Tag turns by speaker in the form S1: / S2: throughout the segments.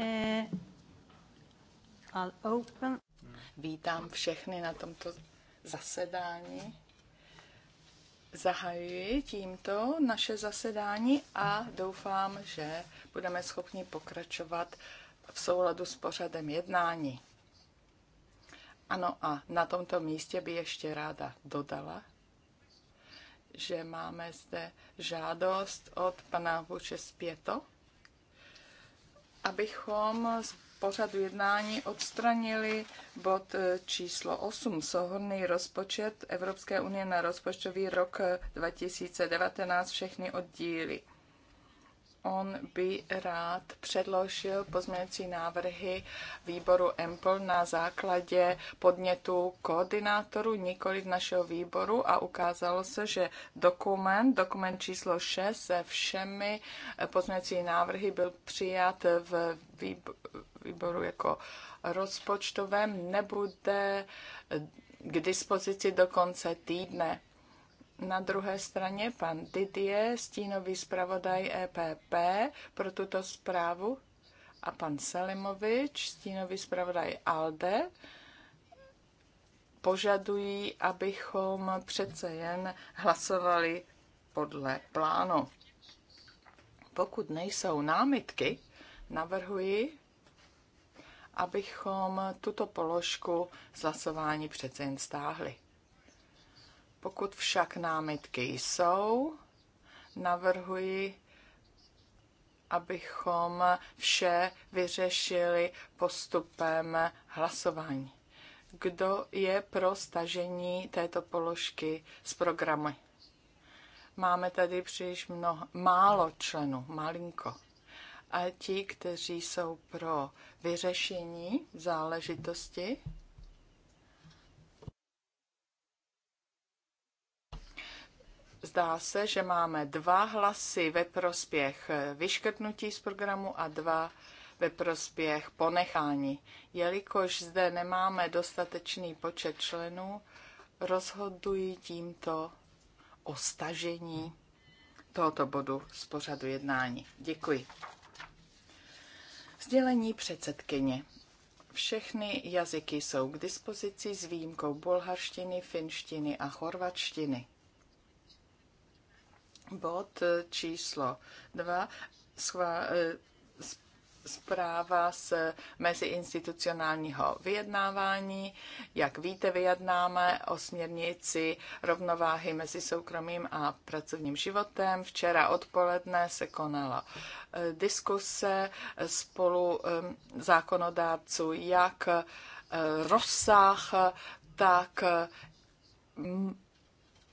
S1: Eh, Vítám všechny na tomto zasedání. Zahajuji tímto naše zasedání a doufám, že budeme schopni pokračovat v souladu s pořadem jednání. Ano, a na tomto místě by ještě ráda dodala, že máme zde žádost od pana Vůče Spěto abychom z pořadu jednání odstranili bod e, číslo 8, souhodný rozpočet Evropské unie na rozpočtový rok 2019, e, všechny oddíly on by rád předložil pozměňující návrhy výboru EMPL na základě podnětu koordinátoru, nikoli našeho výboru a ukázalo se, že dokument, dokument číslo 6 se všemi eh, pozměňující návrhy byl přijat v výboru jako rozpočtovém, nebude eh, k dispozici do konce týdne na druhé straně pan Didier, stínový zpravodaj EPP pro tuto zprávu a pan Selimovič, stínový zpravodaj ALDE, požadují, abychom přece jen hlasovali podle plánu. Pokud nejsou námitky, navrhuji, abychom tuto položku z hlasování přece jen stáhli. Pokud však námitky jsou, navrhuji, abychom vše vyřešili postupem hlasování. Kdo je pro stažení této položky z programu? Máme tady příliš mnoho, málo členů, malinko. A ti, kteří jsou pro vyřešení záležitosti, Zdá se, že máme dva hlasy ve prospěch vyškrtnutí z programu a dva ve prospěch ponechání. Jelikož zde nemáme dostatečný počet členů, rozhodují tímto o stažení tohoto bodu z pořadu jednání. Děkuji. Sdělení předsedkyně. Všechny jazyky jsou k dispozici s výjimkou bulharštiny, finštiny a chorvatštiny. Bod eh, číslo 2. Eh, zpráva z meziinstitucionálního vyjednávání. Jak víte, vyjednáme o směrnici rovnováhy mezi soukromým a pracovním životem. Včera odpoledne se konala eh, diskuse spolu zákonodárců, jak rozsah, tak mm,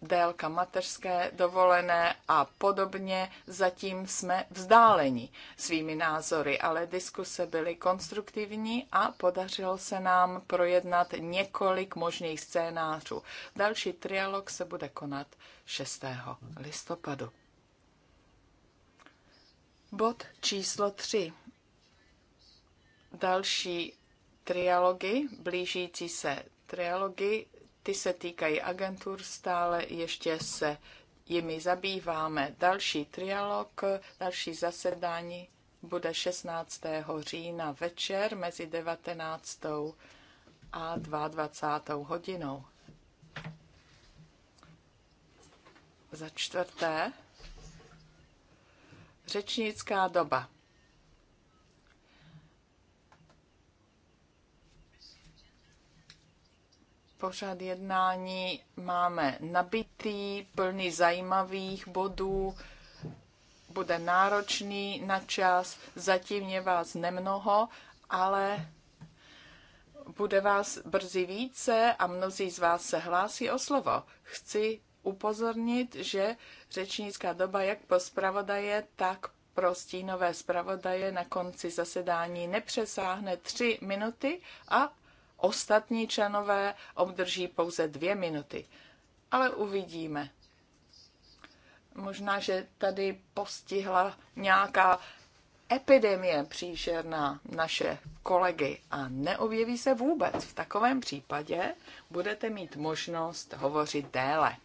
S1: délka mateřské dovolené a podobně, zatím jsme vzdáleni svými názory, ale diskuse byly konstruktivní a podařilo se nám projednat několik možných scénářů. Další trialog se bude konat 6. listopadu. Bod číslo 3. Další trialogy, blížící se trialogy ty se týkají agentur, stále ještě se jimi zabýváme. Další trialog, další zasedání bude 16. října večer mezi 19. a 22. hodinou. Za čtvrté, řečnická doba. Pořád jednání máme nabitý, plný zajímavých bodů, bude náročný na čas, zatím je vás nemnoho, ale bude vás brzy více a mnozí z vás se hlásí o slovo. Chci upozornit, že řečnická doba jak po zpravodaje, tak pro stínové zpravodaje na konci zasedání nepřesáhne tři minuty a Ostatní členové obdrží pouze dvě minuty. Ale uvidíme. Možná, že tady postihla nějaká epidemie příšerná naše kolegy a neobjeví se vůbec. V takovém případě budete mít možnost hovořit déle.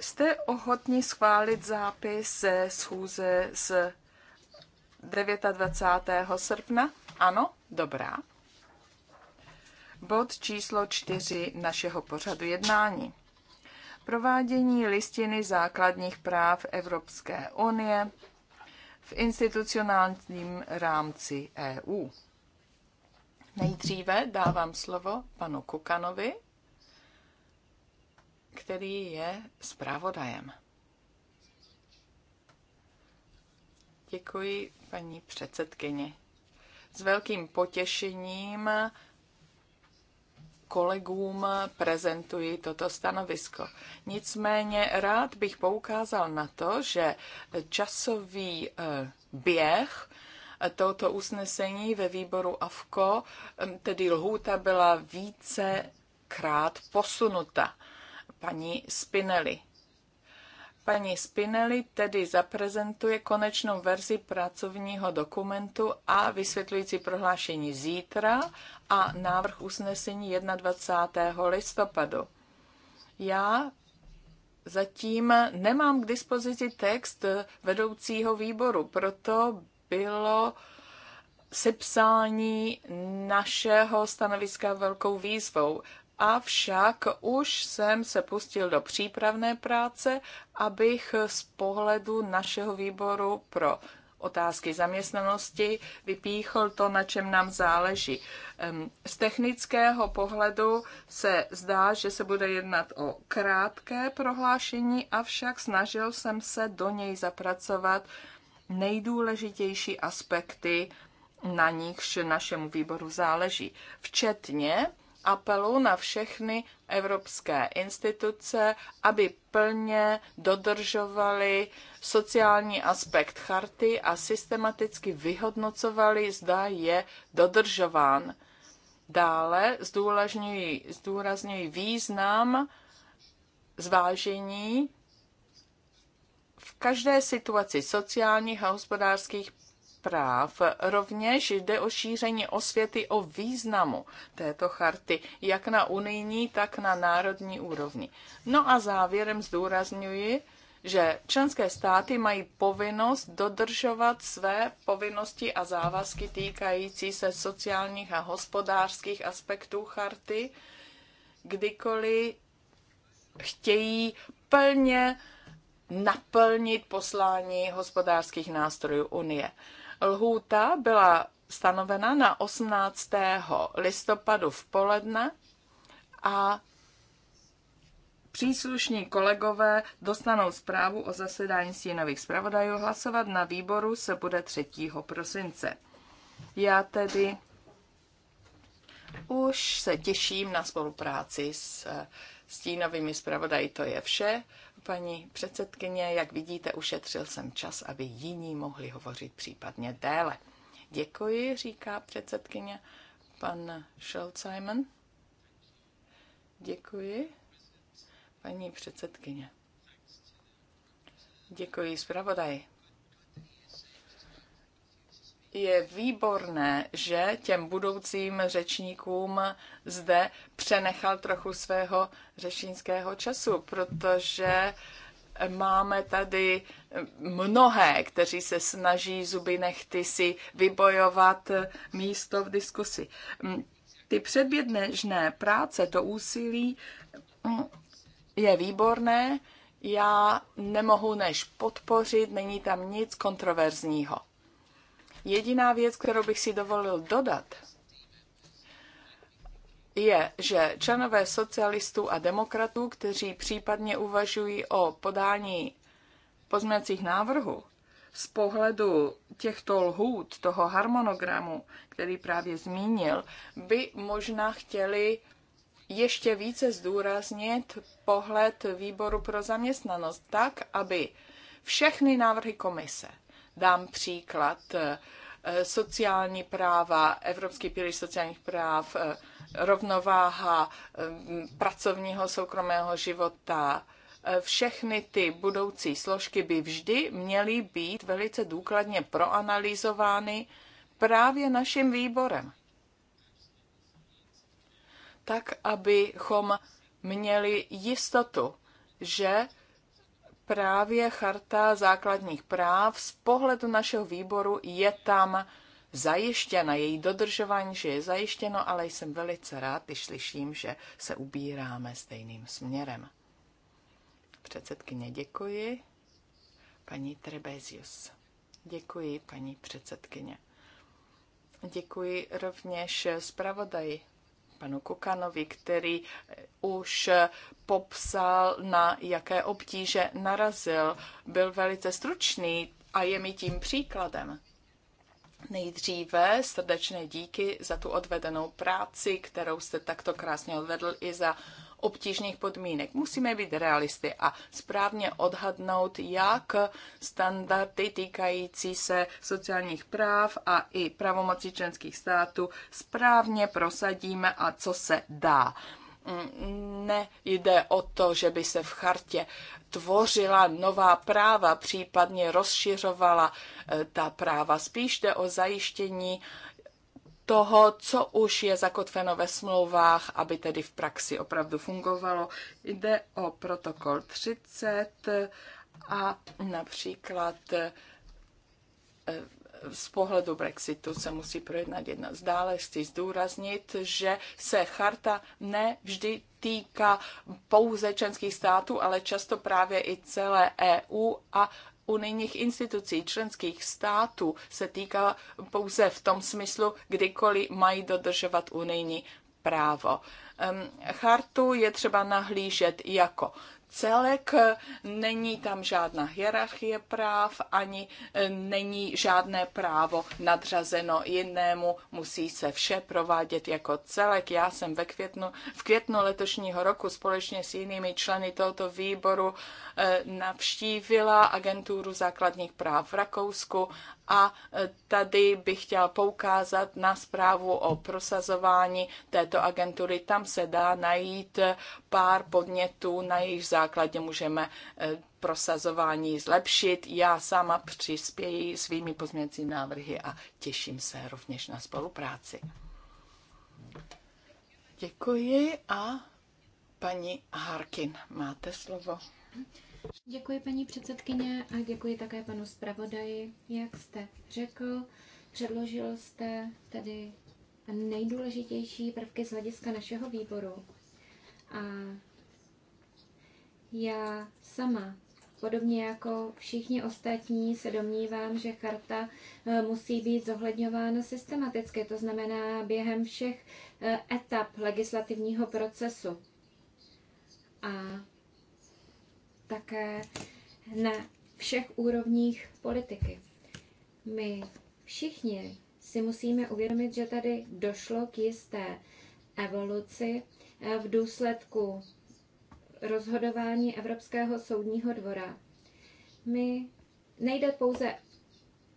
S1: Jste ochotni schválit zápis ze schůze z 29. srpna? Ano? Dobrá bod číslo 4 našeho pořadu jednání. Provádění listiny základních práv Evropské unie v institucionálním rámci EU. Nejdříve dávám slovo panu Kukanovi, který je zpravodajem. Děkuji, paní předsedkyni. S velkým potěšením kolegům prezentuji toto stanovisko. Nicméně rád bych poukázal na to, že časový eh, běh eh, tohoto usnesení ve výboru AFKO, eh, tedy lhůta byla vícekrát posunuta paní Spinelli. Paní Spinelli tedy zaprezentuje konečnou verzi pracovního dokumentu a vysvětlující prohlášení zítra a návrh usnesení 21. listopadu. Já zatím nemám k dispozici text vedoucího výboru, proto bylo sepsání našeho stanoviska velkou výzvou. Avšak už jsem se pustil do přípravné práce, abych z pohledu našeho výboru pro otázky zaměstnanosti vypíchl to, na čem nám záleží. Z technického pohledu se zdá, že se bude jednat o krátké prohlášení, avšak snažil jsem se do něj zapracovat nejdůležitější aspekty, na nichž našemu výboru záleží, včetně apelu na všechny evropské instituce, aby plně dodržovali sociální aspekt charty a systematicky vyhodnocovali, zda je dodržován. Dále zdůrazňují, zdůrazňují význam zvážení v každé situaci sociálních a hospodářských zpráv. Rovněž jde o šíření osvěty o významu této charty, jak na unijní, tak na národní úrovni. No a závěrem zdůrazňuji, že členské státy mají povinnost dodržovat své povinnosti a závazky týkající se sociálních a hospodářských aspektů charty, kdykoliv chtějí plně naplnit poslání hospodářských nástrojů Unie. Lhůta byla stanovena na 18. listopadu v poledne a Příslušní kolegové dostanou zprávu o zasedání stínových zpravodajů. Hlasovat na výboru se bude 3. prosince. Já tedy už se těším na spolupráci s eh, stínovými zpravodaji. To je vše paní předsedkyně. Jak vidíte, ušetřil jsem čas, aby jiní mohli hovořit případně déle. Děkuji, říká předsedkyně pan Scholz-Simon. Děkuji, paní předsedkyně. Děkuji zpravodaj je výborné, že těm budoucím řečníkům zde přenechal trochu svého řečnického času, protože máme tady mnohé, kteří se snaží zuby nechty si vybojovat místo v diskusi. Ty předbědnežné práce, to úsilí je výborné, já nemohu než podpořit, není tam nic kontroverzního. Jediná věc, kterou bych si dovolil dodat, je, že členové socialistů a demokratů, kteří případně uvažují o podání pozměcích návrhů, z pohledu těchto lhůt, toho harmonogramu, který právě zmínil, by možná chtěli ještě více zdůraznit pohled výboru pro zaměstnanost tak, aby všechny návrhy komise, dám příklad Eh, sociální práva, Evropský pilíř sociálních práv, eh, rovnováha eh, pracovního soukromého života, všechny ty budoucí složky by vždy měly být velice důkladně proanalýzovány právě naším výborem. Tak, abychom měli jistotu, že právě charta základních práv z pohledu našeho výboru je tam zajištěna, její dodržování, že je zajištěno, ale jsem velice rád, když slyším, že se ubíráme stejným směrem. Předsedkyně, děkuji. Paní Trebezius. Děkuji, paní předsedkyně. Děkuji rovněž zpravodaji panu Kokanovi, který eh, už eh, popsal, na jaké obtíže narazil. Byl velice stručný a je mi tím příkladem. Nejdříve srdečné díky za tu odvedenou práci, kterou jste takto krásně odvedl i za obtížných podmínek. Musíme být realisty a správně odhadnout, jak standardy týkající se sociálních práv a i pravomocí členských států správně prosadíme a co se dá nejde o to, že by se v chartě tvořila nová práva, případně rozšiřovala eh, ta práva. Spíš jde o zajištění toho, co už je zakotveno ve smlouvách, aby tedy v praxi opravdu fungovalo. Jde o protokol 30 a například eh, z pohledu Brexitu se musí projednat jedna z dále. Chci zdůraznit, že se charta ne vždy týká pouze členských států, ale často právě i celé EU a unijních institucí, členských států se týká pouze v tom smyslu, kdykoliv mají dodržovat unijní právo. Ehm, chartu je třeba nahlížet jako celek, není tam žádná hierarchie práv, ani eh, není žádné právo nadřazeno jinému, musí se vše provádět jako celek. Já jsem ve květnu, v květnu letošního roku společně s jinými členy tohoto výboru eh, navštívila agenturu základních práv v Rakousku a e, tady bych chtěla poukázat na zprávu o prosazování této agentury. Tam se dá najít e, pár podnětů, na jejich základě můžeme e, prosazování zlepšit. Já sama přispěji svými pozměňovacími návrhy a těším se rovněž na spolupráci. Děkuji a paní Harkin, máte slovo. Děkuji paní
S2: předsedkyně a děkuji také panu zpravodaji. Jak jste řekl, předložil jste tedy nejdůležitější prvky z hlediska našeho výboru. A já sama, podobně jako všichni ostatní, se domnívám, že charta eh, musí být zohledňována systematicky, to znamená během všech eh, etap legislativního procesu. A také na všech úrovních politiky. My všichni si musíme uvědomit, že tady došlo k jisté evoluci eh, v důsledku rozhodování Evropského soudního dvora. My nejde pouze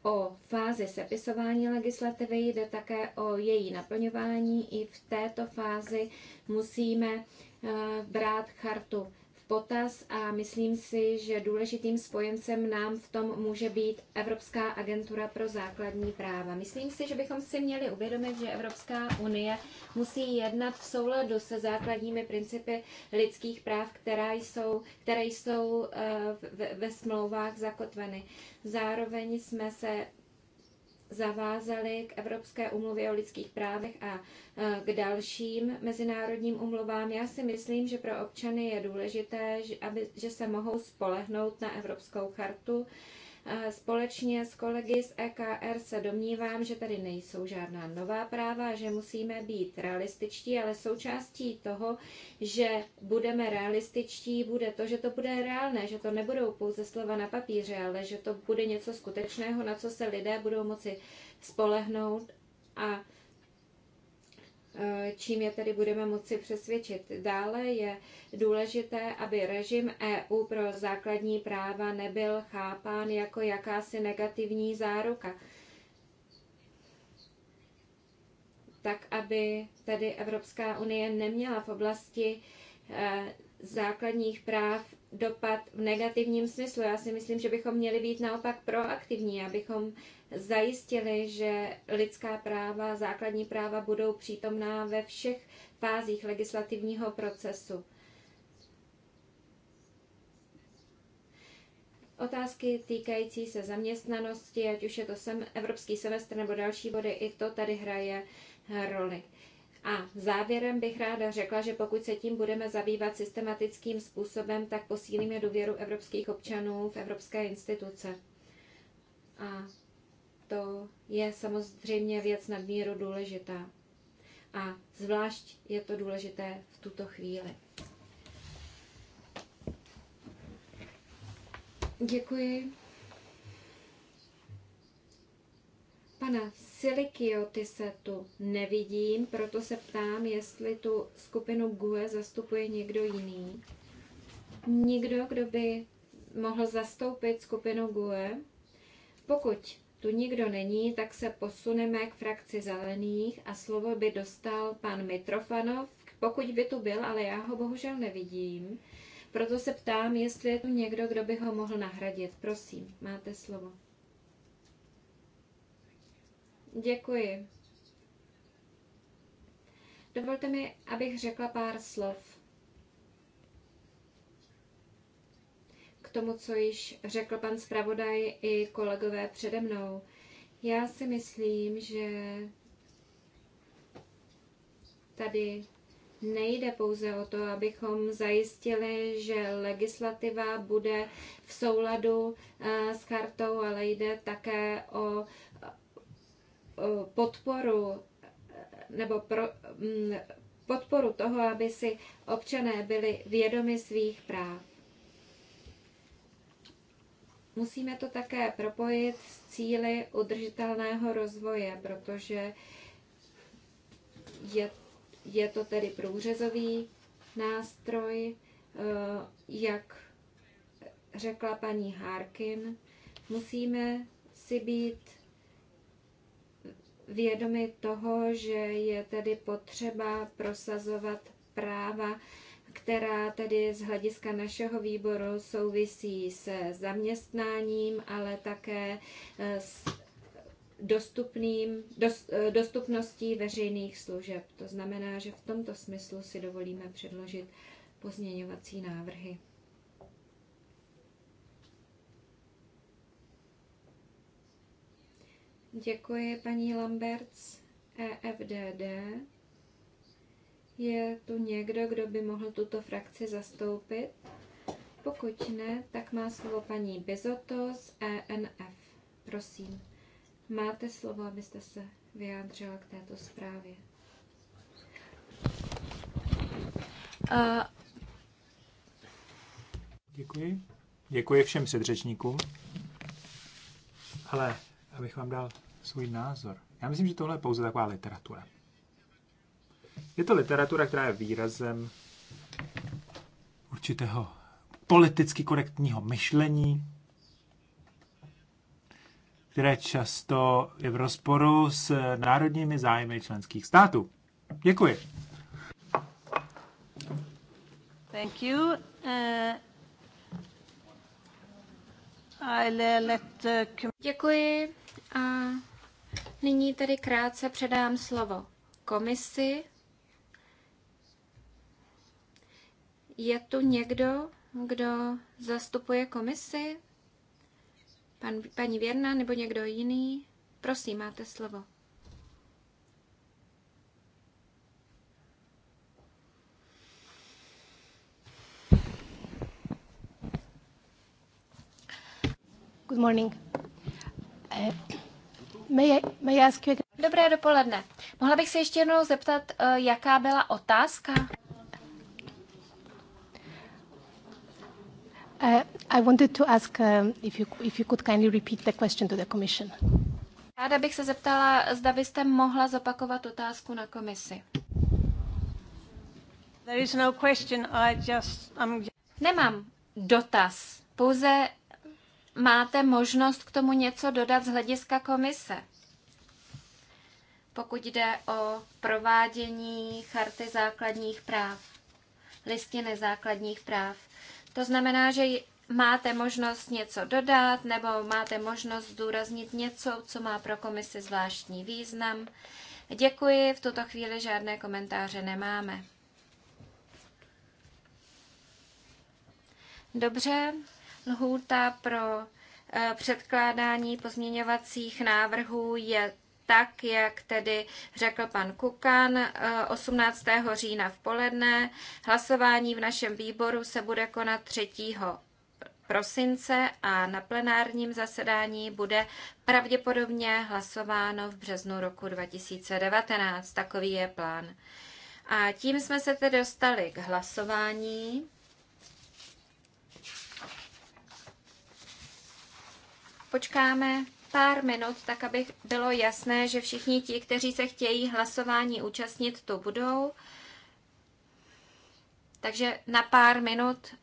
S2: o fázi sepisování legislativy, jde také o její naplňování. I v této fázi musíme eh, brát chartu potaz a myslím si, že důležitým spojencem nám v tom může být Evropská agentura pro základní práva. Myslím si, že bychom si měli uvědomit, že Evropská unie musí jednat v souladu se základními principy lidských práv, které jsou, které jsou eh, ve, ve smlouvách zakotveny. Zároveň jsme se zavázali k Evropské umluvě o lidských právech a e, k dalším mezinárodním umluvám. Já si myslím, že pro občany je důležité, že, aby, že se mohou spolehnout na Evropskou chartu Společně s kolegy z EKR se domnívám, že tady nejsou žádná nová práva, že musíme být realističtí, ale součástí toho, že budeme realističtí, bude to, že to bude reálné, že to nebudou pouze slova na papíře, ale že to bude něco skutečného, na co se lidé budou moci spolehnout a Eh, čím je tedy budeme moci přesvědčit. Dále je důležité, aby režim EU pro základní práva nebyl chápán jako jakási negativní záruka. Tak, aby tedy Evropská unie neměla v oblasti eh, základních práv dopad v negativním smyslu. Já si myslím, že bychom měli být naopak proaktivní, abychom zajistili, že lidská práva, základní práva budou přítomná ve všech fázích legislativního procesu. Otázky týkající se zaměstnanosti, ať už je to sem, evropský semestr nebo další body, i to tady hraje roli. A závěrem bych ráda řekla, že pokud se tím budeme zabývat systematickým způsobem, tak posílíme důvěru evropských občanů v evropské instituce. A to je samozřejmě věc nadmíru důležitá. A zvlášť je to důležité v tuto chvíli. Děkuji. Pana se tu nevidím, proto se ptám, jestli tu skupinu GUE zastupuje někdo jiný. Nikdo, kdo by mohl zastoupit skupinu GUE? Pokud tu nikdo není, tak se posuneme k frakci zelených a slovo by dostal pan Mitrofanov, pokud by tu byl, ale já ho bohužel nevidím. Proto se ptám, jestli je tu někdo, kdo by ho mohl nahradit. Prosím, máte slovo. Děkuji. Dovolte mi, abych řekla pár slov tomu, co již řekl pan zpravodaj i kolegové přede mnou. Já si myslím, že tady nejde pouze o to, abychom zajistili, že legislativa bude v souladu eh, s kartou, ale jde také o podporu eh, nebo pro, mm, podporu toho, aby si občané byli vědomi svých práv. Musíme to také propojit s cíly udržitelného rozvoje, protože je, je to tedy průřezový nástroj, eh, jak řekla paní Harkin, musíme si být vědomi toho, že je tedy potřeba prosazovat práva která tedy z hlediska našeho výboru souvisí se zaměstnáním, ale také eh, s dostupným, dost, eh, dostupností veřejných služeb. To znamená, že v tomto smyslu si dovolíme předložit pozměňovací návrhy. Děkuji paní Lamberts, EFDD. Je tu někdo, kdo by mohl tuto frakci zastoupit? Pokud ne, tak má slovo paní Bizoto z ENF. Prosím, máte slovo, abyste se vyjádřila k této zprávě.
S3: Uh. Děkuji. Děkuji všem předřečníkům. Ale abych vám dal svůj názor. Já myslím, že tohle je pouze taková literatura. Je to literatura, která je výrazem určitého politicky korektního myšlení, které často je v rozporu s národními zájmy členských států. Děkuji.
S4: Thank you. Uh... uh Děkuji a nyní tady
S2: krátce předám slovo komisi. Je tu někdo, kdo zastupuje komisi? Pan, paní Věrna nebo někdo jiný? Prosím, máte slovo. Good morning. Eh, may I, may I ask you... Dobré dopoledne. Mohla bych se ještě jednou zeptat, eh, jaká byla otázka?
S4: Uh, I wanted to ask um, if, you, if you could kindly repeat the question to the Commission.
S2: Ráda bych se zeptala, zda byste mohla zopakovat otázku na komisi.
S4: There is no question, I just, I'm... Nemám dotaz, pouze
S2: máte možnost k tomu něco dodat z hlediska komise. Pokud jde o provádění charty základních práv, listiny základních práv, to znamená, že máte možnost něco dodat nebo máte možnost zdůraznit něco, co má pro komisi zvláštní význam. Děkuji, v tuto chvíli žádné komentáře nemáme. Dobře, lhůta pro eh, předkládání pozměňovacích návrhů je tak, jak tedy řekl pan Kukan, 18. Eh, října v poledne. Hlasování v našem výboru se bude konat 3 prosince a na plenárním zasedání bude pravděpodobně hlasováno v březnu roku 2019. Takový je plán. A tím jsme se tedy dostali k hlasování. Počkáme pár minut, tak aby bylo jasné, že všichni ti, kteří se chtějí hlasování účastnit, to budou. Takže na pár minut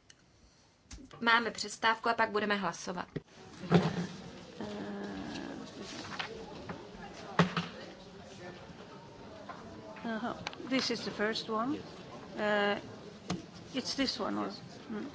S2: máme přestávku a pak budeme hlasovat.
S4: Uh This is the first one. Uh, it's this one. Or... Mm.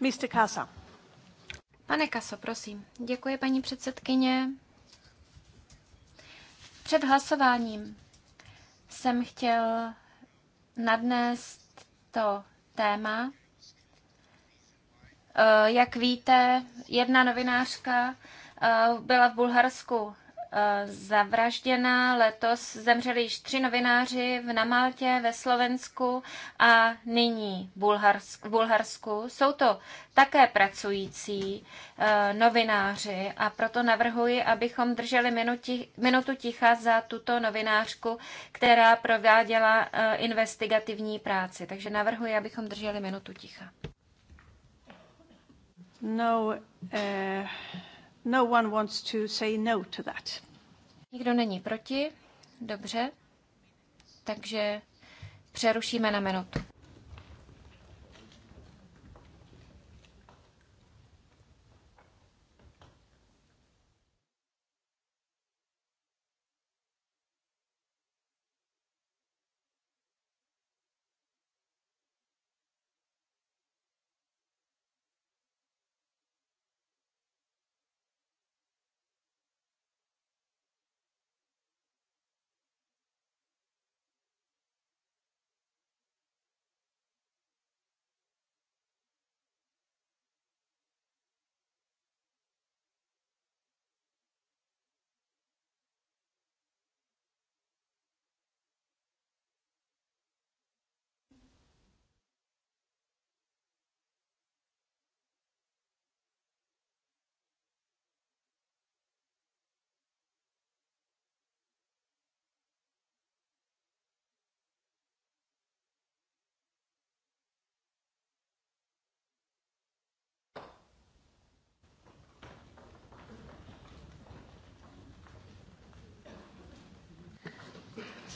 S4: Mr. Kasa.
S2: Pane Kaso, prosím. Děkuji, paní předsedkyně. Před hlasováním jsem chtěl nadnést to téma. Eh, jak víte, jedna novinářka eh, byla v Bulharsku zavražděna. Letos zemřeli již tři novináři v Namaltě, ve Slovensku a nyní v Bulharsku. Jsou to také pracující eh, novináři a proto navrhuji, abychom drželi minutu ticha za tuto novinářku, která prováděla eh, investigativní práci. Takže navrhuji, abychom drželi minutu ticha.
S4: No, eh... No one wants to say no to that. Nikdo není proti, dobře. Takže přerušíme na minutu.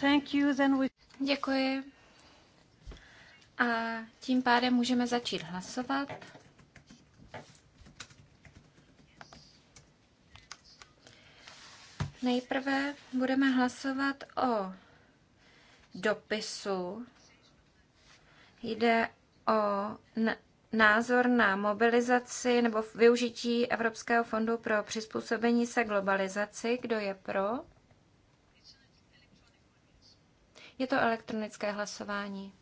S4: Thank you, then we... Děkuji.
S2: A tím pádem můžeme začít hlasovat. Nejprve budeme hlasovat o dopisu. Jde o názor na mobilizaci nebo využití Evropského fondu pro přizpůsobení se globalizaci. Kdo je pro? Je to elektronické hlasování.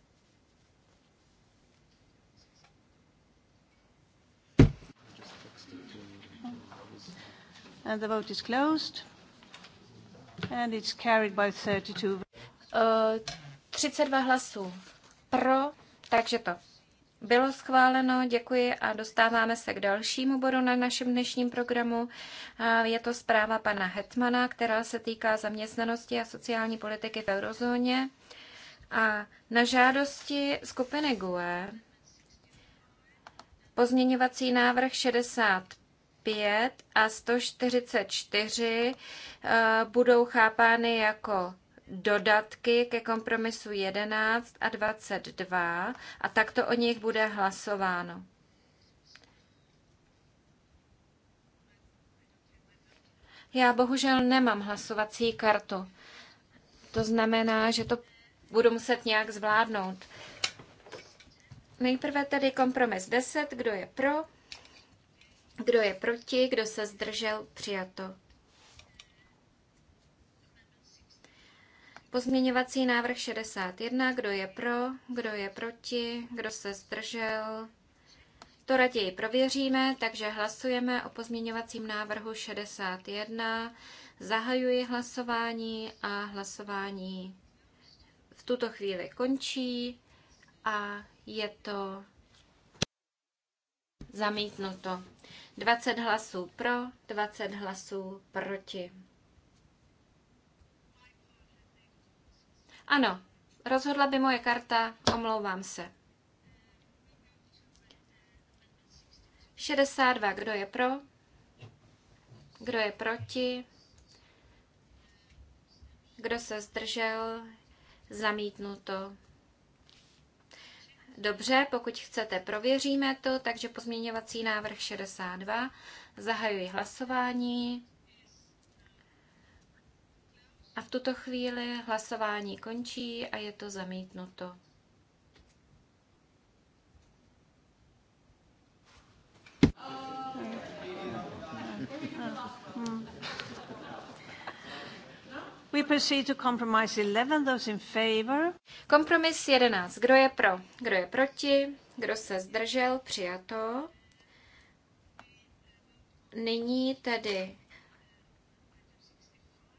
S4: And the vote is closed. And it's carried by 32. Uh, 32 hlasů
S2: pro, takže to bylo schváleno, děkuji a dostáváme se k dalšímu bodu na našem dnešním programu. Je to zpráva pana Hetmana, která se týká zaměstnanosti a sociální politiky v eurozóně. A na žádosti skupiny GUE pozměňovací návrh 65 a 144 eh, budou chápány jako dodatky ke kompromisu 11 a 22 a takto o nich bude hlasováno. Já bohužel nemám hlasovací kartu. To znamená, že to budu muset nějak zvládnout. Nejprve tedy kompromis 10, kdo je pro, kdo je proti, kdo se zdržel, přijato. Pozměňovací návrh 61. Kdo je pro, kdo je proti, kdo se zdržel? To raději prověříme, takže hlasujeme o pozměňovacím návrhu 61. Zahajuji hlasování a hlasování v tuto chvíli končí a je to zamítnuto. 20 hlasů pro, 20 hlasů proti. Ano, rozhodla by moje karta, omlouvám se. 62, kdo je pro? Kdo je proti? Kdo se zdržel? Zamítnuto. Dobře, pokud chcete, prověříme to, takže pozměňovací návrh 62. Zahajuji hlasování. A v tuto chvíli hlasování končí a je to zamítnuto.
S4: We proceed to compromise 11, those in favor. Kompromis 11. Kdo
S2: je pro? Kdo je proti? Kdo se zdržel? Přijato. Nyní tedy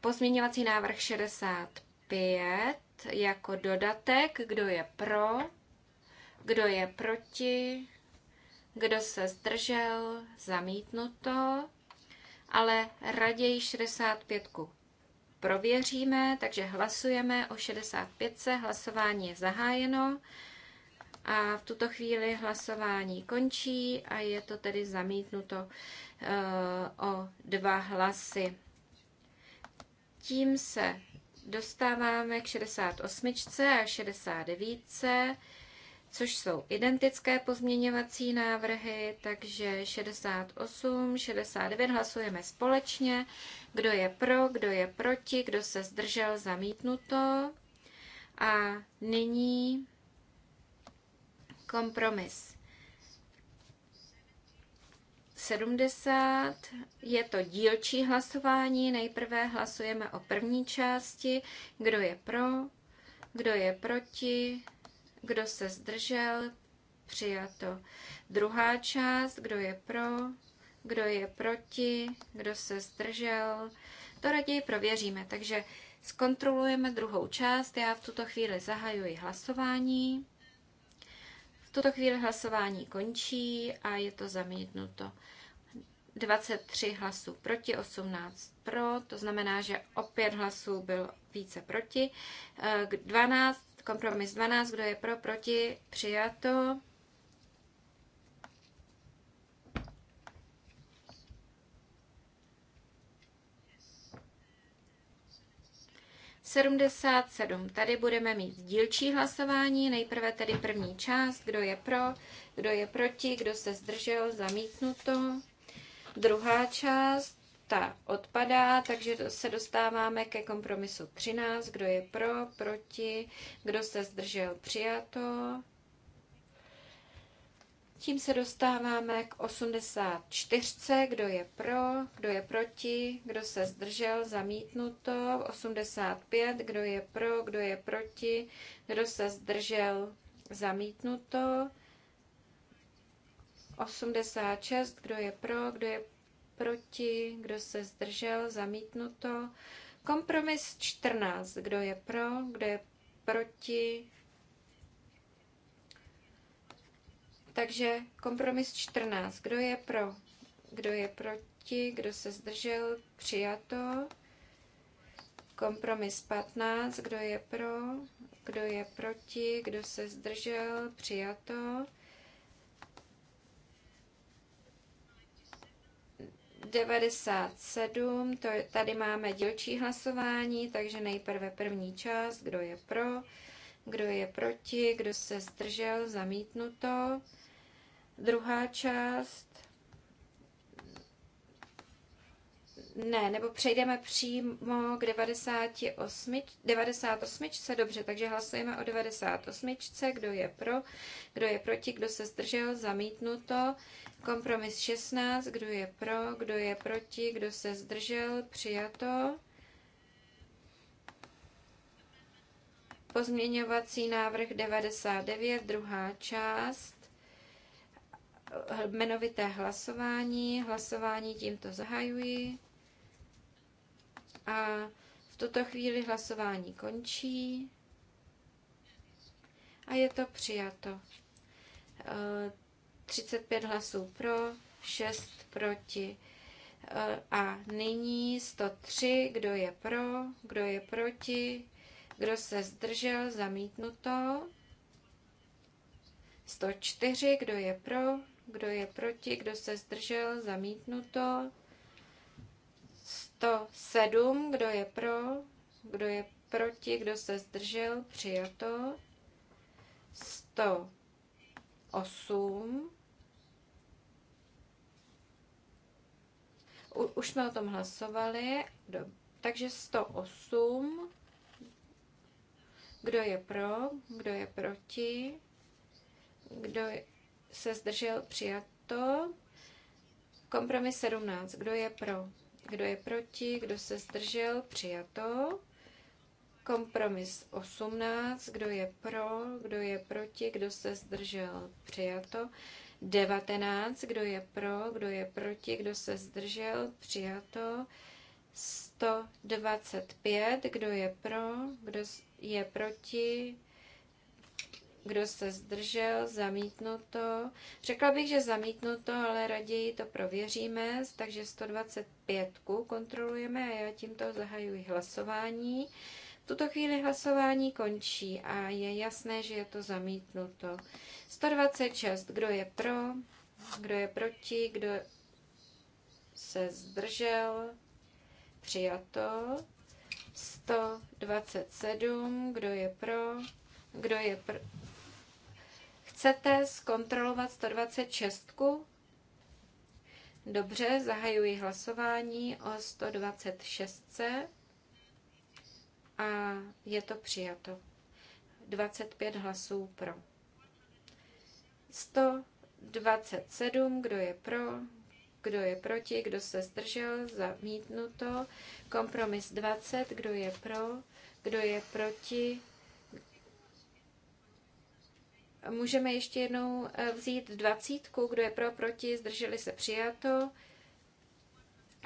S2: Pozměňovací návrh 65 jako dodatek, kdo je pro, kdo je proti, kdo se zdržel, zamítnuto, ale raději 65 prověříme, takže hlasujeme o 65. Hlasování je zahájeno a v tuto chvíli hlasování končí a je to tedy zamítnuto eh, o dva hlasy. Tím se dostáváme k 68 a 69, což jsou identické pozměňovací návrhy, takže 68, 69 hlasujeme společně. Kdo je pro, kdo je proti, kdo se zdržel, zamítnuto. A nyní kompromis 70. Je to dílčí hlasování. Nejprve hlasujeme o první části. Kdo je pro? Kdo je proti? Kdo se zdržel? Přijato. Druhá část. Kdo je pro? Kdo je proti? Kdo se zdržel? To raději prověříme. Takže zkontrolujeme druhou část. Já v tuto chvíli zahajuji hlasování tuto chvíli hlasování končí a je to zamítnuto. 23 hlasů proti, 18 pro, to znamená, že opět hlasů bylo více proti. 12, eh, kompromis 12, kdo je pro, proti, přijato. 77. Tady budeme mít dílčí hlasování, nejprve tedy první část, kdo je pro, kdo je proti, kdo se zdržel, zamítnuto. Druhá část, ta odpadá, takže se dostáváme ke kompromisu 13, kdo je pro, proti, kdo se zdržel, přijato. Tím se dostáváme k 84. Kdo je pro, kdo je proti, kdo se zdržel, zamítnuto. 85. Kdo je pro, kdo je proti, kdo se zdržel, zamítnuto. 86. Kdo je pro, kdo je proti, kdo se zdržel, zamítnuto. Kompromis 14. Kdo je pro, kdo je proti, Takže kompromis 14. Kdo je pro? Kdo je proti? Kdo se zdržel? Přijato. Kompromis 15. Kdo je pro? Kdo je proti? Kdo se zdržel? Přijato. Devadesát to tady máme dílčí hlasování, takže nejprve první část, kdo je pro, kdo je proti, kdo se zdržel, zamítnuto. Druhá část. Ne, nebo přejdeme přímo k 98, 98. Dobře, takže hlasujeme o 98. Kdo je pro, kdo je proti, kdo se zdržel, zamítnuto. Kompromis 16. Kdo je pro, kdo je proti, kdo se zdržel, přijato. Pozměňovací návrh 99, druhá část jmenovité hlasování. Hlasování tímto zahajuji. A v tuto chvíli hlasování končí. A je to přijato. 35 eh, hlasů pro, 6 proti. Eh, a nyní 103, kdo je pro, kdo je proti, kdo se zdržel, zamítnuto. 104, kdo je pro, kdo je proti, kdo se zdržel, zamítnuto. 107, kdo je pro, kdo je proti, kdo se zdržel, přijato. 108. U, už jsme o tom hlasovali, Dob. takže 108. Kdo je pro, kdo je proti, kdo je, se zdržel přijato. Kompromis 17. Kdo je pro? Kdo je proti? Kdo se zdržel? Přijato. Kompromis 18. Kdo je pro? Kdo je proti? Kdo se zdržel? Přijato. 19. Kdo je pro? Kdo je proti? Kdo se zdržel? Přijato. 125. Kdo je pro? Kdo je proti? Kdo se zdržel? Zamítnuto. Řekla bych, že zamítnuto, ale raději to prověříme. Takže 125 kontrolujeme a já tímto zahajuji hlasování. V tuto chvíli hlasování končí a je jasné, že je to zamítnuto. 126. Kdo je pro? Kdo je proti? Kdo se zdržel? Přijato. 127. Kdo je pro? Kdo je pro Chcete zkontrolovat 126? Dobře, zahajuji hlasování o 126 a je to přijato. 25 hlasů pro. 127, kdo je pro, kdo je proti, kdo se zdržel, zamítnuto. Kompromis 20, kdo je pro, kdo je proti, Můžeme ještě jednou eh, vzít dvacítku, kdo je pro, proti, zdrželi se přijato.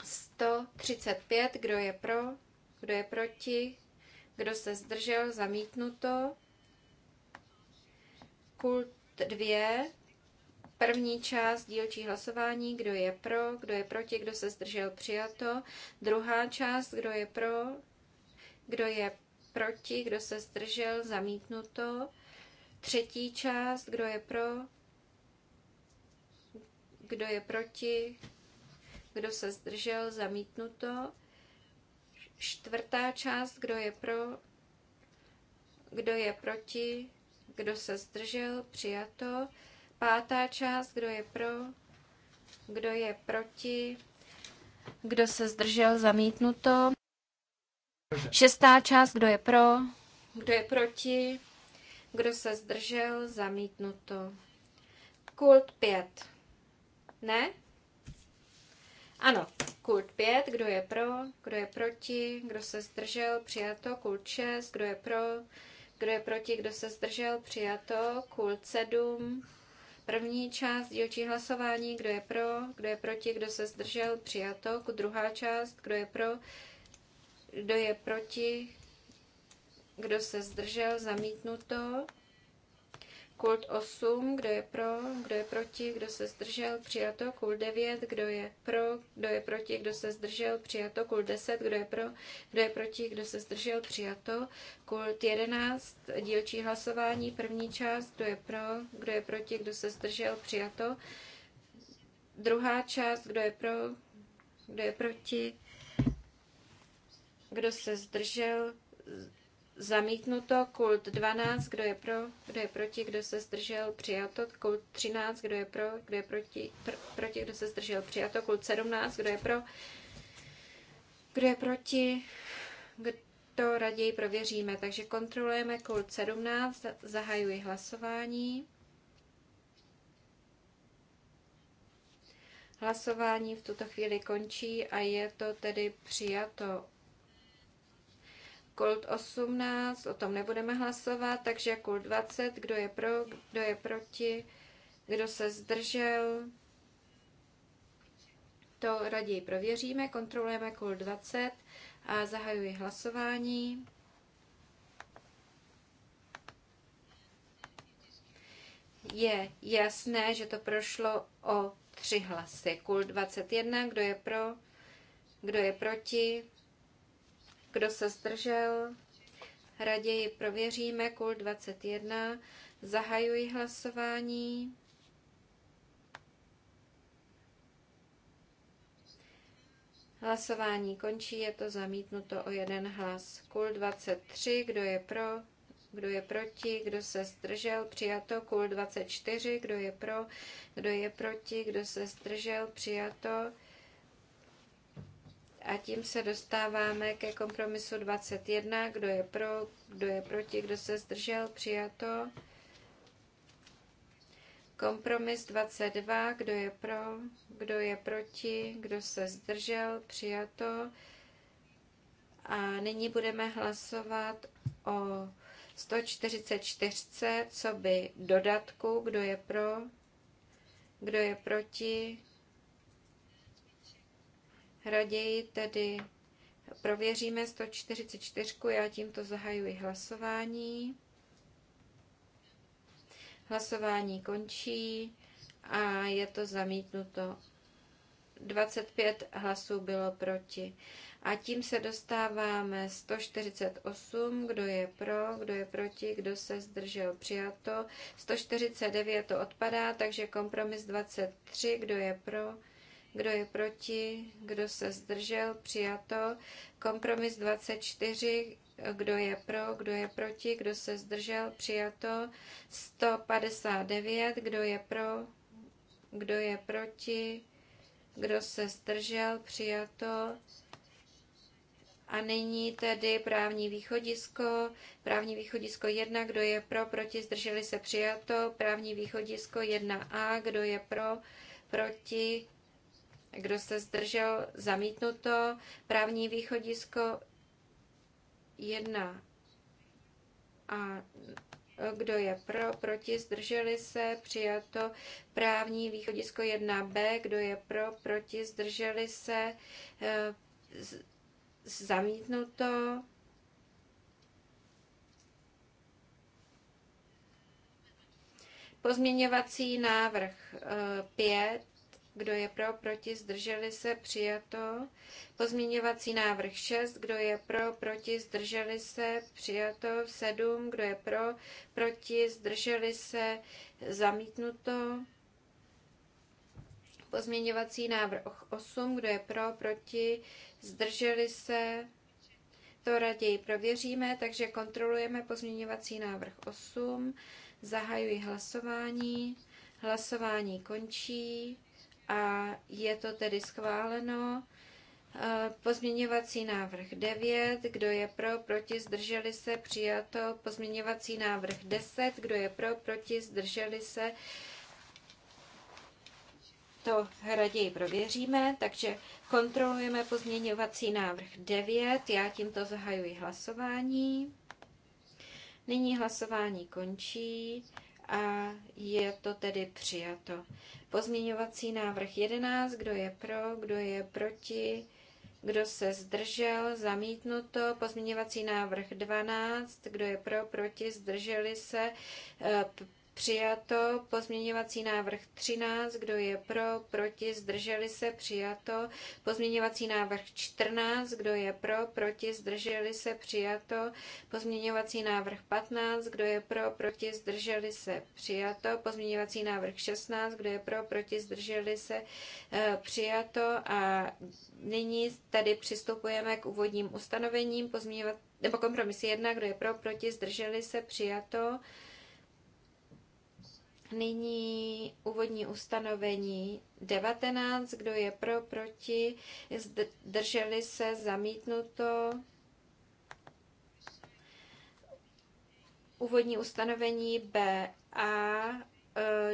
S2: 135, kdo je pro, kdo je proti, kdo se zdržel, zamítnuto. Kult 2, první část dílčí hlasování, kdo je pro, kdo je proti, kdo se zdržel, přijato. Druhá část, kdo je pro, kdo je proti, kdo se zdržel, zamítnuto. Třetí část, kdo je pro, kdo je proti, kdo se zdržel, zamítnuto. Čtvrtá část, kdo je pro, kdo je proti, kdo se zdržel, přijato. Pátá část, kdo je pro, kdo je proti, kdo se zdržel, zamítnuto. Šestá část, kdo je pro, kdo je proti, kdo se zdržel? Zamítnuto. Kult 5. Ne? Ano, kult 5, kdo je pro, kdo je proti, kdo se zdržel, přijato, kult 6, kdo je pro, kdo je proti, kdo se zdržel, přijato, kult 7, první část dílčí hlasování, kdo je pro, kdo je proti, kdo se zdržel, přijato, kult druhá část, kdo je pro, kdo je proti, kdo se zdržel, zamítnuto. Kult 8, kdo je pro, kdo je proti, kdo se zdržel, přijato. Kult 9, kdo je pro, kdo je proti, kdo se zdržel, přijato. Kult 10, kdo je pro, kdo je proti, kdo se zdržel, přijato. Kult 11, dílčí hlasování, první část, kdo je pro, kdo je proti, kdo se zdržel, přijato. Druhá část, kdo je pro, kdo je proti, kdo se zdržel, Zamítnuto kult 12, kdo je pro, kdo je proti, kdo se zdržel, přijato. Kult 13, kdo je pro, kdo je proti, pr- proti, kdo se zdržel, přijato. Kult 17, kdo je pro, kdo je proti, to raději prověříme. Takže kontrolujeme kult 17, zahajuji hlasování. Hlasování v tuto chvíli končí a je to tedy přijato Kult 18, o tom nebudeme hlasovat, takže Kult 20, kdo je pro, kdo je proti, kdo se zdržel, to raději prověříme, kontrolujeme Kult 20 a zahajuji hlasování. Je jasné, že to prošlo o tři hlasy. Kult 21, kdo je pro, kdo je proti, kdo se zdržel? Raději prověříme kul 21. Zahajuji hlasování. Hlasování končí, je to zamítnuto o jeden hlas. Kul 23, kdo je pro, kdo je proti, kdo se zdržel, přijato. Kul 24, kdo je pro, kdo je proti, kdo se zdržel, přijato. A tím se dostáváme ke kompromisu 21. Kdo je pro, kdo je proti, kdo se zdržel, přijato. Kompromis 22. Kdo je pro, kdo je proti, kdo se zdržel, přijato. A nyní budeme hlasovat o 144, co by dodatku, kdo je pro, kdo je proti, Raději tedy prověříme 144. Já tímto zahajuji hlasování. Hlasování končí a je to zamítnuto. 25 hlasů bylo proti. A tím se dostáváme 148, kdo je pro, kdo je proti, kdo se zdržel přijato. 149 to odpadá, takže kompromis 23, kdo je pro, kdo je proti, kdo se zdržel, přijato. Kompromis 24, kdo je pro, kdo je proti, kdo se zdržel, přijato. 159, kdo je pro, kdo je proti, kdo se zdržel, přijato. A nyní tedy právní východisko. Právní východisko 1, kdo je pro, proti, zdrželi se přijato. Právní východisko 1a, kdo je pro, proti, kdo se zdržel? Zamítnuto. Právní východisko 1. A kdo je pro, proti, zdrželi se, přijato právní východisko 1b, kdo je pro, proti, zdrželi se, eh, zamítnuto. Pozměňovací návrh 5 eh, kdo je pro? Proti? Zdrželi se? Přijato. Pozměňovací návrh 6. Kdo je pro? Proti? Zdrželi se? Přijato. 7. Kdo je pro? Proti? Zdrželi se? Zamítnuto. Pozměňovací návrh 8. Kdo je pro? Proti? Zdrželi se? To raději prověříme, takže kontrolujeme pozměňovací návrh 8. Zahajuji hlasování. Hlasování končí a je to tedy schváleno. E, pozměňovací návrh 9, kdo je pro, proti, zdrželi se, přijato. Pozměňovací návrh 10, kdo je pro, proti, zdrželi se. To raději prověříme, takže kontrolujeme pozměňovací návrh 9. Já tímto zahajuji hlasování. Nyní hlasování končí a je to tedy přijato. Pozměňovací návrh 11, kdo je pro, kdo je proti, kdo se zdržel, zamítnuto. Pozměňovací návrh 12, kdo je pro, proti, zdrželi se, eh, přijato. Pozměňovací návrh 13, kdo je pro, proti, zdrželi se, přijato. Pozměňovací návrh 14, kdo je pro, proti, zdrželi se, přijato. Pozměňovací návrh 15, kdo je pro, proti, zdrželi se, přijato. Pozměňovací návrh 16, kdo je pro, proti, zdrželi se, eh, přijato. A nyní tady přistupujeme k úvodním ustanovením. Pozměňovací nebo kompromis 1, kdo je pro, proti, zdrželi se, přijato. Nyní úvodní ustanovení 19, kdo je pro, proti, zdrželi se, zamítnuto. Úvodní ustanovení B a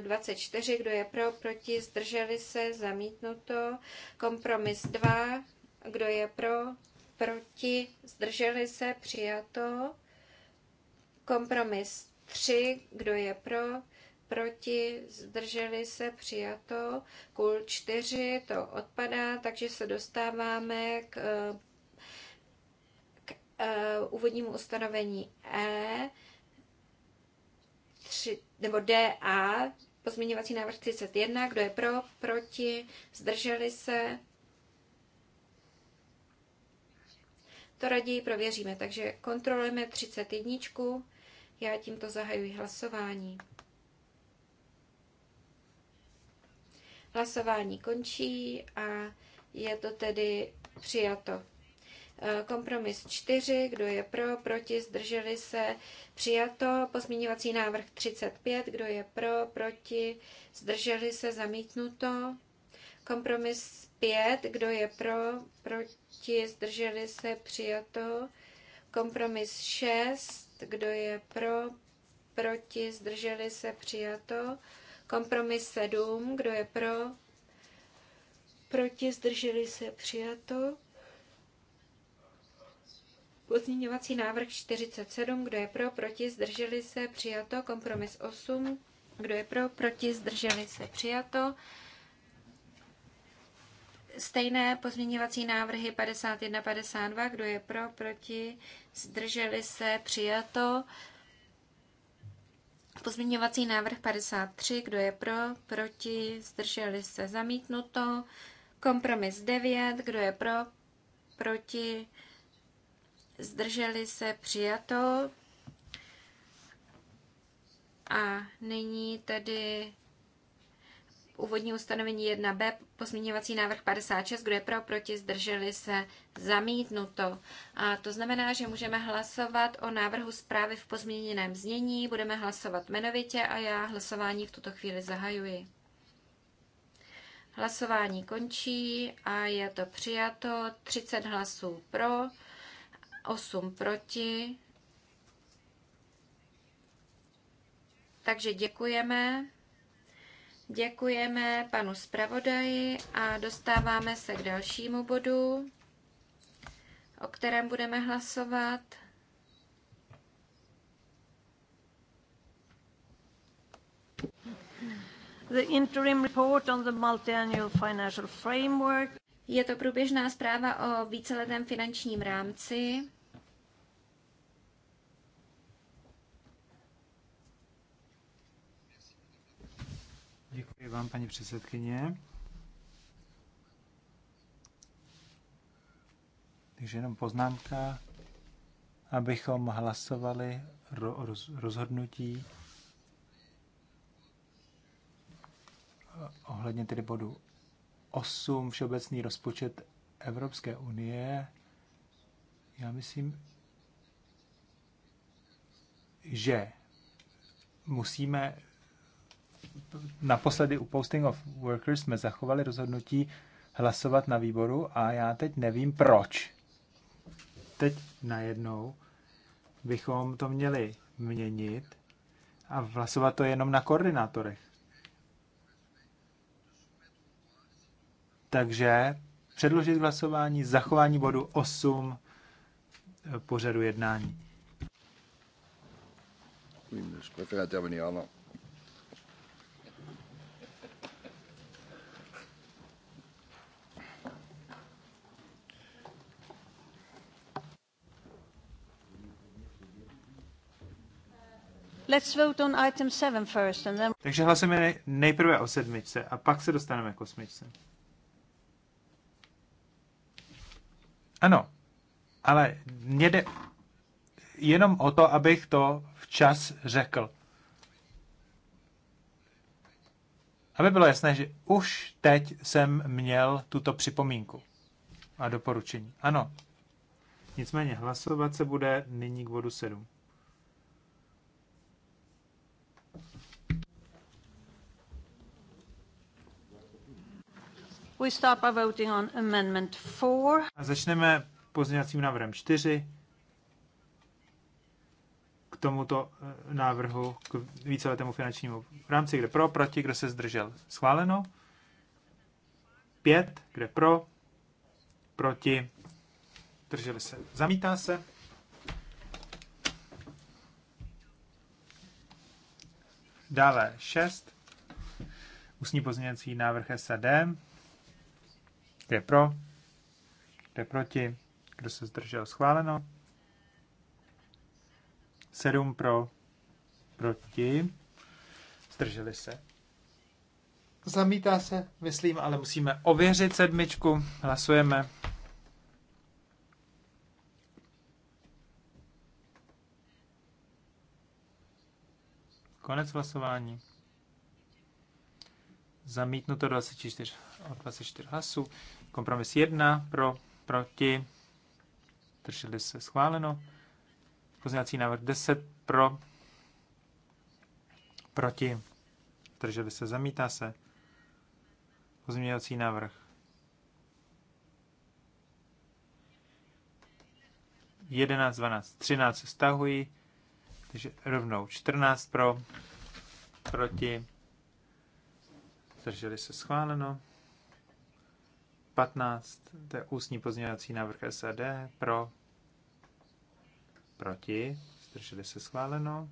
S2: 24, e, kdo je pro, proti, zdrželi se, zamítnuto. Kompromis 2, kdo je pro, proti, zdrželi se, přijato. Kompromis 3, kdo je pro, proti, zdrželi se, přijato. Kul 4 to odpadá, takže se dostáváme k, k uh, úvodnímu ustanovení E, tři nebo DA, pozměňovací návrh 31, kdo je pro, proti, zdrželi se. To raději prověříme, takže kontrolujeme 31. Já tímto zahajuji hlasování. Hlasování končí a je to tedy přijato. E, kompromis 4, kdo je pro, proti, zdrželi se, přijato. Pozměňovací návrh 35, kdo je pro, proti, zdrželi se, zamítnuto. Kompromis 5, kdo je pro, proti, zdrželi se, přijato. Kompromis 6, kdo je pro, proti, zdrželi se, přijato. Kompromis 7, kdo je pro? Proti zdrželi se přijato. Pozměňovací návrh 47, kdo je pro, proti, zdrželi se, přijato. Kompromis 8, kdo je pro, proti, zdrželi se, přijato. Stejné pozměňovací návrhy 51, 52, kdo je pro, proti, zdrželi se, přijato. Pozměňovací návrh 53, kdo je pro, proti, zdrželi se zamítnuto. Kompromis 9, kdo je pro, proti, zdrželi se přijato. A nyní tedy úvodní ustanovení 1b, pozměňovací návrh 56, kdo je pro, proti, zdrželi se, zamítnuto. A to znamená, že můžeme hlasovat o návrhu zprávy v pozměněném znění, budeme hlasovat jmenovitě a já hlasování v tuto chvíli zahajuji. Hlasování končí a je to přijato 30 hlasů pro, 8 proti. Takže děkujeme. Děkujeme panu zpravodaji a dostáváme se k dalšímu bodu, o kterém budeme hlasovat.
S4: The interim report on the multiannual financial framework.
S2: Je to průběžná zpráva o víceletém finančním rámci.
S5: Děkuji vám, paní
S3: předsedkyně. Takže jenom poznámka, abychom hlasovali ro- roz- rozhodnutí ohledně tedy bodu 8, všeobecný rozpočet Evropské unie. Já myslím, že musíme naposledy u Posting of Workers jsme zachovali rozhodnutí hlasovat na výboru a já teď nevím proč. Teď najednou bychom to měli měnit a hlasovat to jenom na koordinátorech. Takže předložit hlasování, zachování bodu 8 eh, pořadu jednání.
S5: Oui, mais je préfère intervenir avant.
S4: Let's vote on item seven first and
S3: then... Takže hlasujeme nejprve o sedmičce a pak se dostaneme k osmičce. Ano, ale mě jde jenom o to, abych to včas řekl. Aby bylo jasné, že už teď jsem měl tuto připomínku a doporučení. Ano. Nicméně hlasovat se bude nyní k bodu 7.
S4: We start by voting on amendment 4.
S3: A začneme pozměňovacím návrhem 4 k tomuto eh, návrhu, k víceletému finančnímu v rámci, kde pro, proti, kdo se zdržel. Schváleno. 5, kde pro, proti, drželi se. Zamítá se. Dále 6. Ústní pozměňovací návrh SAD je pro? je proti? Kdo se zdržel? Schváleno. 7 pro, proti. Zdrželi se. Zamítá se, myslím, ale musíme ověřit sedmičku. Hlasujeme. Konec hlasování. Zamítnuto 24 od 24 hlasů. Kompromis 1 pro, proti, drželi se schváleno. Pozměňovací návrh 10 pro, proti, drželi se, zamítá se. Pozměňovací návrh 11, 12, 13 se stahují, takže rovnou 14 pro, proti, drželi se schváleno. 15, to je ústní pozměňovací návrh SAD, pro, proti, zdrželi se schváleno.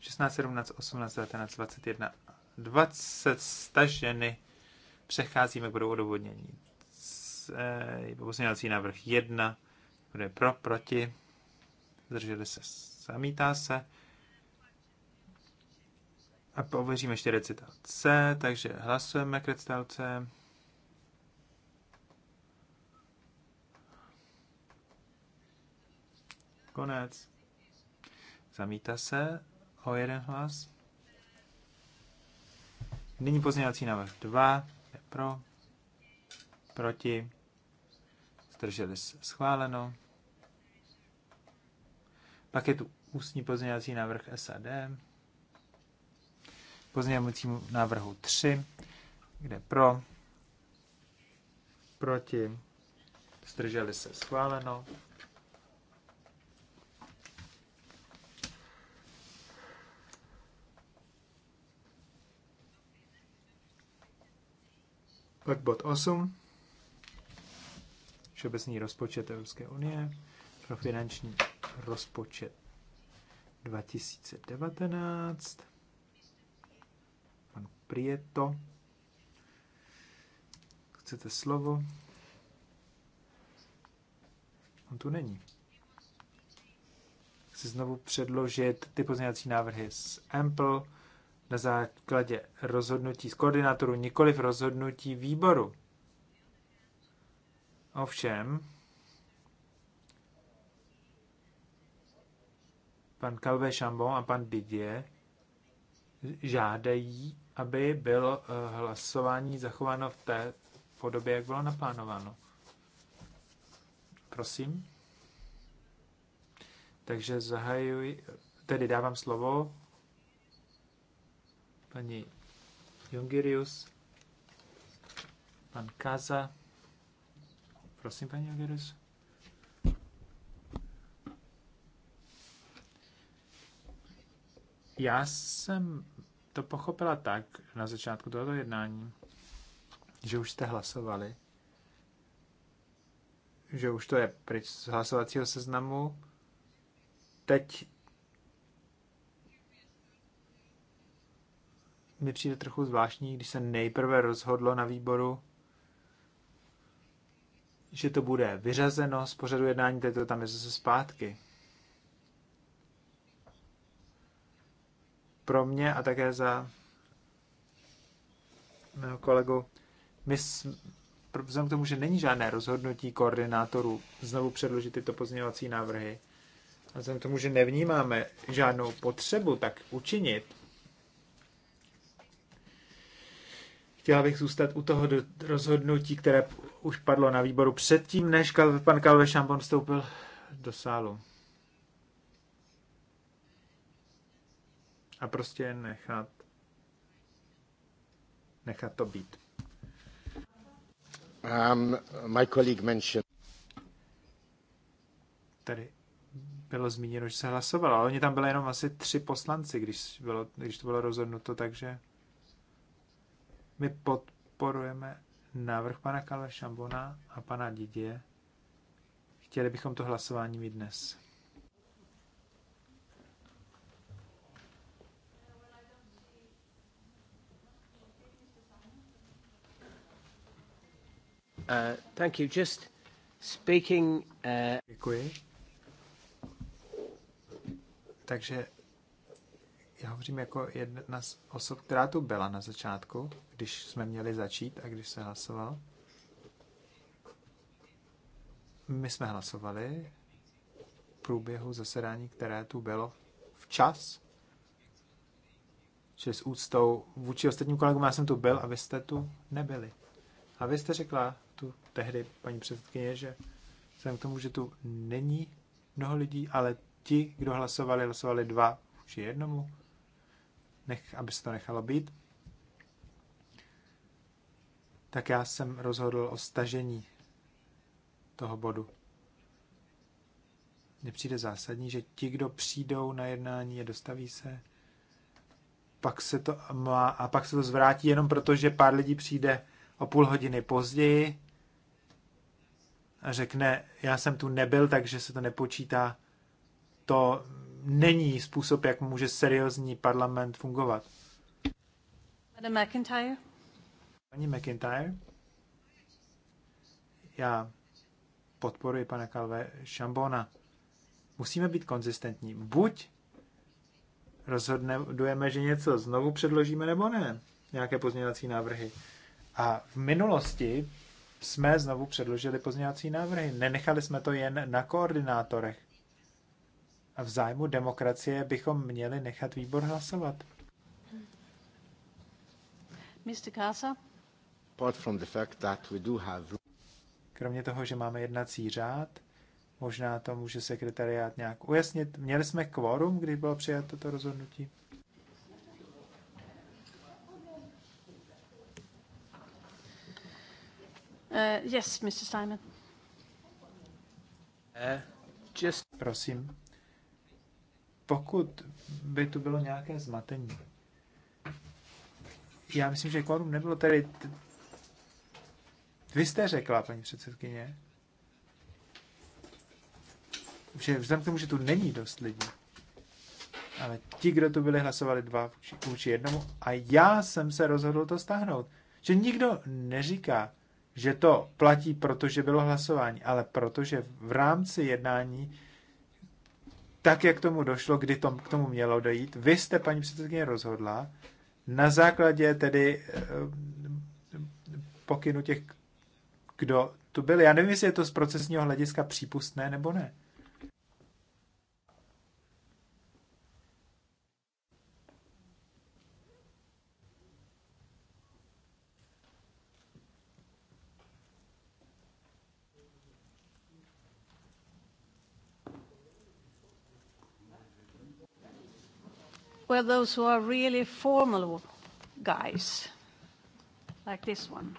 S3: 16, 17, 18, 19, 21, 20 staženy. Přecházíme k bodu odůvodnění. Eh, pozměňovací návrh 1, bude pro, proti, zdrželi se, zamítá se. A pověříme ještě recital C, takže hlasujeme k recital C. Konec. Zamítá se o jeden hlas. Nyní pozměňovací návrh 2. Je pro. Proti. Zdrželi se. Schváleno. Pak je tu ústní pozměňovací návrh SAD pozměňovacímu návrhu 3, kde pro, proti, zdrželi se schváleno. Pak bod 8. Všeobecný rozpočet Evropské unie pro finanční rozpočet 2019. Prieto. Chcete slovo? On tu není. Chci znovu předložit ty pozměňovací návrhy z Ample na základě rozhodnutí z koordinátoru, v rozhodnutí výboru. Ovšem, pan Calvé Chambon a pan Didier žádají aby bylo eh, hlasování zachováno v té podobě, jak bylo naplánováno. Prosím. Takže zahajuji, tedy dávám slovo paní Jungirius, pan Kaza. Prosím, paní Jungirius. Já jsem to pochopila tak na začátku tohoto jednání, že už jste hlasovali, že už to je pryč z hlasovacího seznamu. Teď mi přijde trochu zvláštní, když se nejprve rozhodlo na výboru, že to bude vyřazeno z pořadu jednání, teď to tam je zase zpátky. pro mě a také za mého kolegu. My vzhledem k tomu, že není žádné rozhodnutí koordinátorů znovu předložit tyto pozměňovací návrhy, a vzhledem k tomu, že nevnímáme žádnou potřebu tak učinit, chtěla bych zůstat u toho rozhodnutí, které už padlo na výboru předtím, než pan Kalve Šampon vstoupil do sálu. a prostě nechat, nechat to být.
S5: Um, my colleague mentioned...
S3: Tady bylo zmíněno, že se hlasovalo, ale oni tam byli jenom asi tři poslanci, když, bylo, když to bylo rozhodnuto, takže my podporujeme návrh pana Kale Šambona a pana Didě. Chtěli bychom to hlasování mít dnes.
S4: Uh, thank you. Just speaking...
S3: Uh, Děkuji. Takže já hovořím jako jedna z osob, která tu byla na začátku, když jsme měli začít a když se hlasovalo. My jsme hlasovali v průběhu zasedání, které tu bylo včas, čili s úctou vůči ostatním kolegům, já jsem tu byl a vy jste tu nebyli. A vy jste řekla, tu tehdy paní předsedkyně, že jsem k tomu, že tu není mnoho lidí, ale ti, kdo hlasovali, hlasovali dva či jednomu, nech, aby se to nechalo být, tak já jsem rozhodl o stažení toho bodu. Nepřijde zásadní, že ti, kdo přijdou na jednání a dostaví se, pak se to má, a pak se to zvrátí jenom proto, že pár lidí přijde o půl hodiny později a řekne, já jsem tu nebyl, takže se to nepočítá, to není způsob, jak může seriózní parlament fungovat.
S4: Madame McIntyre?
S3: Paní McIntyre? Já podporuji pana Kalve Šambona. Musíme být konzistentní. Buď rozhodneme, že něco znovu předložíme, nebo ne. Nějaké pozměňovací návrhy. A v minulosti jsme znovu předložili pozměňovací návrhy. Nenechali jsme to jen na koordinátorech. A v zájmu demokracie bychom měli nechat výbor hlasovat.
S4: Mr. Casa?
S5: Apart from the fact that we do have...
S3: Kromě toho, že máme jednací řád, možná to může sekretariát nějak ujasnit. Měli jsme kvorum, když bylo přijato to rozhodnutí?
S4: Uh, yes, Mr. Simon.
S5: Uh,
S3: just... Prosím. Pokud by tu bylo nějaké zmatení, já myslím, že kvorum nebylo tady... Vy jste řekla, paní předsedkyně, že vzhledem k tomu, že tu není dost lidí, ale ti, kdo tu byli, hlasovali dva vůči jednomu a já jsem se rozhodl to stáhnout. Že nikdo neříká, že to platí, protože bylo hlasování, ale protože v rámci jednání, tak jak tomu došlo, kdy tom, k tomu mělo dojít, vy jste, paní předsedkyně, rozhodla na základě tedy eh, pokynu těch, kdo tu byli. Já nevím, jestli je to z procesního hlediska přípustné nebo ne.
S4: well, those who are really formal guys, like this
S3: one.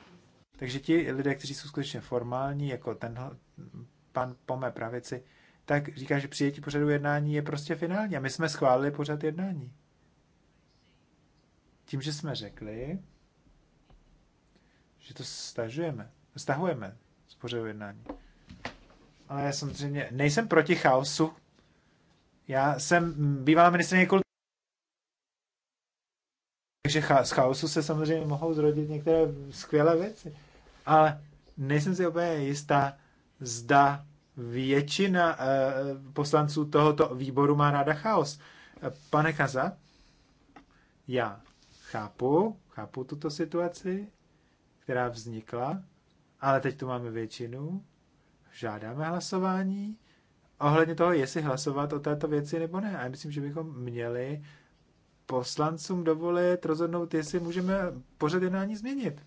S3: Takže ti lidé, kteří jsou skutečně formální, jako ten pan po mé pravici, tak říká, že přijetí pořadu jednání je prostě finální. A my jsme schválili pořad jednání. Tím, že jsme řekli, že to stažujeme, stahujeme z pořadu jednání. Ale já samozřejmě nejsem proti chaosu. Já jsem bývalá ministrině kultury. Takže z chaosu se samozřejmě mohou zrodit některé skvělé věci. Ale nejsem si úplně jistá, zda většina eh, poslanců tohoto výboru má ráda chaos. Eh, pane Kaza, já chápu, chápu tuto situaci, která vznikla, ale teď tu máme většinu, žádáme hlasování ohledně toho, jestli hlasovat o této věci nebo ne. A já myslím, že bychom měli poslancům dovolit rozhodnout, jestli můžeme pořad jednání změnit.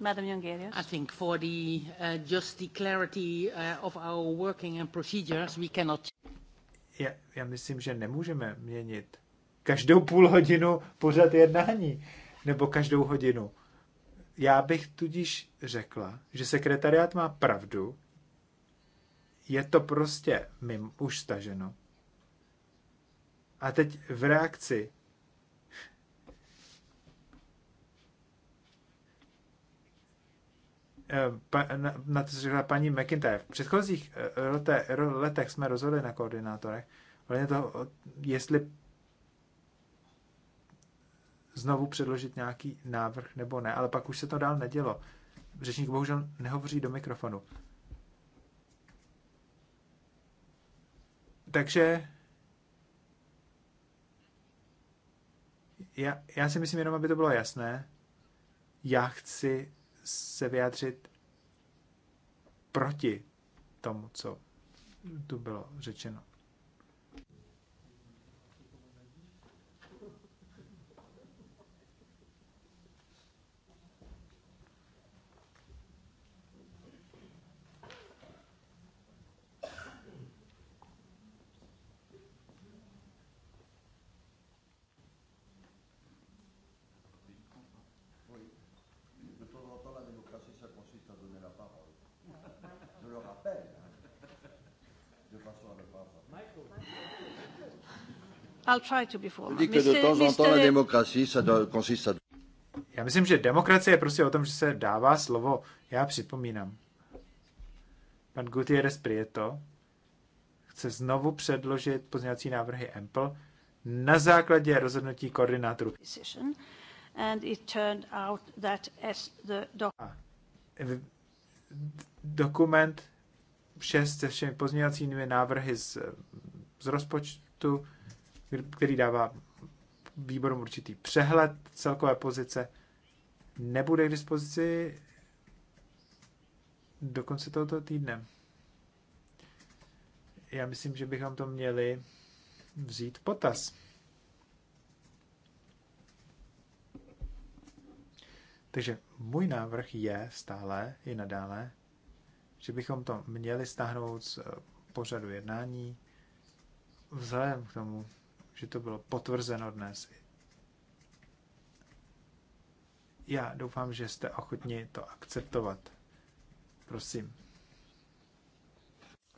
S4: Madam Jungerius. I think for the uh,
S1: just
S3: the clarity uh, of our working and procedures we cannot já, já myslím, že nemůžeme měnit každou půl hodinu pořad jednání nebo každou hodinu. Já bych tudíž řekla, že sekretariát má pravdu, je to prostě mimo, už staženo. A teď v reakci eh, na to, co řekla paní McIntyre. V předchozích eh, letech jsme rozhodli na koordinátorech, ale to, jestli znovu předložit nějaký návrh nebo ne, ale pak už se to dál nedělo. Řečník bohužel nehovoří do mikrofonu. Takže já, já si myslím jenom, aby to bylo jasné, já chci se vyjádřit proti tomu, co tu bylo řečeno.
S4: I'll try to be formal.
S5: consiste
S3: Já myslím, že demokracie je prostě o tom, že se dává slovo. Já připomínám. Pan Gutierrez Prieto chce znovu předložit pozměňovací návrhy EMPL na základě rozhodnutí koordinátorů. Dokument 6 se všemi pozměňovacími návrhy z, z rozpočtu který dává výborům určitý přehled celkové pozice, nebude k dispozici do konce tohoto týdne. Já myslím, že bychom to měli vzít potaz. Takže můj návrh je stále i nadále, že bychom to měli stáhnout z pořadu jednání vzhledem k tomu, že to bylo potvrzeno dnes. Já doufám, že jste ochotni to akceptovat. Prosím.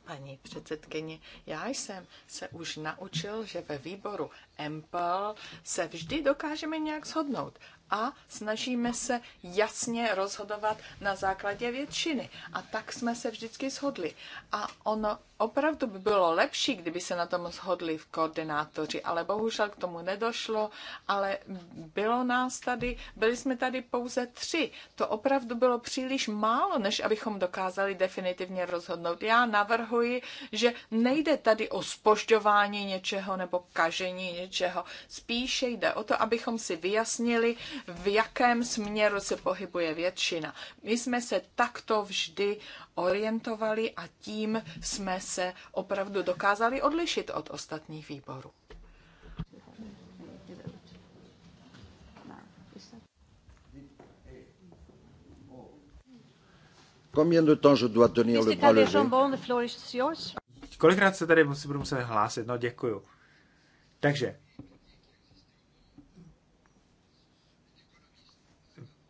S1: Paní předsedkyně, já jsem se už naučil, že ve výboru MPL se vždy dokážeme nějak shodnout a snažíme se jasně rozhodovat na základě většiny. A tak jsme se vždycky shodli. A ono opravdu by bylo lepší, kdyby se na tom shodli v koordinátoři, ale bohužel k tomu nedošlo, ale bylo nás tady, byli jsme tady pouze tři. To opravdu bylo příliš málo, než abychom dokázali definitivně rozhodnout. Já navrhuji, že nejde tady o spožďování něčeho nebo kažení něčeho. Spíše jde o to, abychom si vyjasnili, v jakém směru se pohybuje většina. My jsme se takto vždy orientovali a tím jsme se opravdu dokázali odlišit od ostatních
S4: výborů.
S5: Combien de temps je dois
S3: tenir le bras
S4: levé?
S3: Kolikrát se tady budu muset hlásit? No děkuju. Takže,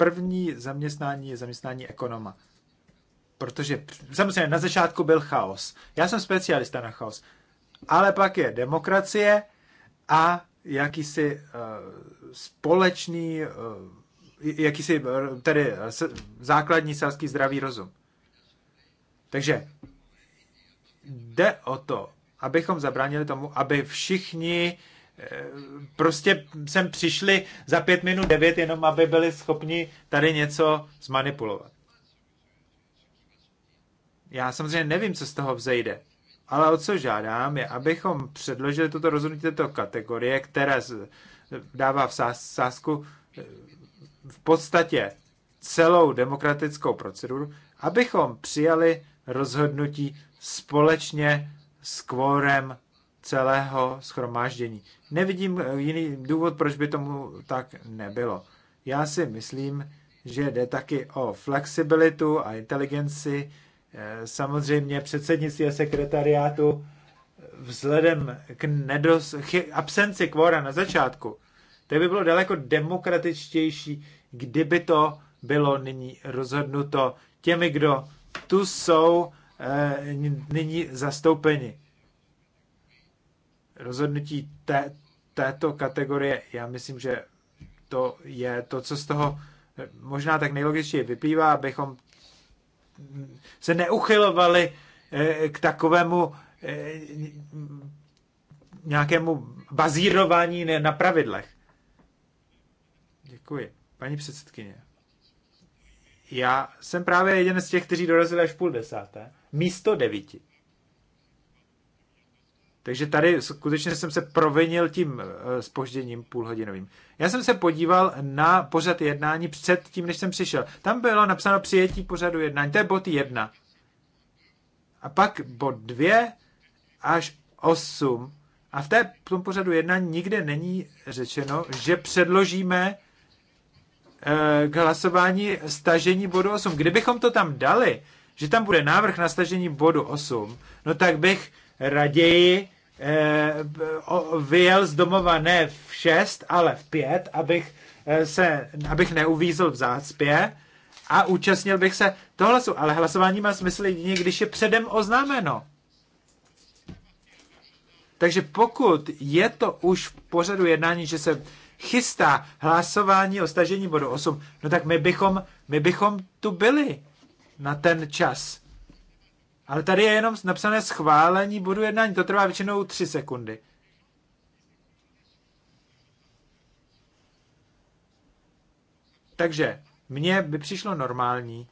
S3: první zaměstnání je zaměstnání ekonoma. Protože samozřejmě na začátku byl chaos. Já jsem specialista na chaos. Ale pak je demokracie a jakýsi uh, společný, uh, jakýsi uh, tedy uh, základní selský zdravý rozum. Takže jde o to, abychom zabránili tomu, aby všichni uh, prostě sem přišli za pět minut devět, jenom aby byli schopni tady něco zmanipulovat. Já samozřejmě nevím, co z toho vzejde, ale o co žádám je, abychom předložili toto rozhodnutí této kategorie, která dává v sázku eh, v podstatě celou demokratickou proceduru, abychom přijali rozhodnutí společně s kvórem celého schromáždění. Nevidím eh, jiný důvod, proč by tomu tak nebylo. Já si myslím, že jde taky o flexibilitu a inteligenci. Eh, samozřejmě předsednictví a sekretariátu eh, vzhledem k nedos- absenci kvóra na začátku, to by bylo daleko demokratičtější, kdyby to bylo nyní rozhodnuto těmi, kdo tu jsou e, nyní zastoupeni rozhodnutí té, této kategorie, já myslím, že to je to, co z toho eh, možná tak nejlogičtěji vyplývá, abychom se neuchylovali eh, k takovému eh, nějakému bazírování na pravidlech. Děkuji. Paní předsedkyně, já jsem právě jeden z těch, kteří dorazili až půl desáté, místo devíti. Takže tady skutečně jsem se provinil tím spožděním eh, půlhodinovým. Já jsem se podíval na pořad jednání před tím, než jsem přišel. Tam bylo napsáno přijetí pořadu jednání, to je bod jedna. A pak bod dvě až osm. A v, té, v tom pořadu jednání nikde není řečeno, že předložíme eh, k hlasování stažení bodu 8. Kdybychom to tam dali, že tam bude návrh na stažení bodu 8, no tak bych raději Eh, vyjel z domova ne v 6, ale v 5, abych, eh, se, abych neuvízl v zácpě a účastnil bych se toho hlasu. Ale hlasování má smysl jedině, když je předem oznámeno. Takže pokud je to už v pořadu jednání, že se chystá hlasování o stažení bodu 8, no tak my bychom, my bychom tu byli na ten čas. Ale tady je jenom napsané schválení bodu jednání. To trvá většinou 3 sekundy. Takže mně by přišlo normální,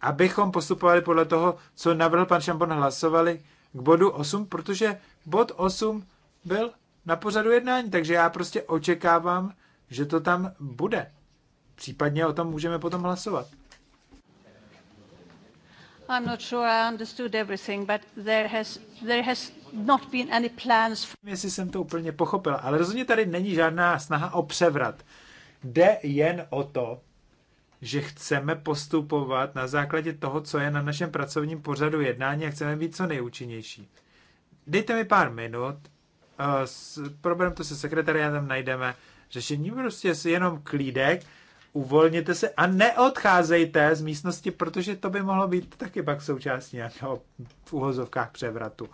S3: abychom postupovali podle toho, co navrhl pan Šampon, hlasovali k bodu 8, protože bod 8 byl na pořadu jednání, takže já prostě očekávám, že to tam bude. Případně o tom můžeme potom hlasovat.
S4: I'm not sure I understood everything, but there has, there has not been any plans. For... Jestli
S3: jsem to úplně pochopil, ale rozhodně tady není žádná snaha o převrat. Jde jen o to, že chceme postupovat na základě toho, co je na našem pracovním pořadu jednání a chceme být co nejúčinnější. Dejte mi pár minut, uh, eh, problém to se sekretariátem, najdeme řešení, prostě jenom klídek, uvolněte se a neodcházejte z místnosti, protože to by mohlo být taky pak součást nějakého v úhozovkách převratu.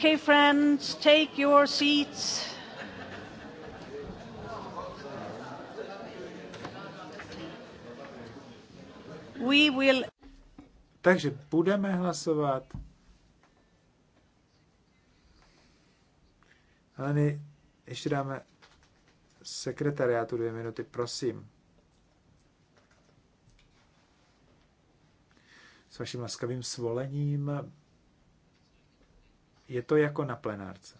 S4: Okay, friends, take your seats.
S3: We will... Takže budeme hlasovat. Aleny, ještě dáme sekretariátu dvě minuty, prosím. S vaším laskavým svolením je to jako na plenárce.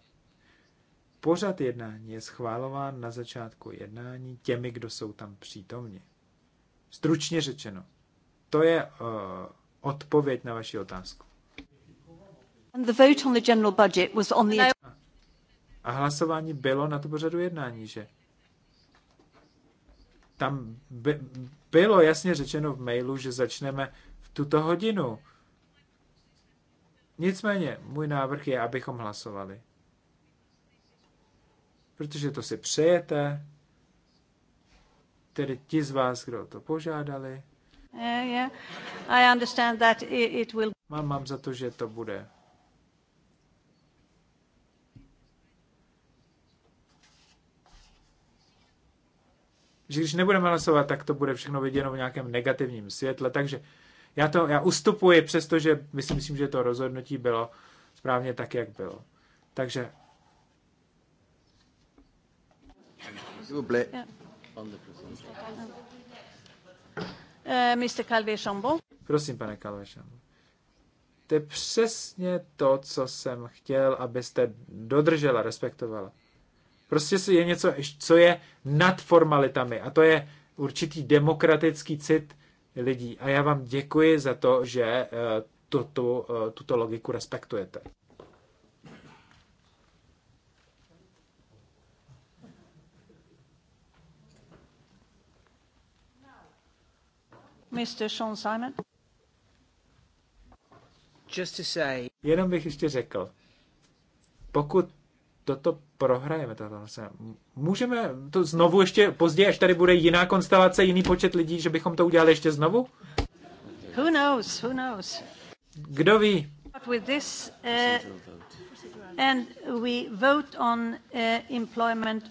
S3: Pořad jednání je schválován na začátku jednání těmi, kdo jsou tam přítomni. Stručně řečeno, to je uh, odpověď na vaši otázku. A hlasování bylo na to pořadu jednání, že? Tam by, bylo jasně řečeno v mailu, že začneme v tuto hodinu. Nicméně můj návrh je, abychom hlasovali. Protože to si přejete, tedy ti z vás, kdo to požádali.
S4: Uh, yeah.
S3: I understand that it, it will... mám, mám za to, že to bude. Že když nebudeme hlasovat, tak to bude všechno viděno v nějakém negativním světle, takže já, to, já ustupuji, přestože my si myslím, že to rozhodnutí bylo správně tak, jak bylo. Takže...
S4: Eh, Mr. Calvé
S3: Prosím, pane Calvé To je přesně to, co jsem chtěl, abyste dodržela, respektovala. Prostě je něco, co je nad formalitami a to je určitý demokratický cit lidí. A já vám děkuji za to, že eh, tuto, eh, tuto logiku respektujete.
S4: Mr. Sean Simon.
S3: Just to say. Jenom bych ještě řekl, pokud toto prohrajeme. Tato Můžeme to znovu ještě později, až tady bude jiná konstelace, jiný počet lidí, že bychom to udělali ještě znovu?
S4: Who knows, who knows?
S3: Kdo ví?
S4: With this,
S3: uh,
S4: and we vote on uh, employment.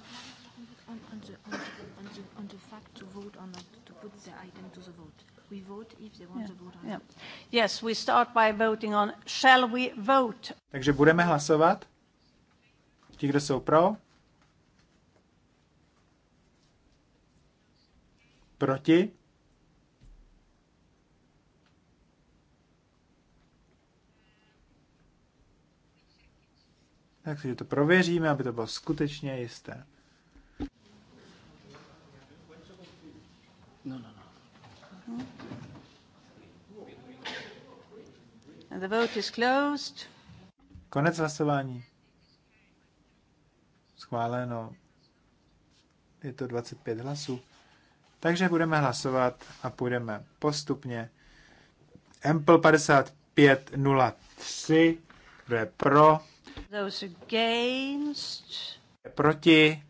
S4: On, the, fact to vote on to put the item to the vote. We vote if they want to vote on Yes, we start by voting on shall we vote.
S3: Takže budeme hlasovat? Ti, kdo jsou pro? Proti? Takže to prověříme, aby to bylo skutečně jisté.
S4: No, no, no.
S3: And the vote is closed. Konec hlasování schváleno. Je to 25 hlasů. Takže budeme hlasovat a půjdeme postupně. Ample 5503, kdo je pro?
S4: Those against.
S3: Proti.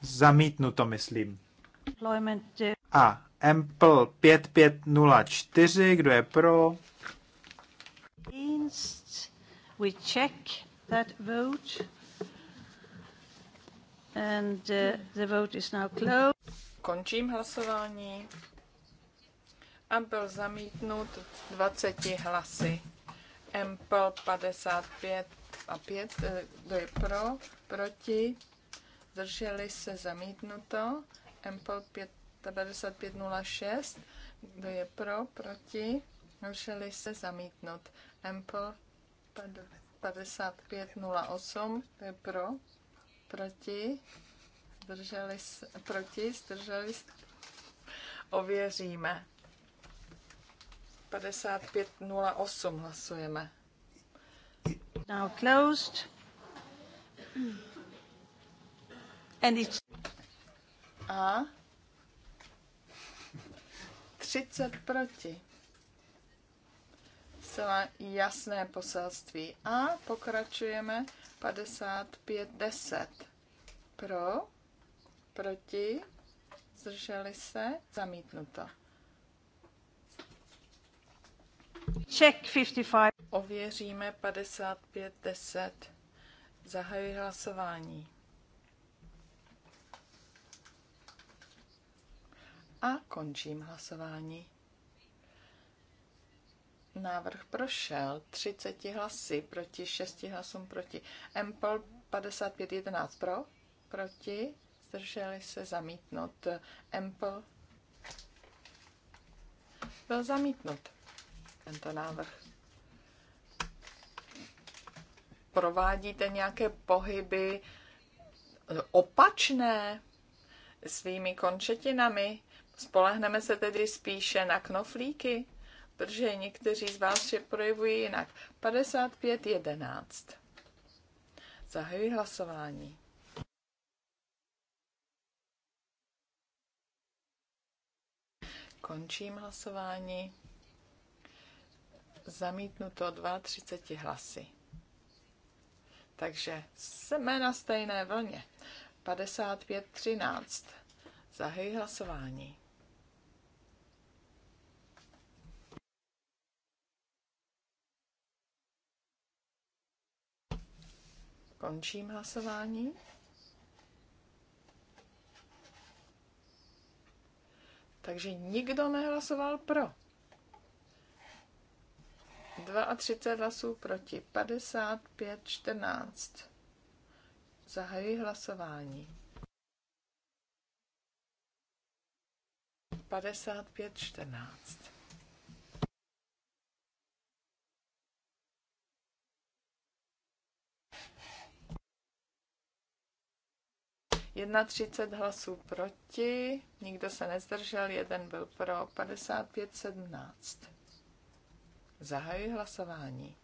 S3: Zamítnuto, myslím. A Ample 5504, kdo je pro?
S4: Against. We check that vote. And uh, the vote is now closed. Končím hlasování a byl
S1: zamítnut 20 hlasy. Empel 55 a 5, eh, kdo je pro, proti, zdrželi se zamítnuto. Empel 5506, kdo je pro, proti, zdrželi se zamítnut. Empel 5508, kdo je pro, proti, zdrželi se, proti, zdrželi se, ověříme. 55.08 hlasujeme. Now
S4: closed. And it's... A 30 proti.
S1: Celá jasné poselství. A pokračujeme 55, 10. pro, proti, zdrželi se, zamítnuto. Check 55. Ověříme 55, 10. Zahajuji hlasování. A končím hlasování. Návrh prošel 30 hlasy proti 6 hlasům proti. Empol 5511 pro, proti, zdrželi se zamítnout. Empol byl zamítnut tento návrh. Provádíte nějaké pohyby eh, opačné svými končetinami? Spolehneme se tedy spíše na knoflíky? protože někteří z vás je projevují jinak. 55.11. Zahajuji hlasování. Končím hlasování. Zamítnuto 32 hlasy. Takže jsme na stejné vlně. 55.13. Zahajuji hlasování. Končím hlasování. Takže nikdo nehlasoval pro. 32 hlasů proti 55, 14. Zahajuji hlasování. 55, 14. 31 hlasů proti, nikdo se nezdržel, jeden byl pro, 55-17. Zahajuji hlasování.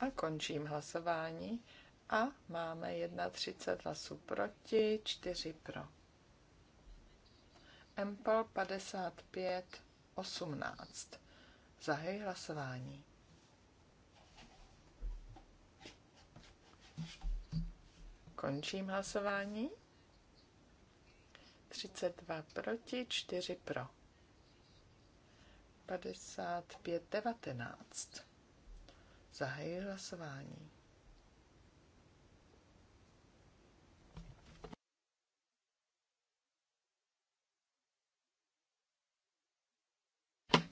S1: A končím hlasování. A máme 31 hlasů proti, 4 pro. Empol 55, 18. Zahaj hlasování. Končím hlasování. 32 proti, 4 pro. 55, 19. Zahajuji hlasování.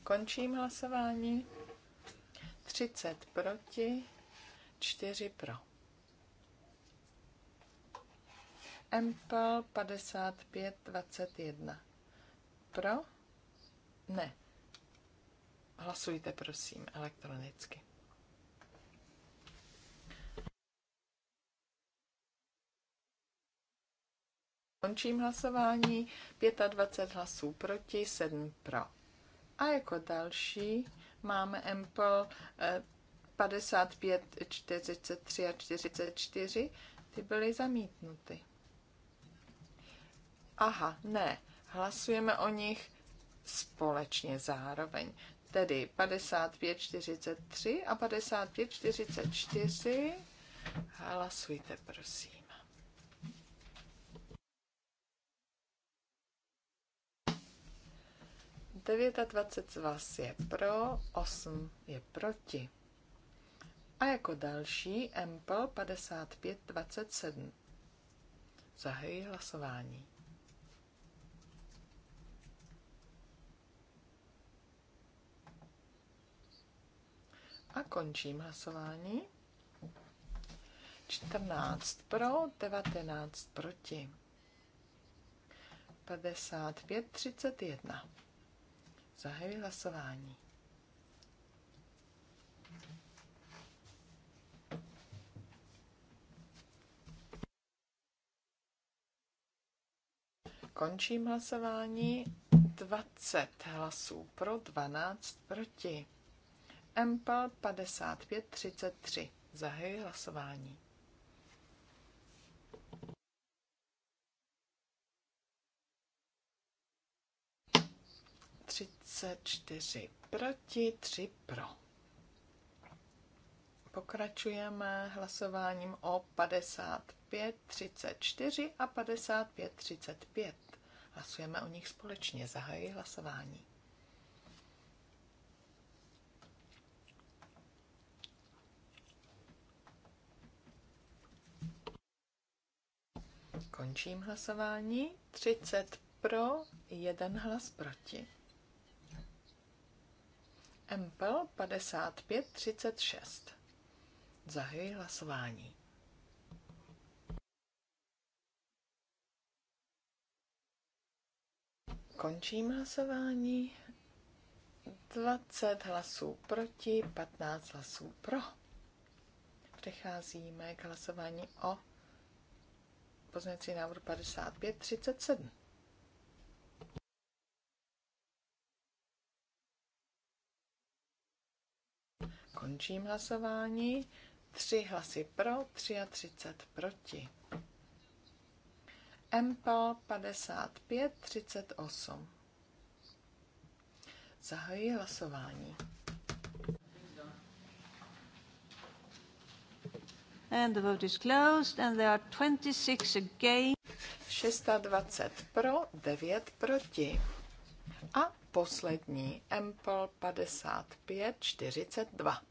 S1: Končím hlasování. 30 proti, 4 pro. MPL 5521. Pro? Ne. Hlasujte, prosím, elektronicky. Končím hlasování. 25 hlasů proti, 7 pro. A jako další máme MPL 55, 43 a 44. Ty byly zamítnuty. Aha, ne, hlasujeme o nich společně zároveň. Tedy 5543 a 5544. Hlasujte, prosím. Devětadvacet z vás je pro, osm je proti. A jako další Empl sedm. Zahají hlasování. A končím hlasování. 14 pro, 19 proti. 55, 31. Zahajuji hlasování. Končím hlasování. 20 hlasů pro, 12 proti. MPL 5533. Zahajuji hlasování. čtyři proti, tři pro. Pokračujeme hlasováním o 55, 34 a 55, 35. Hlasujeme o nich společně. Zahajuji hlasování. Končím hlasování. 30 pro, 1 hlas proti. Empel 55 36. Zahajuji hlasování. Končím hlasování. 20 hlasů proti, 15 hlasů pro. Přecházíme k hlasování o Pozměňovací návrh 5537. Končím hlasování. Tři hlasy pro, 33 proti. MPL 5538.
S4: Zahajuji hlasování. And the vote is closed and there are 26 again. 620 pro, 9 proti. A
S1: poslední Empl 55 42.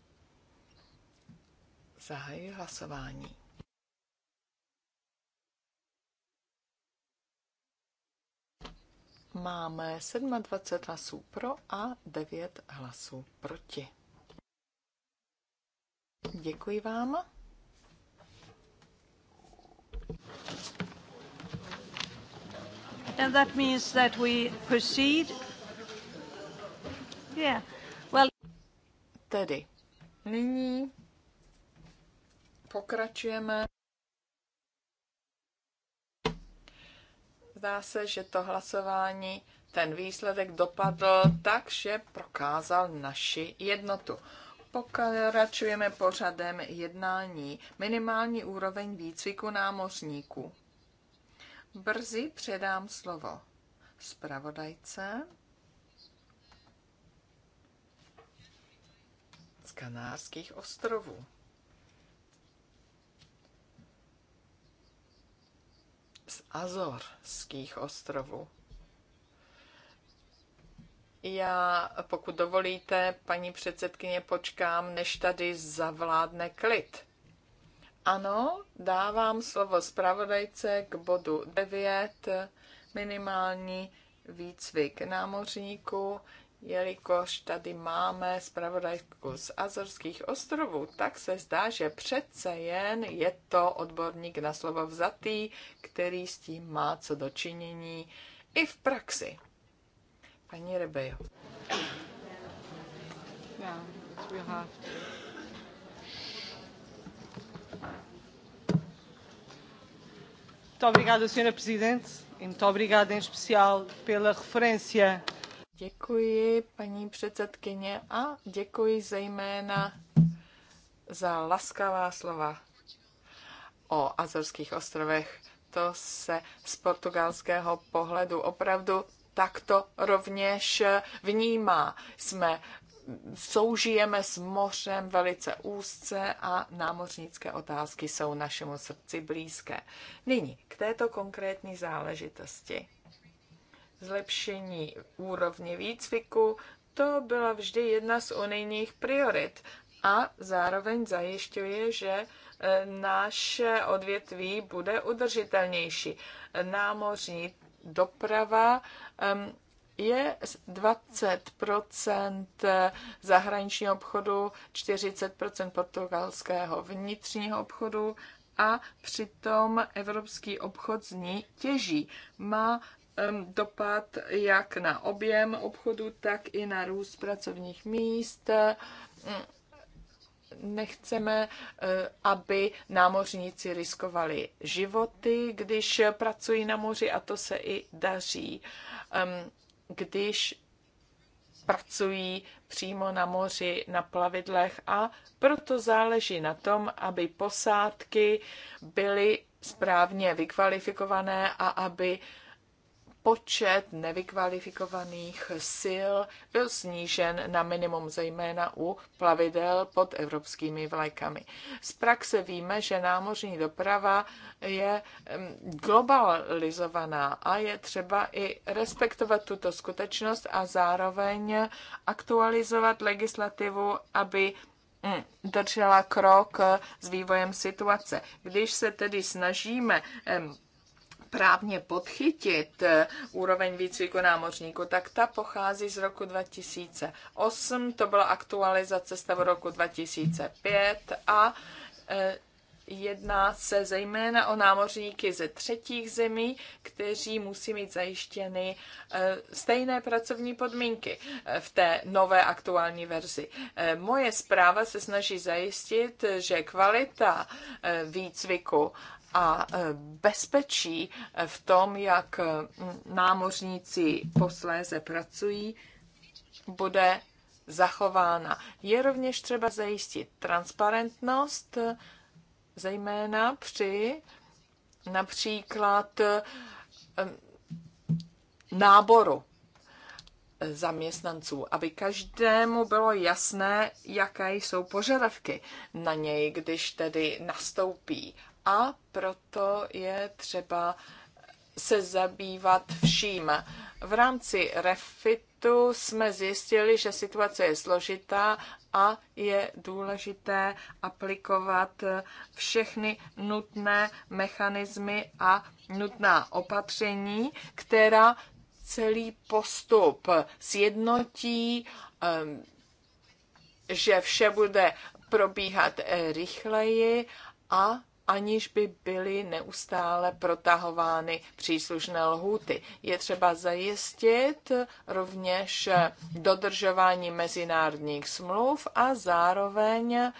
S1: Zahajuji hlasování. Máme 27 hlasů pro a 9 hlasů proti.
S4: Děkuji vám. And that means that we proceed. Yeah. Well. Tedy nyní
S1: pokračujeme. Zdá se, že to hlasování, ten výsledek dopadl tak, že prokázal naši jednotu. Pokračujeme pořadem jednání. Minimální úroveň výcviku námořníků. Brzy předám slovo zpravodajce z Kanárských ostrovů. Z Azorských ostrovů. Já, pokud dovolíte, paní předsedkyně, počkám, než tady zavládne klid. Ano, dávám slovo zpravodajce k bodu 9, minimální výcvik námořníků. Jelikož tady máme zpravodajku z Azorských ostrovů, tak se zdá, že přece jen je to odborník na slovo vzatý, který s tím má co dočinění i v praxi. Paní Rebejo. Yeah, Muito obrigada, senhora Presidente, e muito obrigada em especial pela referência. Děkuji, paní předsedkyně, a děkuji zejména za laskavá slova o Azorských ostrovech. To se z portugalského pohledu opravdu tak to rovněž vnímá. Jsme soužijeme s mořem velice úzce a námořnické otázky jsou našemu srdci blízké. Nyní k této konkrétní záležitosti. Zlepšení úrovně výcviku, to byla vždy jedna z unijních priorit a zároveň zajišťuje, že eh, naše odvětví bude udržitelnější. Námořní doprava je 20% zahraničního obchodu, 40% portugalského vnitřního obchodu a přitom evropský obchod z ní těží. Má dopad jak na objem obchodu, tak i na růst pracovních míst, nechceme, eh, aby námořníci riskovali životy, když pracují na moři a to se i daří. Když pracují přímo na moři, na plavidlech a proto záleží na tom, aby posádky byly správně vykvalifikované a aby počet nevykvalifikovaných sil byl snížen na minimum, zejména u plavidel pod evropskými vlajkami. Z praxe víme, že námořní doprava je mm, globalizovaná a je třeba i respektovat tuto skutečnost a zároveň aktualizovat legislativu, aby mm, držela krok s vývojem situace. Když se tedy snažíme mm, správně podchytit eh, úroveň výcviku námořníku, tak ta pochází z roku 2008, to byla aktualizace stavu roku 2005 a eh, jedná se zejména o námořníky ze třetích zemí, kteří musí mít zajištěny eh, stejné pracovní podmínky v té nové aktuální verzi. Moje zpráva se snaží zajistit, že kvalita výcviku a e, bezpečí v tom, jak e, námořníci posléze pracují, bude zachována. Je rovněž třeba zajistit transparentnost, e, zejména při například náboru zaměstnanců, aby každému bylo jasné, jaké jsou požadavky na něj, když tedy nastoupí a proto je třeba se zabývat vším. V rámci refitu jsme zjistili, že situace je složitá a je důležité aplikovat všechny nutné mechanismy a nutná opatření, která celý postup sjednotí, ehm, že vše bude probíhat eh, rychleji a aniž by byly neustále protahovány příslušné lhůty. Je třeba zajistit rovněž dodržování mezinárodních smluv a zároveň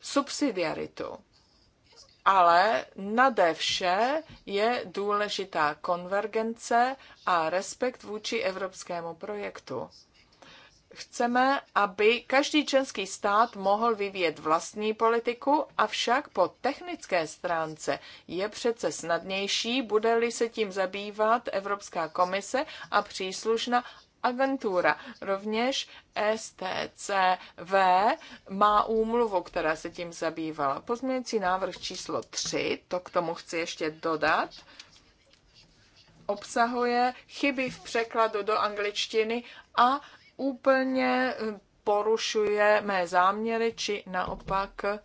S1: subsidiaritu. Ale nade vše je důležitá konvergence a respekt vůči evropskému projektu. Chceme, aby každý členský stát mohl vyvíjet vlastní politiku, avšak po technické stránce je přece snadnější, bude-li se tím zabývat Evropská komise a příslušná agentura. Rovněž STCV má úmluvu, která se tím zabývala. Pozměňující návrh číslo 3, to k tomu chci ještě dodat, obsahuje chyby v překladu do angličtiny a úplně eh, porušuje mé záměry, či naopak eh,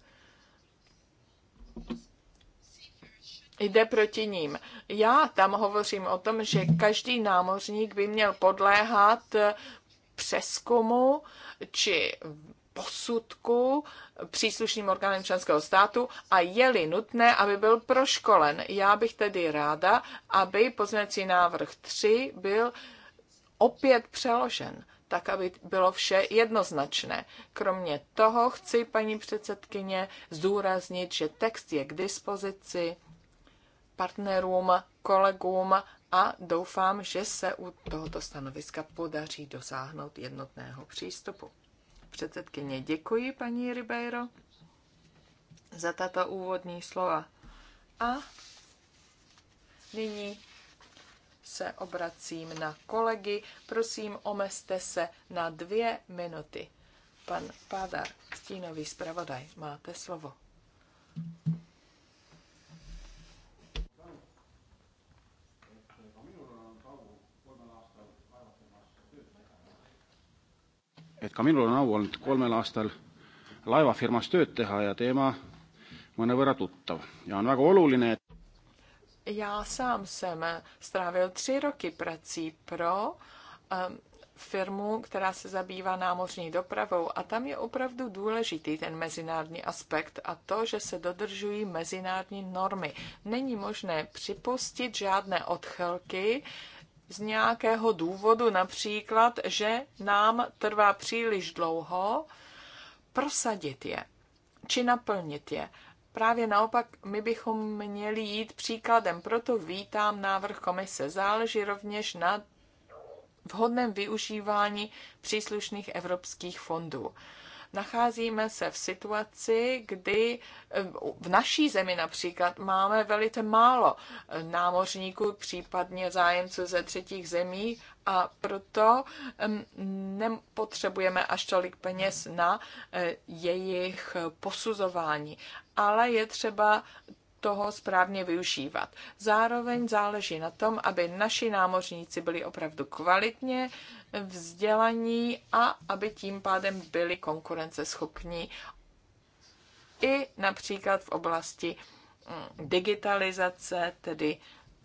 S1: jde proti ním. Já tam hovořím o tom, že každý námořník by měl podléhat eh, přeskumu či posudku příslušným orgánem členského státu a je-li nutné, aby byl proškolen. Já bych tedy ráda, aby poznací návrh 3 byl opět přeložen tak aby bylo vše jednoznačné. Kromě toho chci, paní předsedkyně, zdůraznit, že text je k dispozici partnerům, kolegům a doufám, že se u tohoto stanoviska podaří dosáhnout jednotného přístupu. Předsedkyně, děkuji paní Ribeiro za tato úvodní slova. A nyní se obracím na kolegy. Prosím, omezte se na dvě minuty. Pan Pádar, stínový zpravodaj, máte slovo.
S3: et ka minul on au olnud kolmel aastal laevafirmas tööd teha ja teema mõnevõrra tuttav ja on väga oluline, et
S1: já sám jsem strávil tři roky prací pro um, firmu, která se zabývá námořní dopravou a tam je opravdu důležitý ten mezinárodní aspekt a to, že se dodržují mezinárodní normy. Není možné připustit žádné odchylky z nějakého důvodu, například, že nám trvá příliš dlouho prosadit je či naplnit je. Právě naopak, my bychom měli jít příkladem, proto vítám návrh komise. Záleží rovněž na vhodném využívání příslušných evropských fondů nacházíme se v situaci, kdy eh, v naší zemi například máme velice málo eh, námořníků, případně zájemců ze třetích zemí a proto nepotřebujeme až tolik peněz na eh, jejich posuzování. Ale je třeba toho správně využívat. Zároveň záleží na tom, aby naši námořníci byli opravdu kvalitně vzdělaní a aby tím pádem byli konkurenceschopní i například v oblasti mm, digitalizace, tedy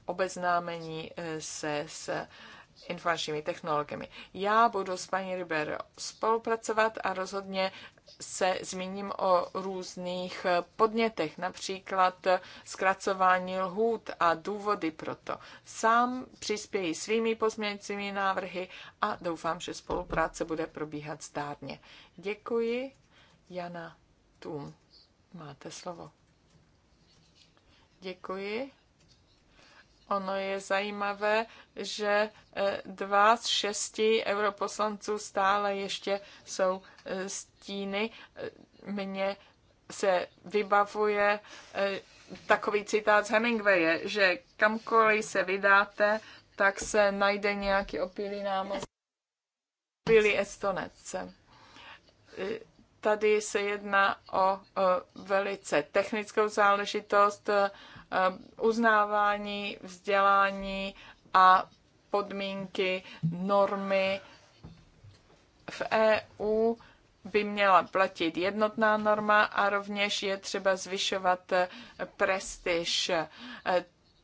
S1: obeznámení eh, se s informačními technologiemi. Já budu s paní Ryber spolupracovat a rozhodně se zmíním o různých podnětech, například zkracování lhůt a důvody pro to. Sám přispěji svými pozměňujícími návrhy a doufám, že spolupráce bude probíhat zdárně. Děkuji. Jana Tum, máte slovo. Děkuji. Ono je zajímavé, že e, dva z šesti europoslanců stále ještě jsou e, stíny. E, mně se vybavuje takový citát z Hemingwaye, že kamkoliv se vydáte, tak se najde nějaký opilý námoz. Opilý estonec. Tady se jedná o velice technickou záležitost, Eh, uznávání, vzdělání a podmínky, normy. V EU by měla platit jednotná norma a rovněž je třeba zvyšovat eh, prestiž eh,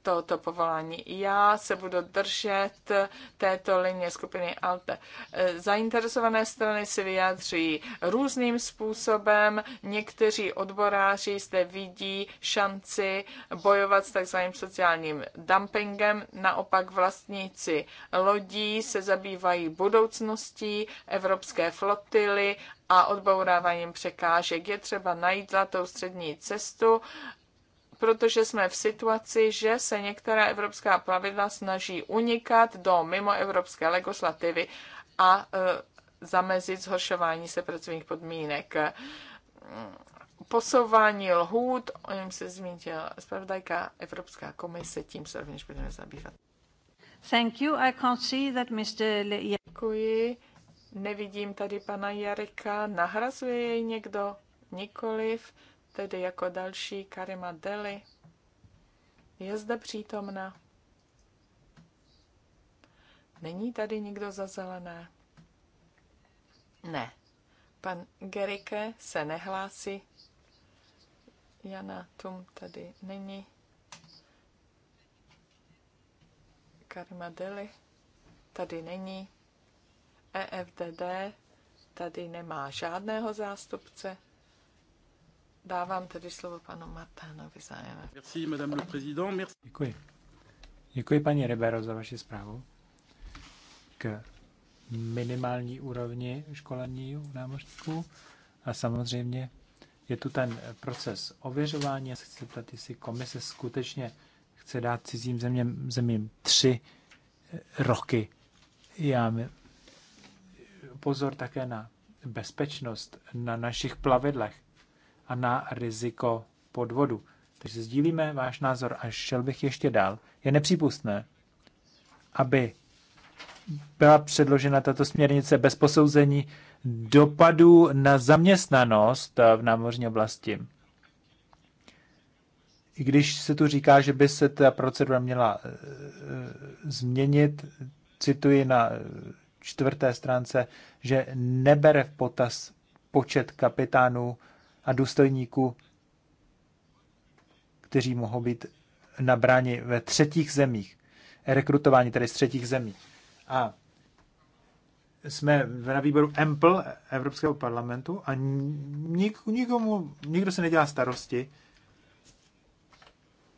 S1: tohoto povolání. Já se budu držet této linie skupiny ALTE. Zainteresované strany se vyjádří různým způsobem. Někteří odboráři zde vidí šanci bojovat s takzvaným sociálním dumpingem. Naopak vlastníci lodí se zabývají budoucností evropské flotily a odbouráváním překážek. Je třeba najít zlatou střední cestu protože jsme v situaci, že se některá evropská pravidla snaží unikat do mimoevropské legislativy a e, zamezit zhoršování se pracovních podmínek. Posouvání lhůt, o něm se zmínila zpravodajka Evropská komise, tím se rovněž budeme zabývat. Thank you. I can't see that
S4: Mr. Le... Děkuji.
S1: Nevidím tady pana Jareka. Nahrazuje jej někdo? Nikoliv tedy jako další Karima Deli. Je zde přítomna? Není tady nikdo za zelené? Ne. Pan Gerike se nehlásí. Jana Tum tady není. Karima Deli tady není. EFDD tady nemá žádného zástupce. Dávám tedy slovo panu Martánovi zájemem.
S3: Merci, madame le président. Merci. Děkuji. Děkuji paní Ribero za vaši zprávu k minimální úrovni školení u námořníků. A samozřejmě je tu ten proces ověřování. Já se chci zeptat, jestli komise skutečně chce dát cizím zeměm, zemím tři eh, roky. Já mi pozor také na bezpečnost na našich plavidlech a na riziko podvodu. Takže sdílíme váš názor a šel bych ještě dál. Je nepřípustné, aby byla předložena tato směrnice bez posouzení dopadů na zaměstnanost v námořní oblasti. I když se tu říká, že by se ta procedura měla e, e, změnit, cituji na e, čtvrté stránce, že nebere v potaz počet kapitánů a důstojníků, kteří mohou být nabráni ve třetích zemích, rekrutování tedy z třetích zemí. A jsme na výboru EMPL Evropského parlamentu a nik, nikomu, nikdo se nedělá starosti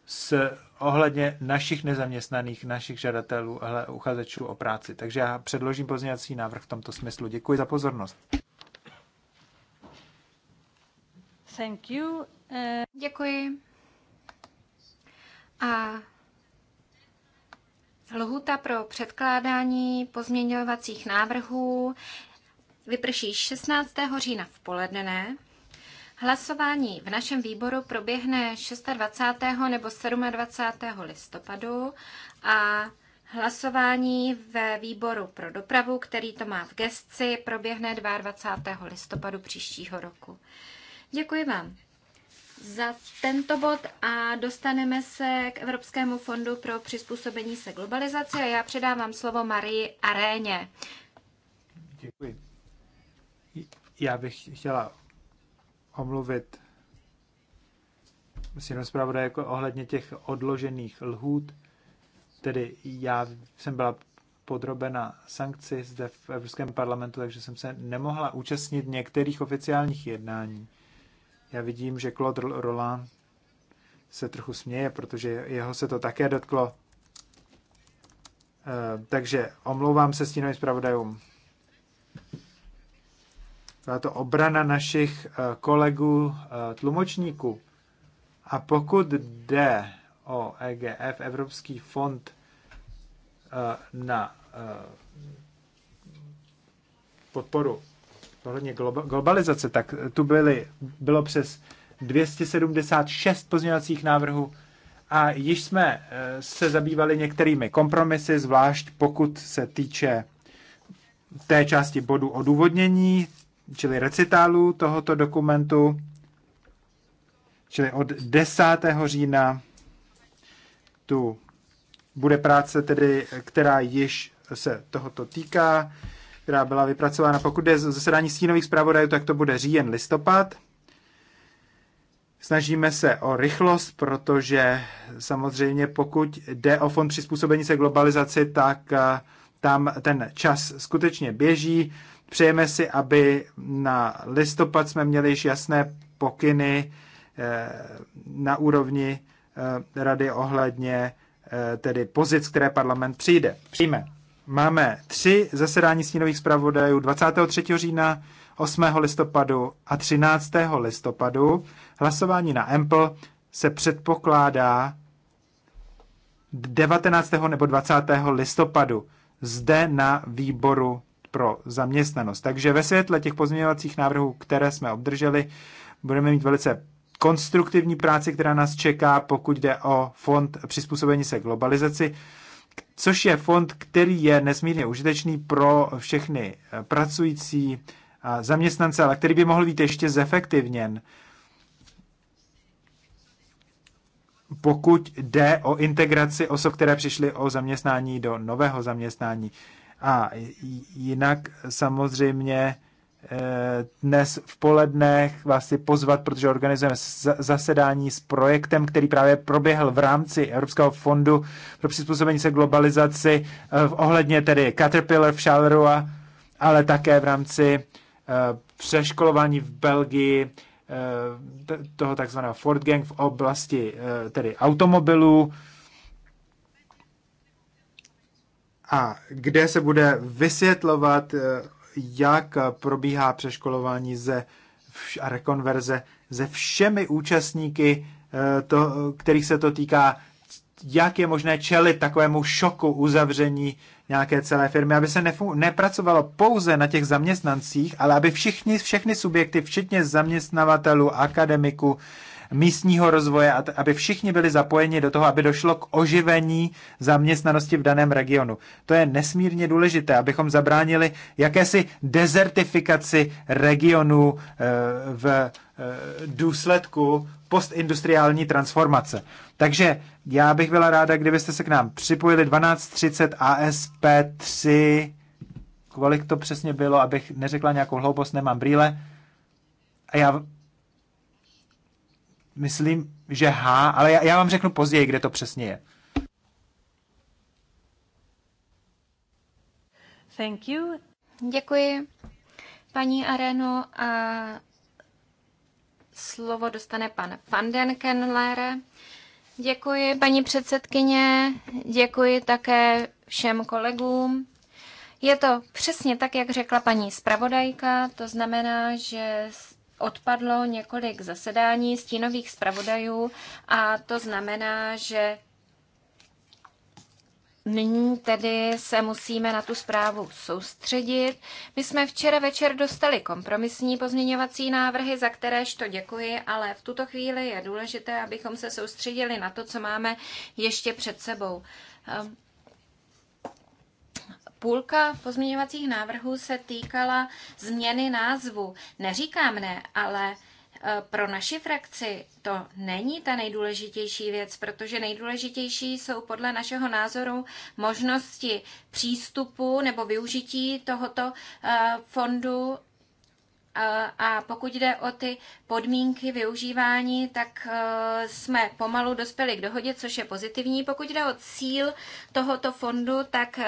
S3: s ohledně našich nezaměstnaných, našich žadatelů, uchazečů o práci. Takže já předložím pozměňovací návrh v tomto smyslu. Děkuji za pozornost.
S4: Thank you. Eh, Děkuji. A
S2: lhuta pro předkládání pozměňovacích návrhů vyprší 16. října v poledne. Hlasování v našem výboru proběhne 26. nebo 27. listopadu a hlasování ve výboru pro dopravu, který to má v gestci, proběhne 22. listopadu příštího roku. Děkuji vám za tento bod a dostaneme se k Evropskému fondu pro přizpůsobení se globalizaci a já předávám slovo Marii Aréně.
S3: Děkuji. Já bych chtěla omluvit myslím zpravodaj jako ohledně těch odložených lhůt, tedy já jsem byla podrobena sankci zde v Evropském parlamentu, takže jsem se nemohla účastnit některých oficiálních jednání já vidím, že Claude Roland se trochu směje, protože jeho se to také dotklo. Eh, takže omlouvám se stínovým zpravodajům. Byla to obrana našich eh, kolegů eh, tlumočníků. A pokud jde o EGF, Evropský fond na podporu ohledně globalizace, tak tu byly, bylo přes 276 pozměňovacích návrhů a již jsme eh, se zabývali některými kompromisy, zvlášť pokud se týče té části bodu odůvodnění, čili recitálu tohoto dokumentu, čili od 10. října tu bude práce tedy, která již se tohoto týká která byla vypracována. Pokud jde zasedání stínových zpravodajů, tak to bude říjen listopad. Snažíme se o rychlost, protože samozřejmě pokud jde o fond přizpůsobení se globalizaci, tak eh, tam ten čas skutečně běží. Přejeme si, aby na listopad jsme měli již jasné pokyny eh, na úrovni eh, rady ohledně tedy pozic, které parlament přijde. Přijme. Máme tři zasedání stínových zpravodajů 23. října, 8. listopadu a 13. listopadu. Hlasování na EMPL se předpokládá 19. nebo 20. listopadu zde na výboru pro zaměstnanost. Takže ve světle těch pozměňovacích návrhů, které jsme obdrželi, budeme mít velice konstruktivní práci, která nás čeká, pokud jde o fond přizpůsobení se globalizaci což je fond, který je nesmírně užitečný pro všechny eh, pracující eh, zaměstnance, ale který by mohl být ještě zefektivněn, pokud jde o integraci osob, které přišly o zaměstnání do nového zaměstnání. A jinak samozřejmě dnes v polednech vás si pozvat, protože organizujeme zasedání s projektem, který právě proběhl v rámci Evropského fondu pro přizpůsobení se globalizaci eh, ohledně tedy Caterpillar v Charleroi, ale také v rámci eh, přeškolování v Belgii eh, toho takzvaného Ford Gang v oblasti tedy automobilů a kde se bude vysvětlovat jak eh, probíhá přeškolování ze a rekonverze ze všemi účastníky, eh, to, kterých se to týká, jak je možné čelit takovému šoku uzavření nějaké celé firmy, aby se nepracovalo pouze na těch zaměstnancích, ale aby všichni, všechny subjekty, včetně zaměstnavatelů, akademiků, místního rozvoje, aby všichni byli zapojeni do toho, aby došlo k oživení zaměstnanosti v daném regionu. To je nesmírně důležité, abychom zabránili jakési dezertifikaci regionu eh, v eh, důsledku postindustriální transformace. Takže já bych byla ráda, kdybyste se k nám připojili 12.30 ASP 3 kolik to přesně bylo, abych neřekla nějakou hloupost, nemám brýle. A já myslím, že H, ale já, já vám řeknu později, kde to přesně je.
S4: Thank you. Děkuji,
S2: paní Areno. A slovo dostane pan Vandenkenlere. Děkuji, paní předsedkyně. Děkuji také všem kolegům. Je to přesně tak, jak řekla paní zpravodajka, to znamená, že odpadlo několik zasedání stínových zpravodajů a to znamená, že Nyní tedy se musíme na tu zprávu soustředit. My jsme včera večer dostali kompromisní pozměňovací návrhy, za kteréž to děkuji, ale v tuto chvíli je důležité, abychom se soustředili na to, co máme ještě před sebou. Ehm, Půlka pozměňovacích návrhů se týkala změny názvu. Neříkám ne, ale e, pro naši frakci to není ta nejdůležitější věc, protože nejdůležitější jsou podle našeho názoru možnosti přístupu nebo využití tohoto e, fondu e, a pokud jde o ty podmínky využívání, tak jsme pomalu dospěli k dohodě, což je pozitivní. Pokud jde o cíl tohoto fondu, tak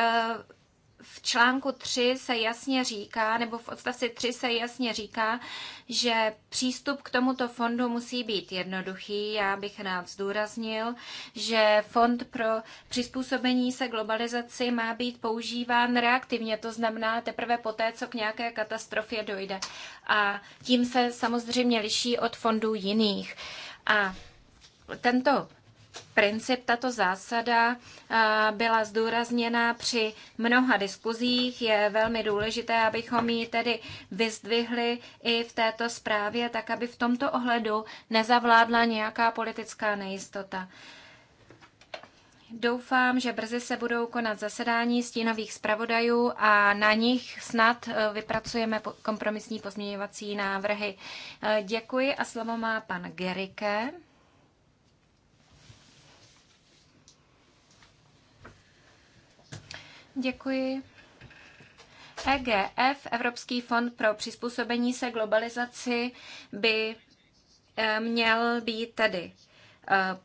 S2: v článku 3 se jasně říká, nebo v odstavci 3 se jasně říká, že přístup k tomuto fondu musí být jednoduchý. Já bych rád zdůraznil, že fond pro přizpůsobení se globalizaci má být používán reaktivně, to znamená teprve poté, co k nějaké katastrofě dojde. A tím se samozřejmě liší od fondů jiných. A tento princip, tato zásada eh, byla zdůrazněna při mnoha diskuzích. Je velmi důležité, abychom ji tedy vyzdvihli i v této zprávě, tak aby v tomto ohledu nezavládla nějaká politická nejistota. Doufám, že brzy se budou konat zasedání stínových zpravodajů a na nich snad eh, vypracujeme kompromisní pozměňovací návrhy. Eh, děkuji a slovo má pan Gerike. Děkuji. EGF, Evropský fond pro přizpůsobení se globalizaci, by e, měl být tedy e,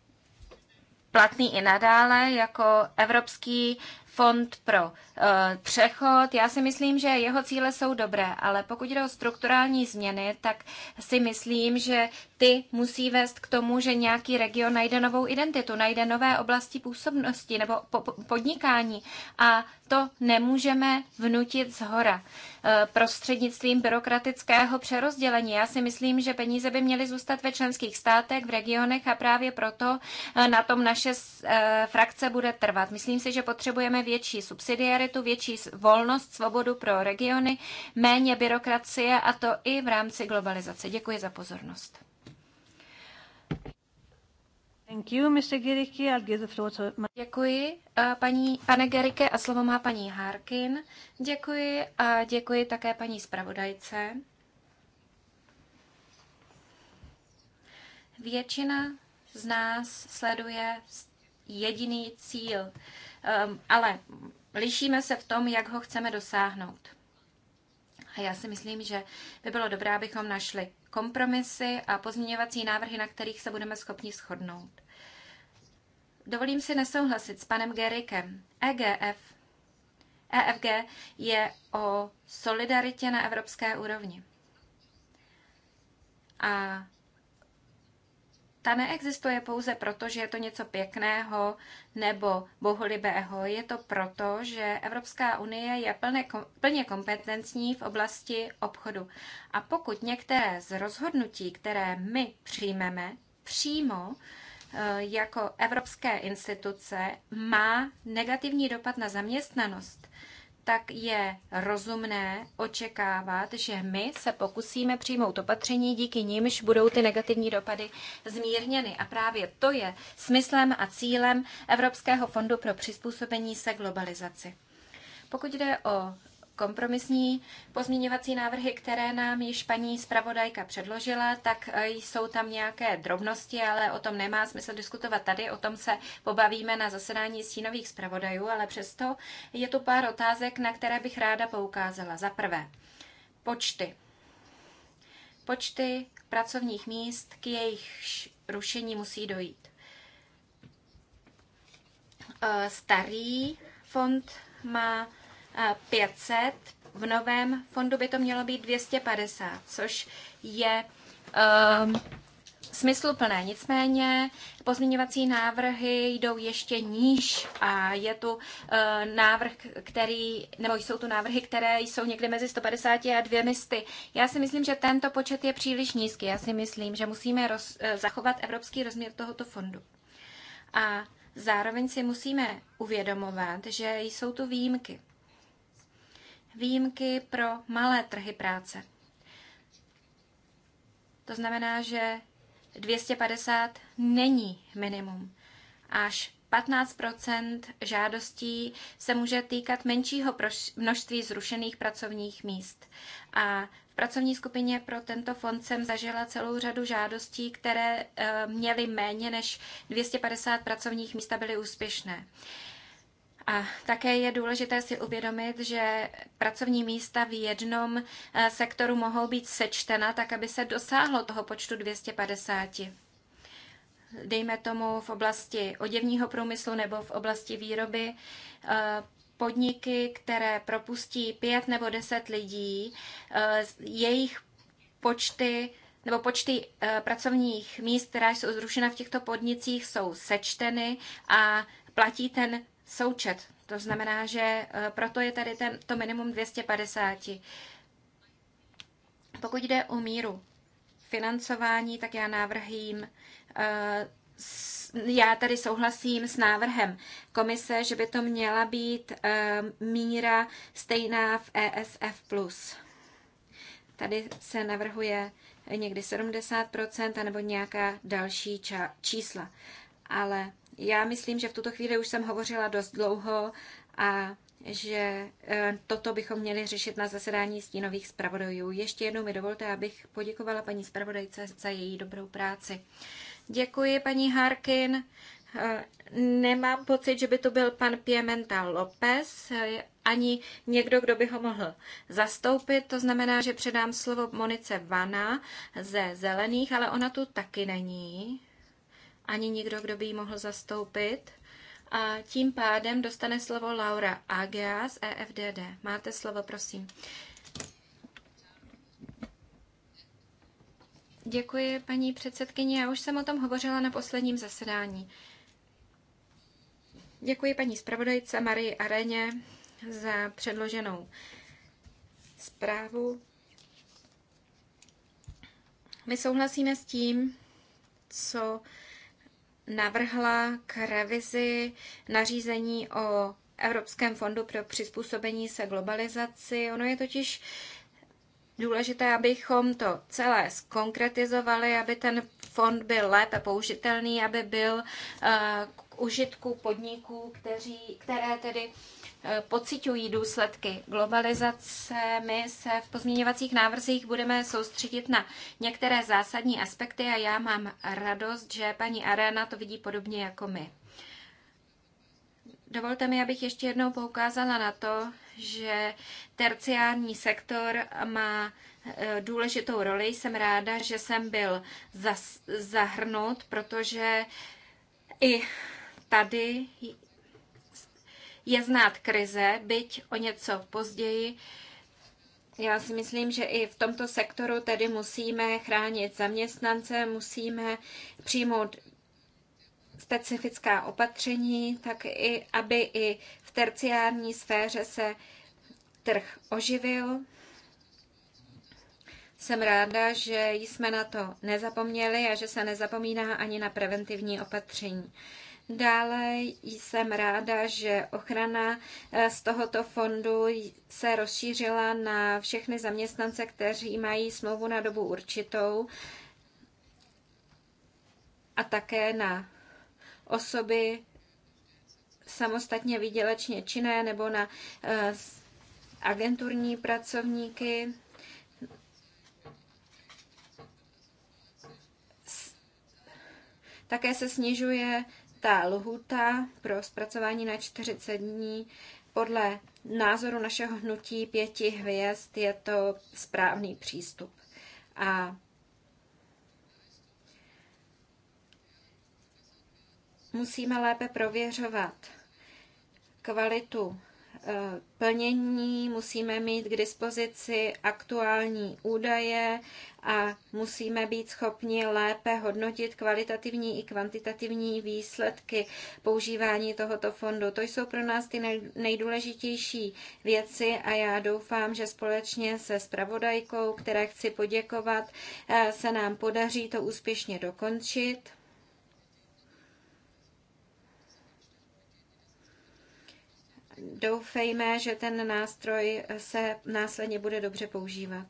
S2: platný i nadále jako Evropský fond pro e, přechod. Já si myslím, že jeho cíle jsou dobré, ale pokud jde o strukturální změny, tak si myslím, že ty musí vést k tomu, že nějaký region najde novou identitu, najde nové oblasti působnosti nebo podnikání. A to nemůžeme vnutit z hora eh, prostřednictvím byrokratického přerozdělení. Já si myslím, že peníze by měly zůstat ve členských státech, v regionech a právě proto eh, na tom naše eh, frakce bude trvat. Myslím si, že potřebujeme větší subsidiaritu, větší volnost, svobodu pro regiony, méně byrokracie a to i v rámci globalizace. Děkuji za pozornost.
S4: Děkuji,
S2: paní, pane Gerike, a slovo má paní Harkin. Děkuji a děkuji také paní zpravodajce. Většina z nás sleduje jediný cíl, um, ale lišíme se v tom, jak ho chceme dosáhnout. A já si myslím, že by bylo dobré, abychom našli kompromisy a pozměňovací návrhy, na kterých se budeme schopni shodnout dovolím si nesouhlasit s panem Gerikem. EGF, EFG je o solidaritě na evropské úrovni. A ta neexistuje pouze proto, že je to něco pěkného nebo boholibého. Je to proto, že Evropská unie je plně, plně kompetentní v oblasti obchodu. A pokud některé z rozhodnutí, které my přijmeme, přímo Eh, jako evropské instituce má negativní dopad na zaměstnanost, tak je rozumné očekávat, že my se pokusíme přijmout opatření, díky nímž budou ty negativní dopady zmírněny. A právě to je smyslem a cílem Evropského fondu pro přizpůsobení se globalizaci. Pokud jde o kompromisní pozměňovací návrhy, které nám již paní zpravodajka předložila, tak e, jsou tam nějaké drobnosti, ale o tom nemá smysl diskutovat tady, o tom se pobavíme na zasedání stínových zpravodajů, ale přesto je tu pár otázek, na které bych ráda poukázala. Za prvé, počty. Počty pracovních míst, k jejich rušení musí dojít. E, starý fond má 500, v novém fondu by to mělo být 250, což je um, smysluplné. Nicméně pozměňovací návrhy jdou ještě níž a je tu uh, návrh, který, nebo jsou tu návrhy, které jsou někde mezi 150 a 200. Já si myslím, že tento počet je příliš nízký. Já si myslím, že musíme roz, uh, zachovat evropský rozměr tohoto fondu. A zároveň si musíme uvědomovat, že jsou tu výjimky výjimky pro malé trhy práce. To znamená, že 250 není minimum. Až 15 žádostí se může týkat menšího množství zrušených pracovních míst. A v pracovní skupině pro tento fond jsem zažila celou řadu žádostí, které eh, měly méně než 250 pracovních míst a byly úspěšné. A také je důležité si uvědomit, že pracovní místa v jednom e, sektoru mohou být sečtena tak, aby se dosáhlo toho počtu 250 dejme tomu v oblasti oděvního průmyslu nebo v oblasti výroby, e, podniky, které propustí pět nebo deset lidí, e, jejich počty nebo počty pracovních míst, která jsou zrušena v těchto podnicích, jsou sečteny a platí ten součet. To znamená, že e, proto je tady ten, to minimum 250. Pokud jde o míru financování, tak já návrhím, e, já tady souhlasím s návrhem komise, že by to měla být e, míra stejná v ESF+. Tady se navrhuje někdy 70% nebo nějaká další čísla. Ale já myslím, že v tuto chvíli už jsem hovořila dost dlouho a že e, toto bychom měli řešit na zasedání stínových zpravodajů. Ještě jednou mi dovolte, abych poděkovala paní zpravodajce za její dobrou práci. Děkuji, paní Harkin. E, nemám pocit, že by to byl pan Piementa López, e, ani někdo, kdo by ho mohl zastoupit. To znamená, že předám slovo Monice Vana ze Zelených, ale ona tu taky není ani nikdo, kdo by ji mohl zastoupit. A tím pádem dostane slovo Laura Agea z EFDD. Máte slovo, prosím. Děkuji, paní předsedkyně. Já už jsem o tom hovořila na posledním zasedání. Děkuji paní zpravodajce Marii Areně za předloženou zprávu. My souhlasíme s tím, co navrhla k revizi nařízení o Evropském fondu pro přizpůsobení se globalizaci. Ono je totiž důležité, abychom to celé skonkretizovali, aby ten fond byl lépe použitelný, aby byl eh, k užitku podniků, kteří, které tedy Eh, pociťují důsledky globalizace. My se v pozměňovacích návrzích budeme soustředit na některé zásadní aspekty a já mám radost, že paní Arena to vidí podobně jako my. Dovolte mi, abych ještě jednou poukázala na to, že terciární sektor má eh, důležitou roli. Jsem ráda, že jsem byl zahrnut, protože i tady je znát krize, byť o něco později. Já si myslím, že i v tomto sektoru tedy musíme chránit zaměstnance, musíme přijmout specifická opatření, tak i, aby i v terciární sféře se trh oživil. Jsem ráda, že jsme na to nezapomněli a že se nezapomíná ani na preventivní opatření. Dále jsem ráda, že ochrana eh, z tohoto fondu se rozšířila na všechny zaměstnance, kteří mají smlouvu na dobu určitou a také na osoby samostatně výdělečně činné nebo na eh, agenturní pracovníky. Také se snižuje ta lhuta pro zpracování na 40 dní podle názoru našeho hnutí pěti hvězd je to správný přístup. A musíme lépe prověřovat kvalitu Eh, plnění, musíme mít k dispozici aktuální údaje a musíme být schopni lépe hodnotit kvalitativní i kvantitativní výsledky používání tohoto fondu. To jsou pro nás ty nejdůležitější věci a já doufám, že společně se spravodajkou, které chci poděkovat, eh, se nám podaří to úspěšně dokončit. doufejme, že ten nástroj se následně bude dobře používat.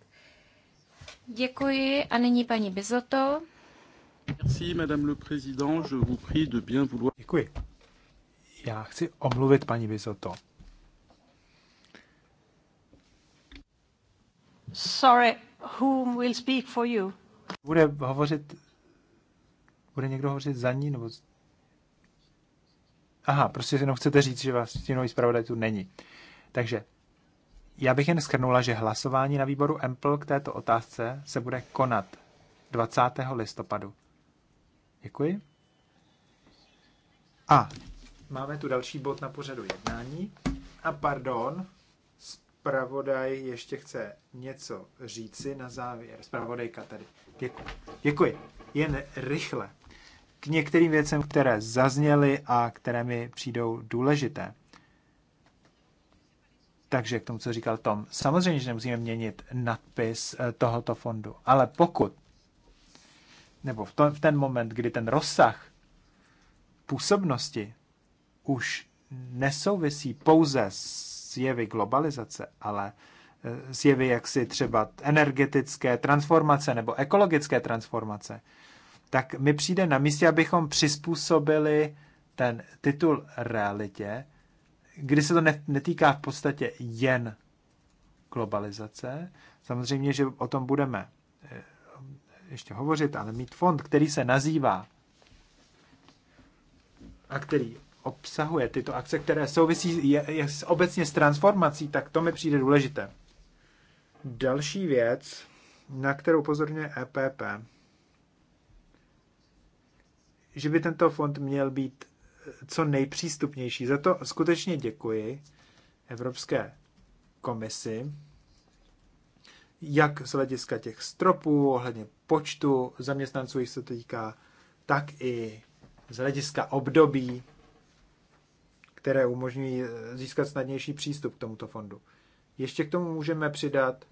S2: Děkuji a nyní paní Bizoto.
S3: Merci, madame le président, je vous prie de bien vouloir... Děkuji. Já chci omluvit paní Bizoto.
S4: Sorry, whom will speak for you?
S3: Bude hovořit, bude někdo hovořit za ní, nebo Aha, prostě jenom chcete říct, že vás nový zpravodaj tu není. Takže já bych jen schrnula, že hlasování na výboru EMPL k této otázce se bude konat 20. listopadu. Děkuji. A máme tu další bod na pořadu jednání. A pardon, zpravodaj ještě chce něco říci na závěr. Zpravodajka tady. Děkuji. Děkuji. Jen rychle k některým věcem, které zazněly a které mi přijdou důležité. Takže k tomu, co říkal Tom, samozřejmě, že nemusíme měnit nadpis eh, tohoto fondu, ale pokud, nebo v, to, v ten moment, kdy ten rozsah působnosti už nesouvisí pouze s jevy globalizace, ale eh, s jevy jaksi třeba energetické transformace nebo ekologické transformace, tak mi přijde na místě, abychom přizpůsobili ten titul realitě, kdy se to netýká v podstatě jen globalizace. Samozřejmě, že o tom budeme eh, ještě hovořit, ale mít fond, který se nazývá a který obsahuje tyto akce, které souvisí je, je obecně s transformací, tak to mi přijde důležité. Další věc, na kterou pozorně EPP, že by tento fond měl být eh, co nejpřístupnější. Za to skutečně děkuji Evropské komisi, jak z hlediska těch stropů, ohledně počtu zaměstnanců, jich se to týká, tak i z hlediska období, které umožňují eh, získat snadnější přístup k tomuto fondu. Ještě k tomu můžeme přidat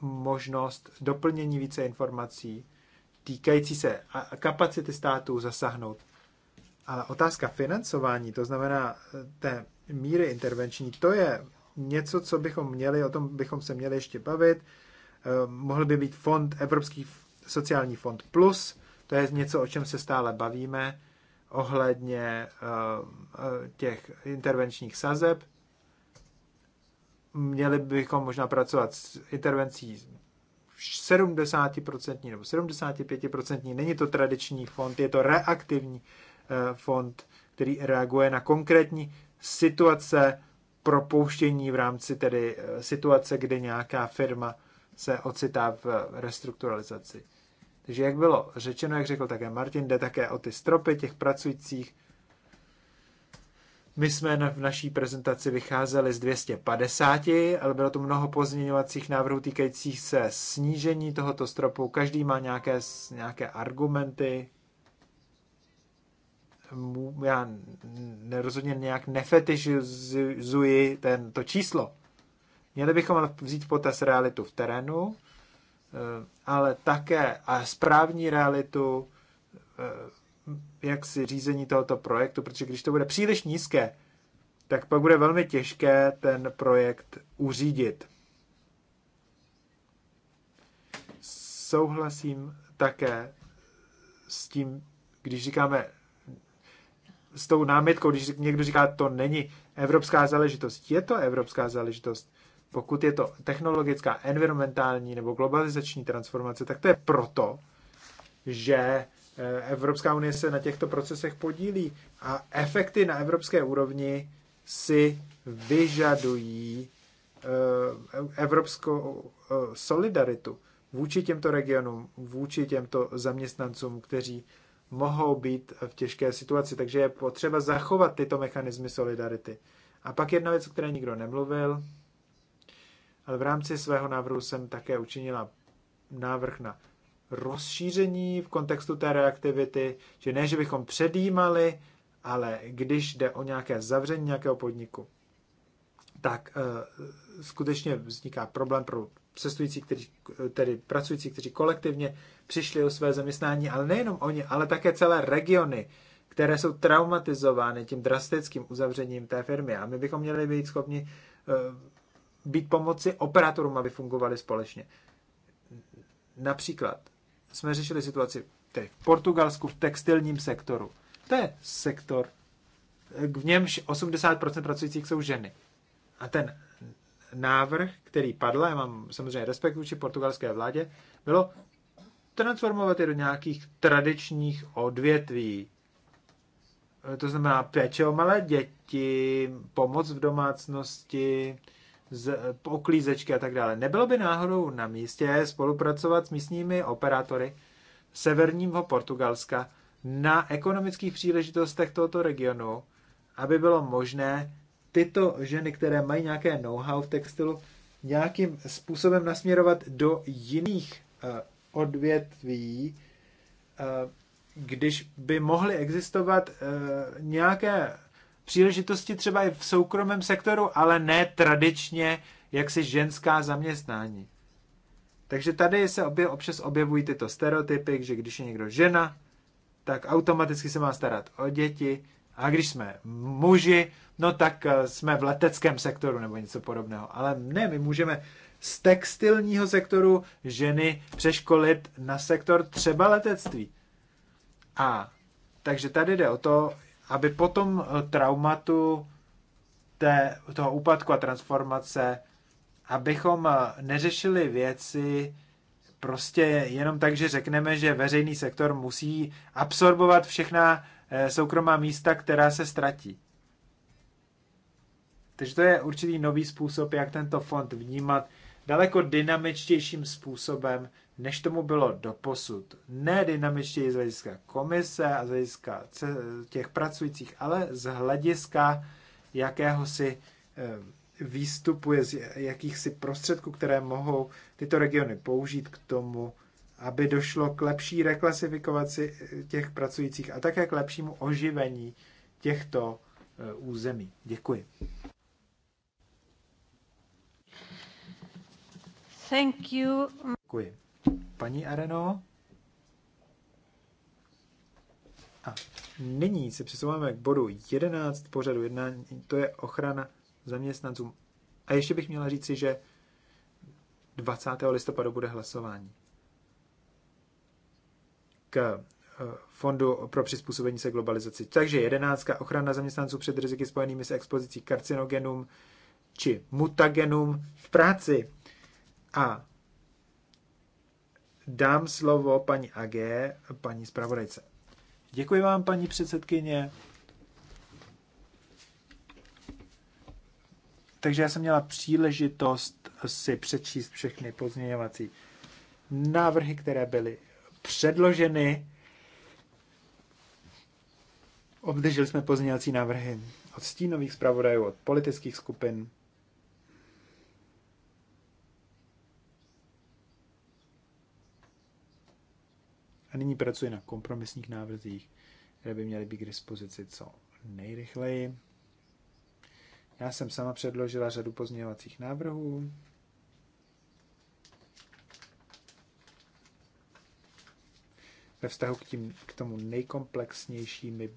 S3: možnost doplnění více informací týkající se kapacity států zasáhnout. Ale otázka financování, to znamená eh, té míry intervenční, to je něco, co bychom měli, o tom bychom se měli ještě bavit. Eh, mohl by být fond, Evropský sociální fond plus, to je něco, o čem se stále bavíme, ohledně eh, těch intervenčních sazeb. Měli bychom možná pracovat s intervencí 70% nebo 75%. Není to tradiční fond, je to reaktivní eh, fond, který reaguje na konkrétní situace propouštění v rámci tedy eh, situace, kdy nějaká firma se ocitá v eh, restrukturalizaci. Takže jak bylo řečeno, jak řekl také Martin, jde také o ty stropy těch pracujících my jsme na, v naší prezentaci vycházeli z 250, ale bylo to mnoho pozměňovacích návrhů týkajících se snížení tohoto stropu. Každý má nějaké, nějaké argumenty. Já rozhodně nějak nefetišizuji ten, to číslo. Měli bychom vzít v potaz realitu v terénu, eh, ale také a správní realitu eh, jak si řízení tohoto projektu, protože když to bude příliš nízké, tak pak bude velmi těžké ten projekt uřídit. Souhlasím také s tím, když říkáme s tou námitkou, když někdo říká, to není evropská záležitost. Je to evropská záležitost. Pokud je to technologická, environmentální nebo globalizační transformace, tak to je proto, že Eh, Evropská unie se na těchto procesech podílí a efekty na evropské úrovni si vyžadují eh, evropskou eh, solidaritu vůči těmto regionům, vůči těmto zaměstnancům, kteří mohou být v těžké situaci. Takže je potřeba zachovat tyto mechanismy solidarity. A pak jedna věc, o které nikdo nemluvil, ale v rámci svého návrhu jsem také učinila návrh na rozšíření v kontextu té reaktivity, že ne, že bychom předjímali, ale když jde o nějaké zavření nějakého podniku, tak uh, skutečně vzniká problém pro cestující, kteří, tedy pracující, kteří kolektivně přišli o své zaměstnání, ale nejenom oni, ale také celé regiony, které jsou traumatizovány tím drastickým uzavřením té firmy. A my bychom měli být schopni uh, být pomoci operátorům, aby fungovali společně. Například jsme řešili situaci teď v Portugalsku v textilním sektoru. To je sektor, v němž 80% pracujících jsou ženy. A ten návrh, který padl, já mám samozřejmě respekt vůči portugalské vládě, bylo transformovat je do nějakých tradičních odvětví. To znamená péče o malé děti, pomoc v domácnosti, z oklízečky a tak dále. Nebylo by náhodou na místě spolupracovat s místními operátory severního Portugalska na ekonomických příležitostech tohoto regionu, aby bylo možné tyto ženy, které mají nějaké know-how v textilu, nějakým způsobem nasměrovat do jiných uh, odvětví, uh, když by mohly existovat uh, nějaké příležitosti třeba i v soukromém sektoru, ale ne tradičně jaksi ženská zaměstnání. Takže tady se obě, občas objevují tyto stereotypy, že když je někdo žena, tak automaticky se má starat o děti. A když jsme muži, no tak eh, jsme v leteckém sektoru nebo něco podobného. Ale ne, my můžeme z textilního sektoru ženy přeškolit na sektor třeba letectví. A takže tady jde o to, aby potom eh, traumatu té, toho úpadku a transformace, abychom eh, neřešili věci prostě jenom tak, že řekneme, že veřejný sektor musí absorbovat všechna eh, soukromá místa, která se ztratí. Takže to je určitý nový způsob, jak tento fond vnímat daleko dynamičtějším způsobem, než tomu bylo doposud. Ne dynamičtěji z hlediska komise a z hlediska těch pracujících, ale z hlediska jakéhosi eh, výstupu, z jakýchsi prostředků, které mohou tyto regiony použít k tomu, aby došlo k lepší reklasifikaci eh, těch pracujících a také k lepšímu oživení těchto eh, území. Děkuji. Thank you. Děkuji. Paní Areno. A nyní se přesouváme k bodu 11 pořadu jednání, to je ochrana zaměstnancům. A ještě bych měla říci, že 20. listopadu bude hlasování k eh, Fondu pro přizpůsobení se globalizaci. Takže jedenáctka ochrana zaměstnanců před riziky spojenými s expozicí karcinogenům či mutagenům v práci. A dám slovo paní AG, paní zpravodajce. Děkuji vám, paní předsedkyně. Takže já jsem měla příležitost si přečíst všechny pozměňovací návrhy, které byly předloženy. Obdrželi jsme pozměňovací návrhy od stínových zpravodajů, od politických skupin, nyní pracuji na kompromisních návrzích, které by měly být k dispozici co nejrychleji. Já jsem sama předložila řadu pozměňovacích návrhů. Ve vztahu k, tím, k tomu nejkomplexnějšímu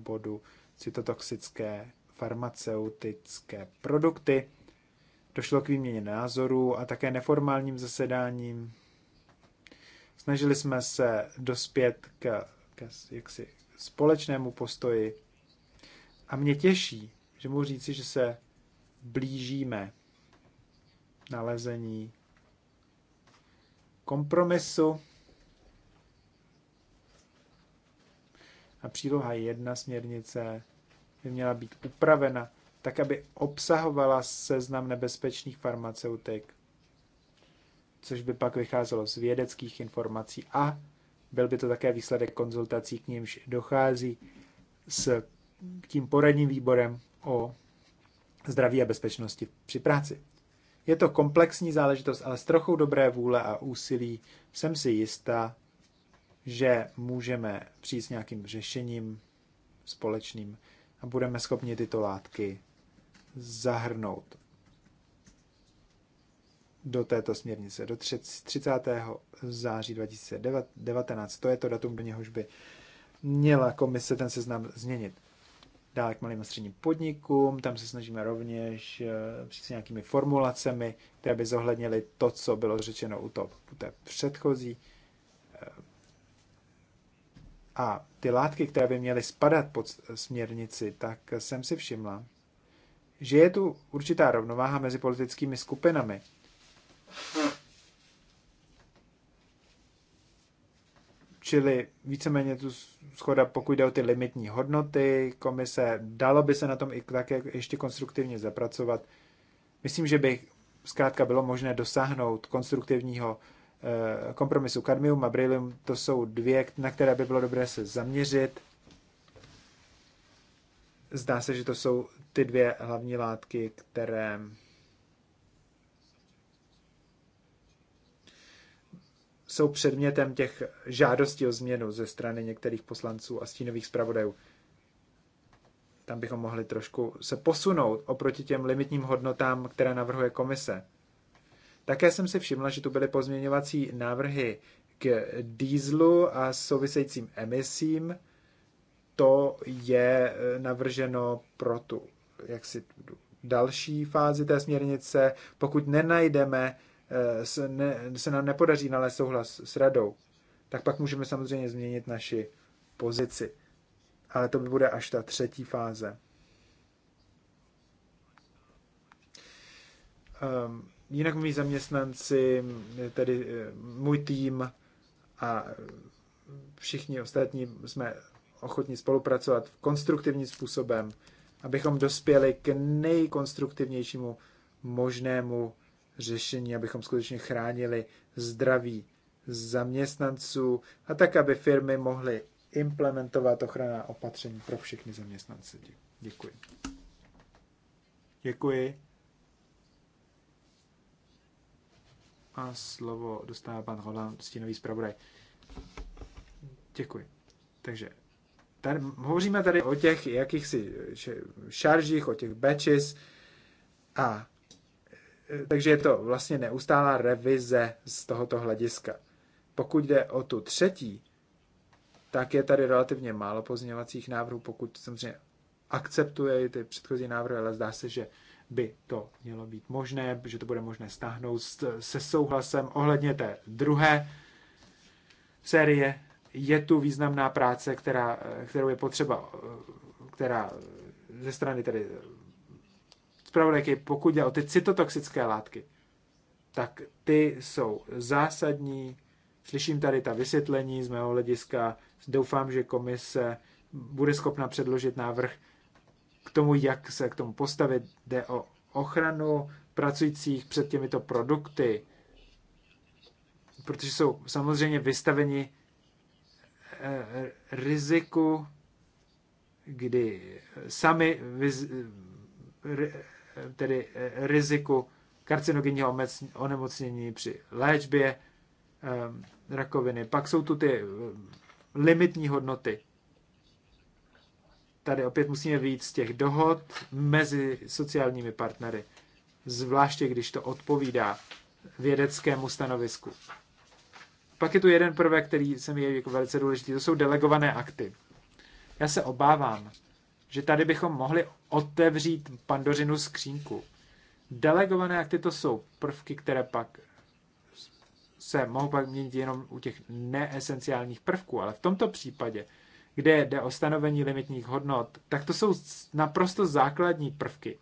S3: bodu cytotoxické farmaceutické produkty došlo k výměně názorů a také neformálním zasedáním Snažili jsme se dospět k, k jaksi společnému postoji a mě těší, že mohu říci, že se blížíme nalezení kompromisu. A příloha jedna směrnice by měla být upravena tak, aby obsahovala seznam nebezpečných farmaceutik což by pak vycházelo z vědeckých informací a byl by to také výsledek konzultací, k nímž dochází s tím poradním výborem o zdraví a bezpečnosti při práci. Je to komplexní záležitost, ale s trochou dobré vůle a úsilí jsem si jistá, že můžeme přijít s nějakým řešením společným a budeme schopni tyto látky zahrnout do této směrnice, do 30. září 2019. To je to datum, do něhož by měla komise ten seznam změnit. Dále k malým a středním podnikům, tam se snažíme rovněž eh, s nějakými formulacemi, které by zohlednily to, co bylo řečeno u, to, u té předchozí. Eh, a ty látky, které by měly spadat pod směrnici, tak jsem si všimla, že je tu určitá rovnováha mezi politickými skupinami. Čili víceméně tu schoda, pokud jde o ty limitní hodnoty komise, dalo by se na tom i také ještě konstruktivně zapracovat. Myslím, že by zkrátka bylo možné dosáhnout konstruktivního eh, kompromisu kadmium a brilium. to jsou dvě, na které by bylo dobré se zaměřit. Zdá se, že to jsou ty dvě hlavní látky, které jsou předmětem těch žádostí o změnu ze strany některých poslanců a stínových zpravodajů. Tam bychom mohli trošku se posunout oproti těm limitním hodnotám, které navrhuje komise. Také jsem si všimla, že tu byly pozměňovací návrhy k dýzlu a souvisejícím emisím. To je eh, navrženo pro tu jaksi další fázi té směrnice. Pokud nenajdeme Eh, se, ne, se nám nepodaří nalézt souhlas s radou, tak pak můžeme samozřejmě změnit naši pozici. Ale to by bude až ta třetí fáze. Ehm, jinak mý zaměstnanci, tedy eh, můj tým a všichni ostatní jsme ochotní spolupracovat konstruktivním způsobem, abychom dospěli k nejkonstruktivnějšímu možnému řešení, abychom skutečně chránili
S5: zdraví
S3: zaměstnanců a tak, aby firmy mohly implementovat ochranná opatření pro všechny zaměstnance. Děkuji. Děkuji. A slovo dostává pan Holand, stínový zpravodaj. Děkuji. Takže tady, hovoříme tady o těch jakýchsi šaržích, o těch batches a takže je to vlastně neustálá revize z tohoto hlediska. Pokud jde o tu třetí, tak je tady relativně málo pozměňovacích návrhů, pokud samozřejmě akceptuje ty předchozí návrhy, ale zdá se, že by to mělo být možné, že to bude možné stáhnout se souhlasem. Ohledně té druhé série je tu významná práce, která, kterou je potřeba, eh, která ze strany tedy zpravodajky, pokud jde o ty cytotoxické látky, tak ty jsou zásadní. Slyším tady ta vysvětlení z mého hlediska. Doufám, že komise bude schopna předložit návrh k tomu, jak se k tomu postavit. Jde o ochranu pracujících před těmito produkty, protože jsou samozřejmě vystaveni eh, riziku, kdy sami tedy eh, riziku karcinogenního onemocnění při léčbě ehm, rakoviny. Pak jsou tu ty eh, limitní hodnoty. Tady opět musíme víc těch dohod mezi sociálními partnery, zvláště když to odpovídá vědeckému stanovisku. Pak je tu jeden prvek, který se mi je jako velice důležitý, to jsou delegované akty. Já se obávám, že tady bychom mohli otevřít pandořinu skřínku. Delegované akty to jsou prvky, které pak se mohou pak měnit jenom u těch neesenciálních prvků, ale v tomto případě, kde jde o stanovení limitních hodnot, tak to jsou naprosto základní prvky.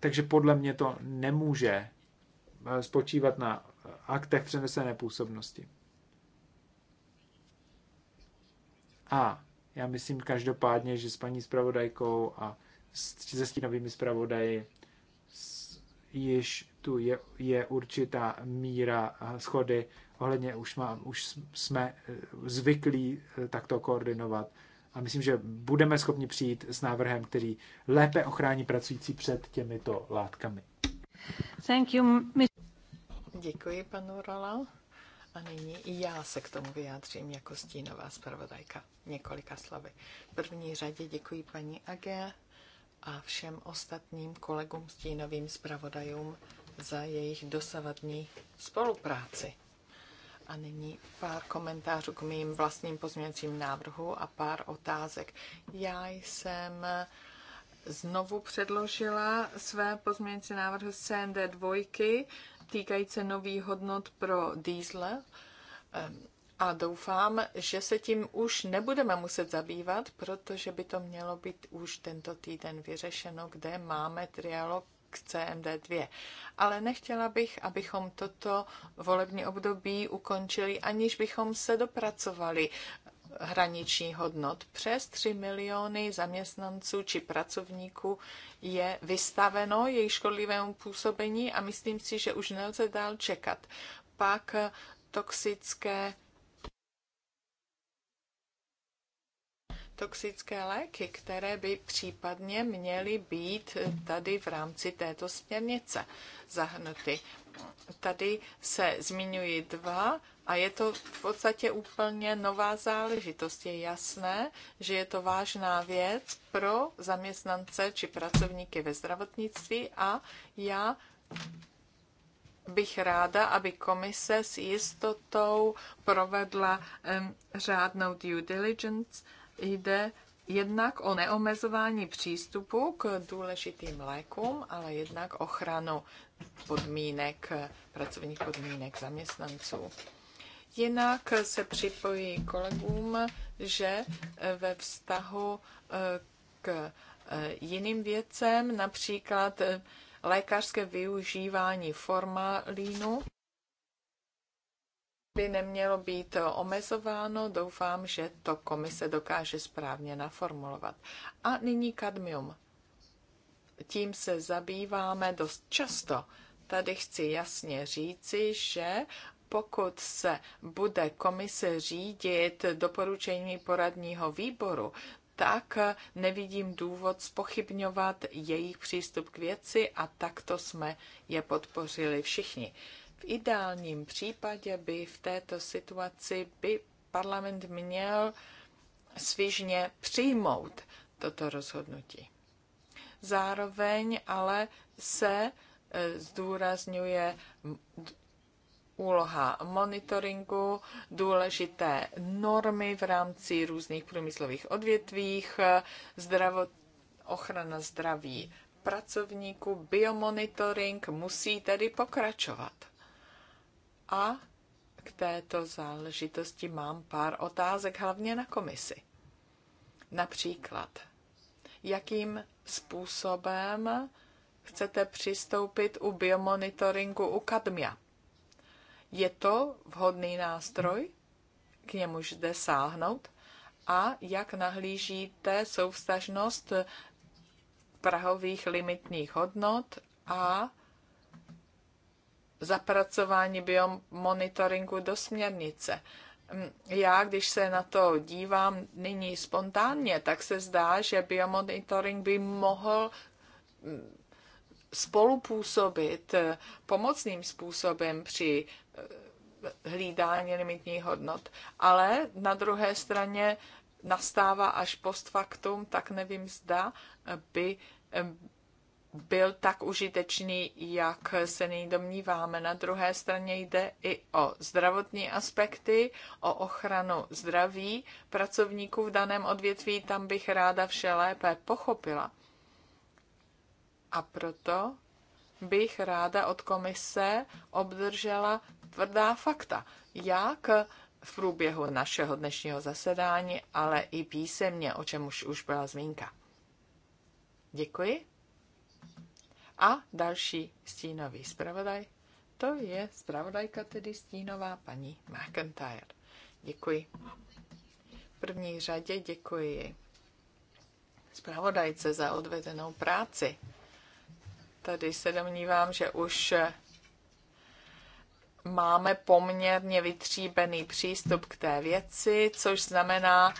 S3: Takže podle mě to nemůže eh, spočívat na eh, aktech přenesené působnosti. A já myslím každopádně, že s paní zpravodajkou a se stínovými zpravodaji již tu je, je určitá míra eh, schody. Ohledně už, mám, už jsme eh, zvyklí eh, takto koordinovat a myslím, že budeme schopni přijít s návrhem, který lépe ochrání pracující před těmito látkami.
S4: Thank you.
S1: Děkuji panu Rola. A nyní i já se k tomu vyjádřím jako stínová zpravodajka několika slovy. V první řadě děkuji paní Age a všem ostatním kolegům stínovým zpravodajům za jejich dosavadní spolupráci. A nyní pár komentářů k mým vlastním pozměňovacím návrhu a pár otázek. Já jsem znovu předložila své pozměňovací návrhy z CND 2 týkající nových hodnot pro dýzle ehm, a doufám, že se tím už nebudeme muset zabývat, protože by to mělo být už tento týden vyřešeno, kde máme trialog k CMD2. Ale nechtěla bych, abychom toto volební období ukončili, aniž bychom se dopracovali hraniční hodnot. Přes 3 miliony zaměstnanců či pracovníků je vystaveno jejich škodlivému působení a myslím si, že už nelze dál čekat. Pak eh, toxické toxické léky, které by případně měly být tady v rámci této směrnice zahrnuty. Tady se zmiňují dva a je to v podstatě úplně nová záležitost. Je jasné, že je to vážná věc pro zaměstnance či pracovníky ve zdravotnictví a já bych ráda, aby komise s jistotou provedla um, řádnou due diligence. Jde jednak o neomezování přístupu k důležitým lékům, ale jednak ochranu podmínek, pracovních podmínek zaměstnanců. Jinak se připojí kolegům, že eh, ve vztahu eh, k eh, jiným věcem, například lékařské využívání formalínu, by nemělo být omezováno. Doufám, že to komise dokáže správně naformulovat. A nyní kadmium. Tím se zabýváme dost často. Tady chci jasně říci, že pokud se bude komise řídit doporučení poradního výboru, tak nevidím důvod spochybňovat jejich přístup k věci a takto jsme je podpořili všichni. V ideálním případě by v této situaci by parlament měl svižně přijmout toto rozhodnutí. Zároveň ale se eh, zdůrazňuje úloha monitoringu, důležité normy v rámci různých průmyslových odvětvích, zdravot, ochrana zdraví pracovníků, biomonitoring musí tedy pokračovat. A k této záležitosti mám pár otázek, hlavně na komisi. Například, jakým způsobem chcete přistoupit u biomonitoringu u kadmia? Je to vhodný nástroj, k němuž jde sáhnout? A jak nahlížíte souvstažnost prahových limitních hodnot a zapracování biomonitoringu do směrnice? Mm, já, když se na to dívám nyní spontánně, tak se zdá, že biomonitoring by mohl mm, spolupůsobit eh, pomocným způsobem při eh, hlídání limitních hodnot. Ale na druhé straně nastává až post factum, tak nevím, zda by eh, byl tak užitečný, jak se nyní domníváme. Na druhé straně jde i o zdravotní aspekty, o ochranu zdraví pracovníků v daném odvětví, tam bych ráda vše lépe pochopila. A proto bych ráda od komise obdržela tvrdá fakta, jak v průběhu našeho dnešního zasedání, ale i písemně, o čem už, už byla zmínka. Děkuji. A další stínový zpravodaj, to je zpravodajka tedy stínová paní McIntyre. Děkuji. V první řadě děkuji zpravodajce za odvedenou práci Tady se domnívám, že už máme poměrně vytříbený přístup k té věci, což znamená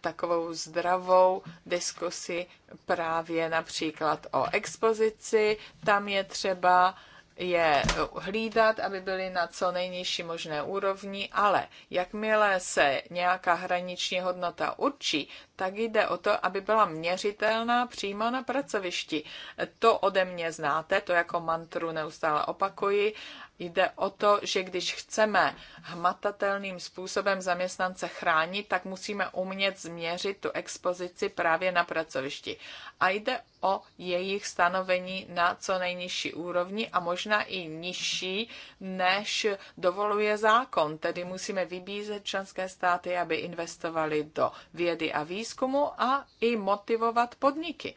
S1: takovou zdravou diskusi právě například o expozici. Tam je třeba je hlídat, aby byly na co nejnižší možné úrovni, ale jakmile se nějaká hraniční hodnota určí, tak jde o to, aby byla měřitelná přímo na pracovišti. To ode mě znáte, to jako mantru neustále opakuji Jde o to, že když chceme hmatatelným způsobem zaměstnance chránit, tak musíme umět změřit tu expozici právě na pracovišti. A jde o jejich stanovení na co nejnižší úrovni a možná i nižší, než dovoluje zákon. Tedy musíme vybízet členské státy, aby investovali do vědy a výzkumu a i motivovat podniky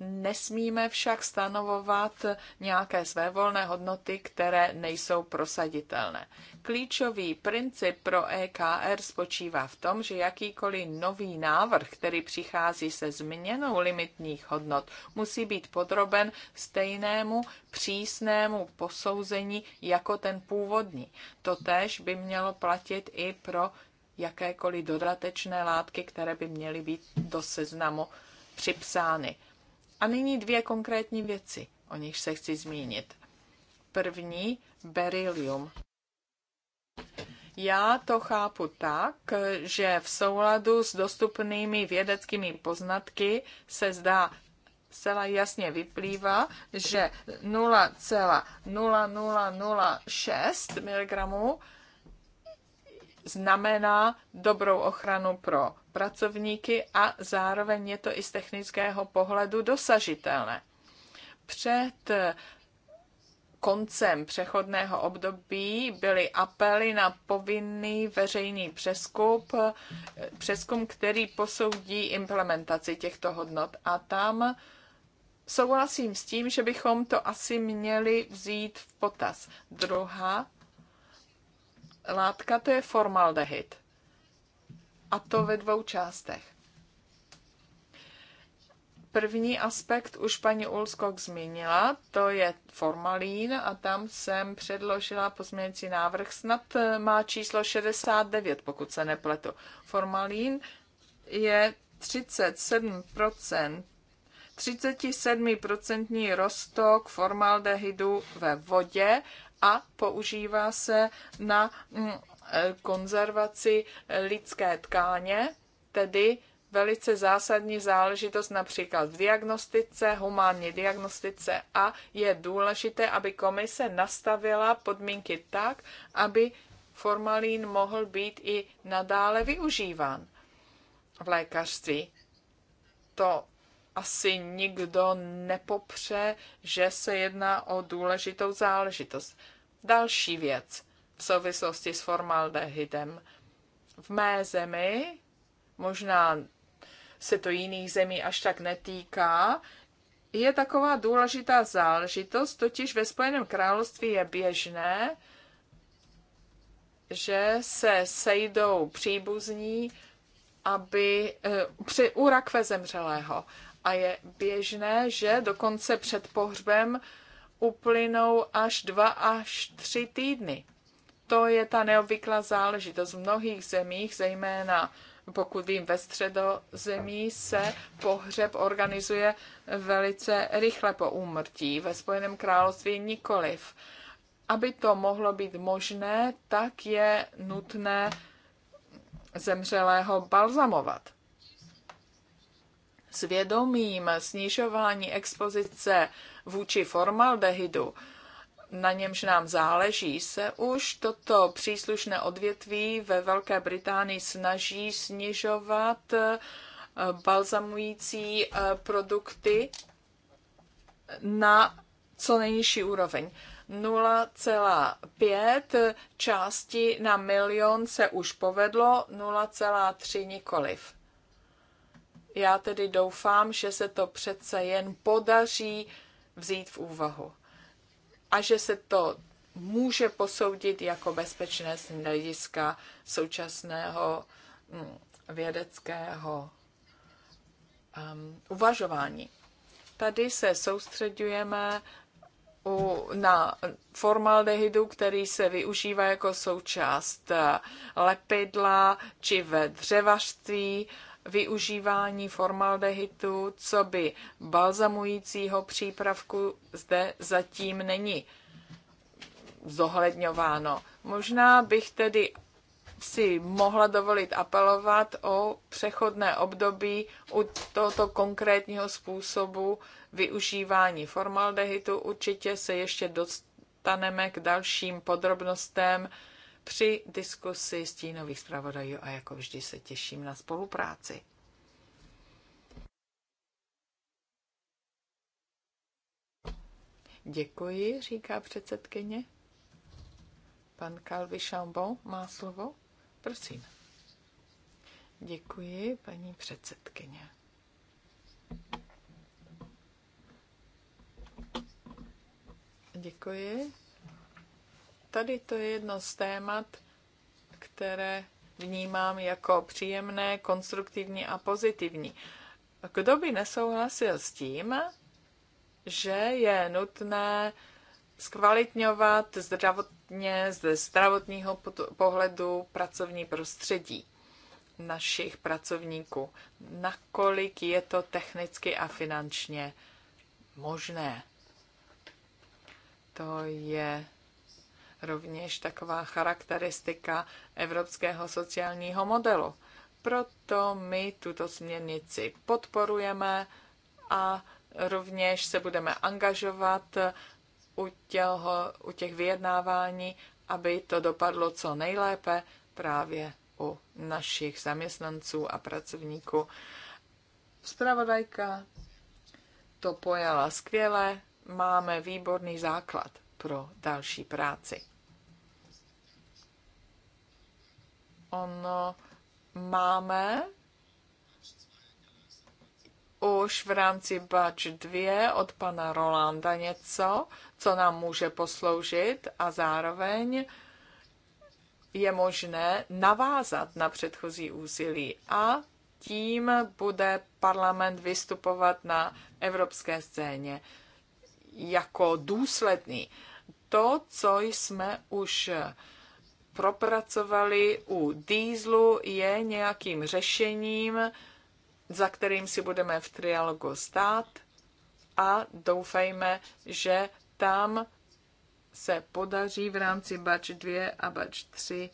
S1: Nesmíme však stanovovat nějaké své volné hodnoty, které nejsou prosaditelné. Klíčový princip pro EKR spočívá v tom, že jakýkoliv nový návrh, který přichází se změnou limitních hodnot, musí být podroben stejnému přísnému posouzení jako ten původní. Totež by mělo platit i pro jakékoliv dodatečné látky, které by měly být do seznamu připsány a nyní dvě konkrétní věci, o nichž se chci zmínit. První, berylium. Já to chápu tak, že v souladu s dostupnými vědeckými poznatky se zdá zcela jasně vyplývá, že 0,0006 mg znamená dobrou ochranu pro pracovníky a zároveň je to i z technického pohledu dosažitelné. Před koncem přechodného období byly apely na povinný veřejný přeskup, přeskum, který posoudí implementaci těchto hodnot. A tam souhlasím s tím, že bychom to asi měli vzít v potaz. Druhá látka, to je formaldehyd. A to ve dvou částech. První aspekt už paní Ulskok zmínila, to je formalín a tam jsem předložila pozměňující návrh, snad má číslo 69, pokud se nepletu. Formalín je 37%, 37% roztok formaldehydu ve vodě a používá se na mm, e, konzervaci lidské tkáně, tedy velice zásadní záležitost například v diagnostice, humánní diagnostice a je důležité, aby komise nastavila podmínky tak, aby formalín mohl být i nadále využíván v lékařství. To asi nikdo nepopře, že se jedná o důležitou záležitost. Další věc v souvislosti s formaldehydem. V mé zemi, možná se to jiných zemí až tak netýká, je taková důležitá záležitost, totiž ve Spojeném království je běžné, že se sejdou příbuzní, aby eh, při u rakve zemřelého, a je běžné, že dokonce před pohřbem uplynou až dva až tři týdny. To je ta neobvyklá záležitost. V mnohých zemích, zejména pokud vím, ve středozemí se pohřeb organizuje velice rychle po úmrtí, ve Spojeném království nikoliv. Aby to mohlo být možné, tak je nutné zemřelého balzamovat svědomím snižování expozice vůči formaldehydu, na němž nám záleží, se už toto příslušné odvětví ve Velké Británii snaží snižovat eh, balzamující eh, produkty na co nejnižší úroveň. 0,5 části na milion se už povedlo, 0,3 nikoliv. Já tedy doufám, že se to přece jen podaří vzít v úvahu a že se to může posoudit jako bezpečné z hlediska současného mm, vědeckého um, uvažování. Tady se soustředujeme u, na formaldehydu, který se využívá jako součást eh, lepidla či ve dřevařství využívání formaldehydu, co by balzamujícího přípravku zde zatím není zohledňováno. Možná bych tedy si mohla dovolit apelovat o přechodné období u tohoto konkrétního způsobu využívání formaldehydu. Určitě se ještě dostaneme k dalším podrobnostem při diskusi stínových zpravodajů a jako vždy se těším na spolupráci. Děkuji, říká předsedkyně. Pan Calvi Chambon má slovo. Prosím. Děkuji, paní předsedkyně. Děkuji. Tady to je jedno z témat, které vnímám jako příjemné, konstruktivní a pozitivní. Kdo by nesouhlasil s tím, že je nutné zkvalitňovat zdravotně, ze zdravotního pohledu pracovní prostředí našich pracovníků, nakolik je to technicky a finančně možné. To je rovněž taková charakteristika evropského sociálního modelu. Proto my tuto směrnici podporujeme a rovněž se budeme angažovat u, těho, u těch vyjednávání, aby to dopadlo co nejlépe právě u našich zaměstnanců a pracovníků. Spravodajka to pojala skvěle, máme výborný základ pro další práci. Ono máme už v rámci Batch 2 od pana Rolanda něco, co nám může posloužit a zároveň je možné navázat na předchozí úsilí a tím bude parlament vystupovat na evropské scéně jako důsledný. To, co jsme už propracovali u dýzlu, je nějakým řešením, za kterým si budeme v trialogu stát a doufejme, že tam se podaří v rámci bač 2 a bač 3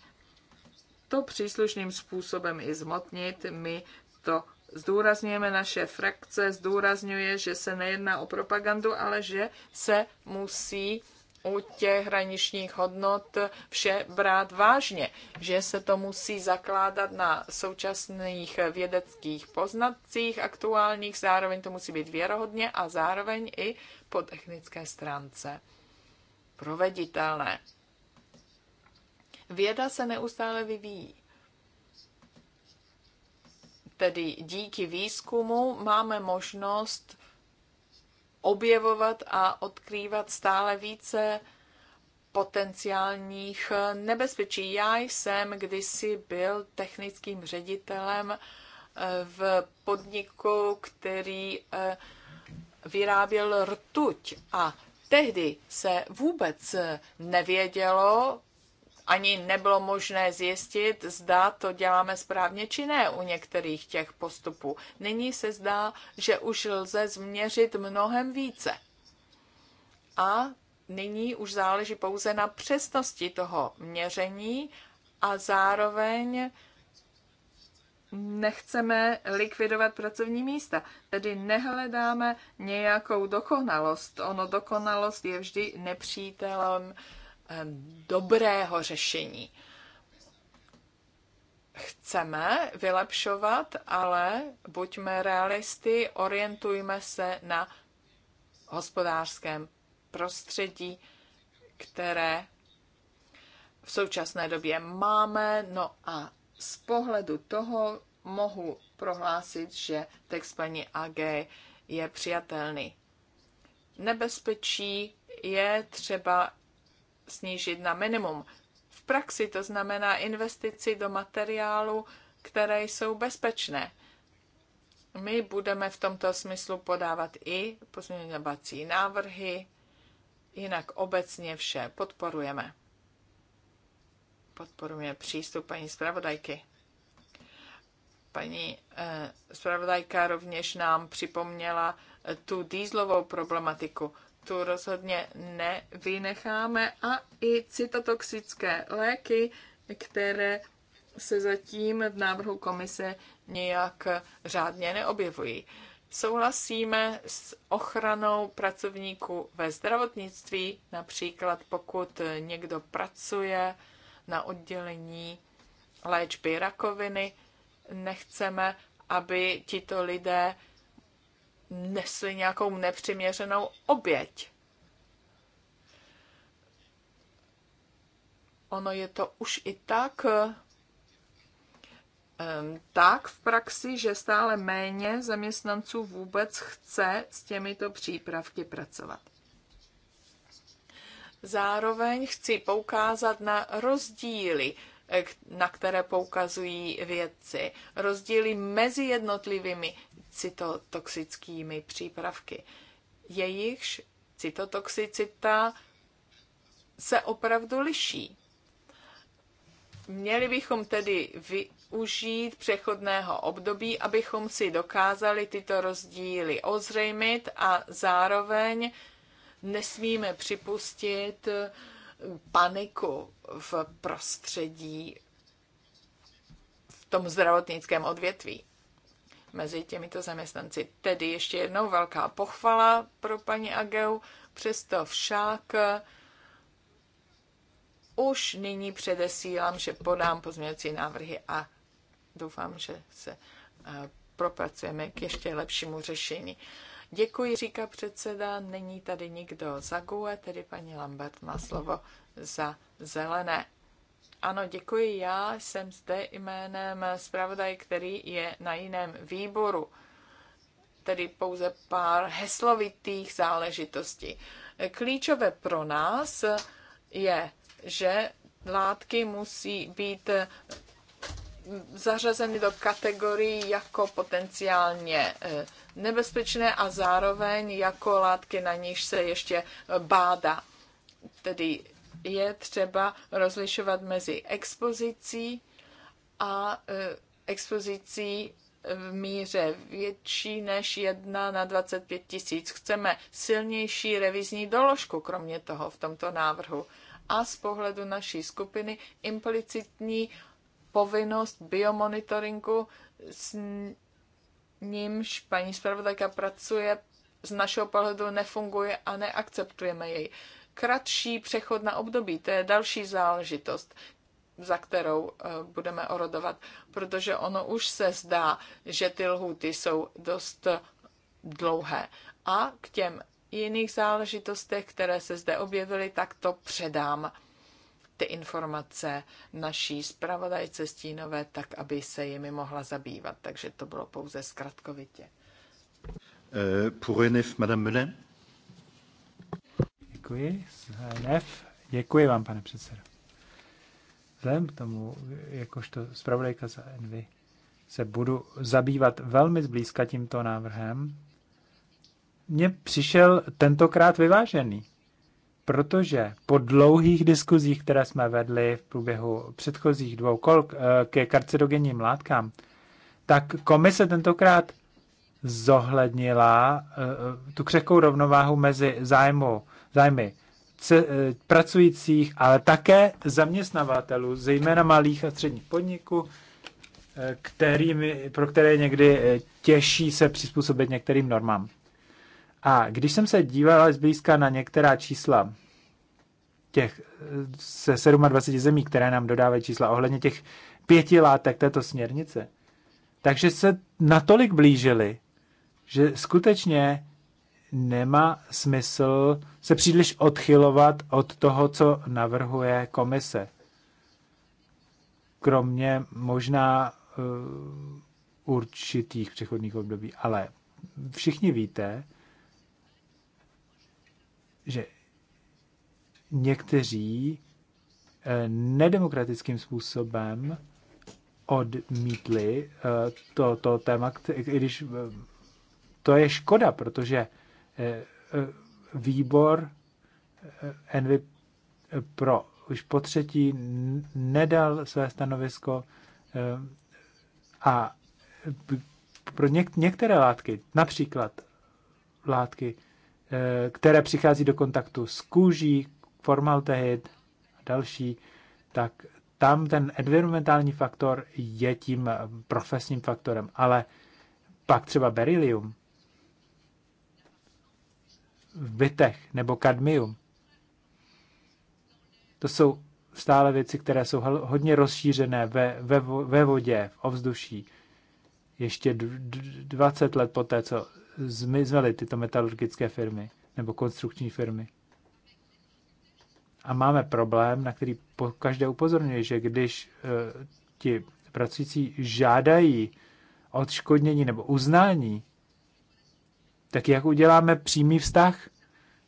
S1: to příslušným způsobem i zmotnit. My to zdůrazňujeme, naše frakce zdůrazňuje, že se nejedná o propagandu, ale že se musí u těch hraničních hodnot vše brát vážně, že se to musí zakládat na současných vědeckých poznatcích aktuálních, zároveň to musí být věrohodně a zároveň i po technické stránce proveditelné. Věda se neustále vyvíjí tedy díky výzkumu máme možnost objevovat a odkrývat stále více potenciálních nebezpečí. Já jsem kdysi byl technickým ředitelem eh, v podniku, který eh, vyráběl rtuť a tehdy se vůbec nevědělo, ani nebylo možné zjistit, zda to děláme správně či ne u některých těch postupů. Nyní se zdá, že už lze změřit mnohem více. A nyní už záleží pouze na přesnosti toho měření a zároveň nechceme likvidovat pracovní místa. Tedy nehledáme nějakou dokonalost. Ono dokonalost je vždy nepřítelem uh, Eh, dobrého řešení. Chceme vylepšovat, ale buďme realisty, orientujme se na hospodářském prostředí, které v současné době máme. No a z pohledu toho mohu prohlásit, že text paní AG je přijatelný. Nebezpečí je třeba snížit na minimum. V praxi to znamená investici do materiálu, které jsou bezpečné. My budeme v tomto smyslu podávat i pozměňovací návrhy, jinak obecně vše podporujeme. Podporujeme přístup paní zpravodajky. Paní eh, zpravodajka rovněž nám připomněla tu dýzlovou problematiku tu rozhodně nevynecháme a i cytotoxické léky, které se zatím v návrhu komise nějak řádně neobjevují. Souhlasíme s ochranou pracovníků ve zdravotnictví, například pokud někdo pracuje na oddělení léčby rakoviny, nechceme, aby tito lidé nesli nějakou nepřiměřenou oběť. Ono je to už i tak tak v praxi, že stále méně zaměstnanců vůbec chce s těmito přípravky pracovat. Zároveň chci poukázat na rozdíly na které poukazují vědci, rozdíly mezi jednotlivými cytotoxickými přípravky. Jejichž cytotoxicita se opravdu liší. Měli bychom tedy využít přechodného období, abychom si dokázali tyto rozdíly ozřejmit a zároveň nesmíme připustit paniku v prostředí v tom zdravotnickém odvětví mezi těmito zaměstnanci. Tedy ještě jednou velká pochvala pro paní Ageu, přesto však už nyní předesílám, že podám pozměňovací návrhy a doufám, že se eh, propracujeme k ještě lepšímu řešení. Děkuji, říká předseda. Není tady nikdo za GUE, tedy paní Lambert má slovo za zelené. Ano, děkuji. Já jsem zde jménem zpravodaj, který je na jiném výboru. Tedy pouze pár heslovitých záležitostí. Klíčové pro nás je, že látky musí být zařazeny do kategorií jako potenciálně eh, nebezpečné a zároveň jako látky, na níž se ještě eh, bádá. Tedy je třeba rozlišovat mezi expozicí a eh, expozicí v míře větší než 1 na 25 tisíc. Chceme silnější revizní doložku, kromě toho v tomto návrhu. A z pohledu naší skupiny implicitní povinnost biomonitoringu, s nímž paní zpravodajka pracuje, z našeho pohledu nefunguje a neakceptujeme jej. Kratší přechod na období, to je další záležitost, za kterou eh, budeme orodovat, protože ono už se zdá, že ty lhuty jsou dost eh, dlouhé. A k těm jiných záležitostech, které se zde objevily, tak to předám ty informace naší zpravodajce Stínové, tak aby se jimi mohla zabývat. Takže to bylo pouze zkratkovitě.
S5: Eh, pour e NF, Madame Melin.
S3: Děkuji. E NF. Děkuji vám, pane předsedo. Vzhledem k tomu, jakožto zpravodajka za Envy, se budu zabývat velmi zblízka tímto návrhem. Mně přišel tentokrát vyvážený protože po dlouhých diskuzích, které jsme vedli v průběhu předchozích dvou kol eh, ke karcinogenním látkám, tak komise tentokrát zohlednila eh, tu křehkou rovnováhu mezi zájmu, zájmy eh, pracujících, ale také zaměstnavatelů, zejména malých a středních podniků, kterými, pro které někdy těší se přizpůsobit některým normám. A když jsem se dívala zblízka na některá čísla těch se 27 zemí, které nám dodávají čísla ohledně těch pěti látek této směrnice, takže se natolik blížili, že skutečně nemá smysl se příliš odchylovat od toho, co navrhuje komise. Kromě možná uh, určitých přechodných období. Ale všichni víte, že někteří eh, nedemokratickým způsobem odmítli eh, to, to téma, i když eh, to je škoda, protože výbor Envy pro už po třetí nedal své stanovisko a pro něk- některé látky, například látky Eh, které přichází do kontaktu s kůží, formaldehyd a další, tak tam ten environmentální faktor je tím profesním faktorem, ale pak třeba berylium v bytech nebo kadmium. To jsou stále věci, které jsou hodně rozšířené ve, ve, ve vodě, v ovzduší. Ještě 20 let poté, co zmizely tyto metalurgické firmy nebo konstrukční firmy. A máme problém, na který každé upozorňuje, že když uh, ti pracující žádají odškodnění nebo uznání, tak jak uděláme přímý vztah?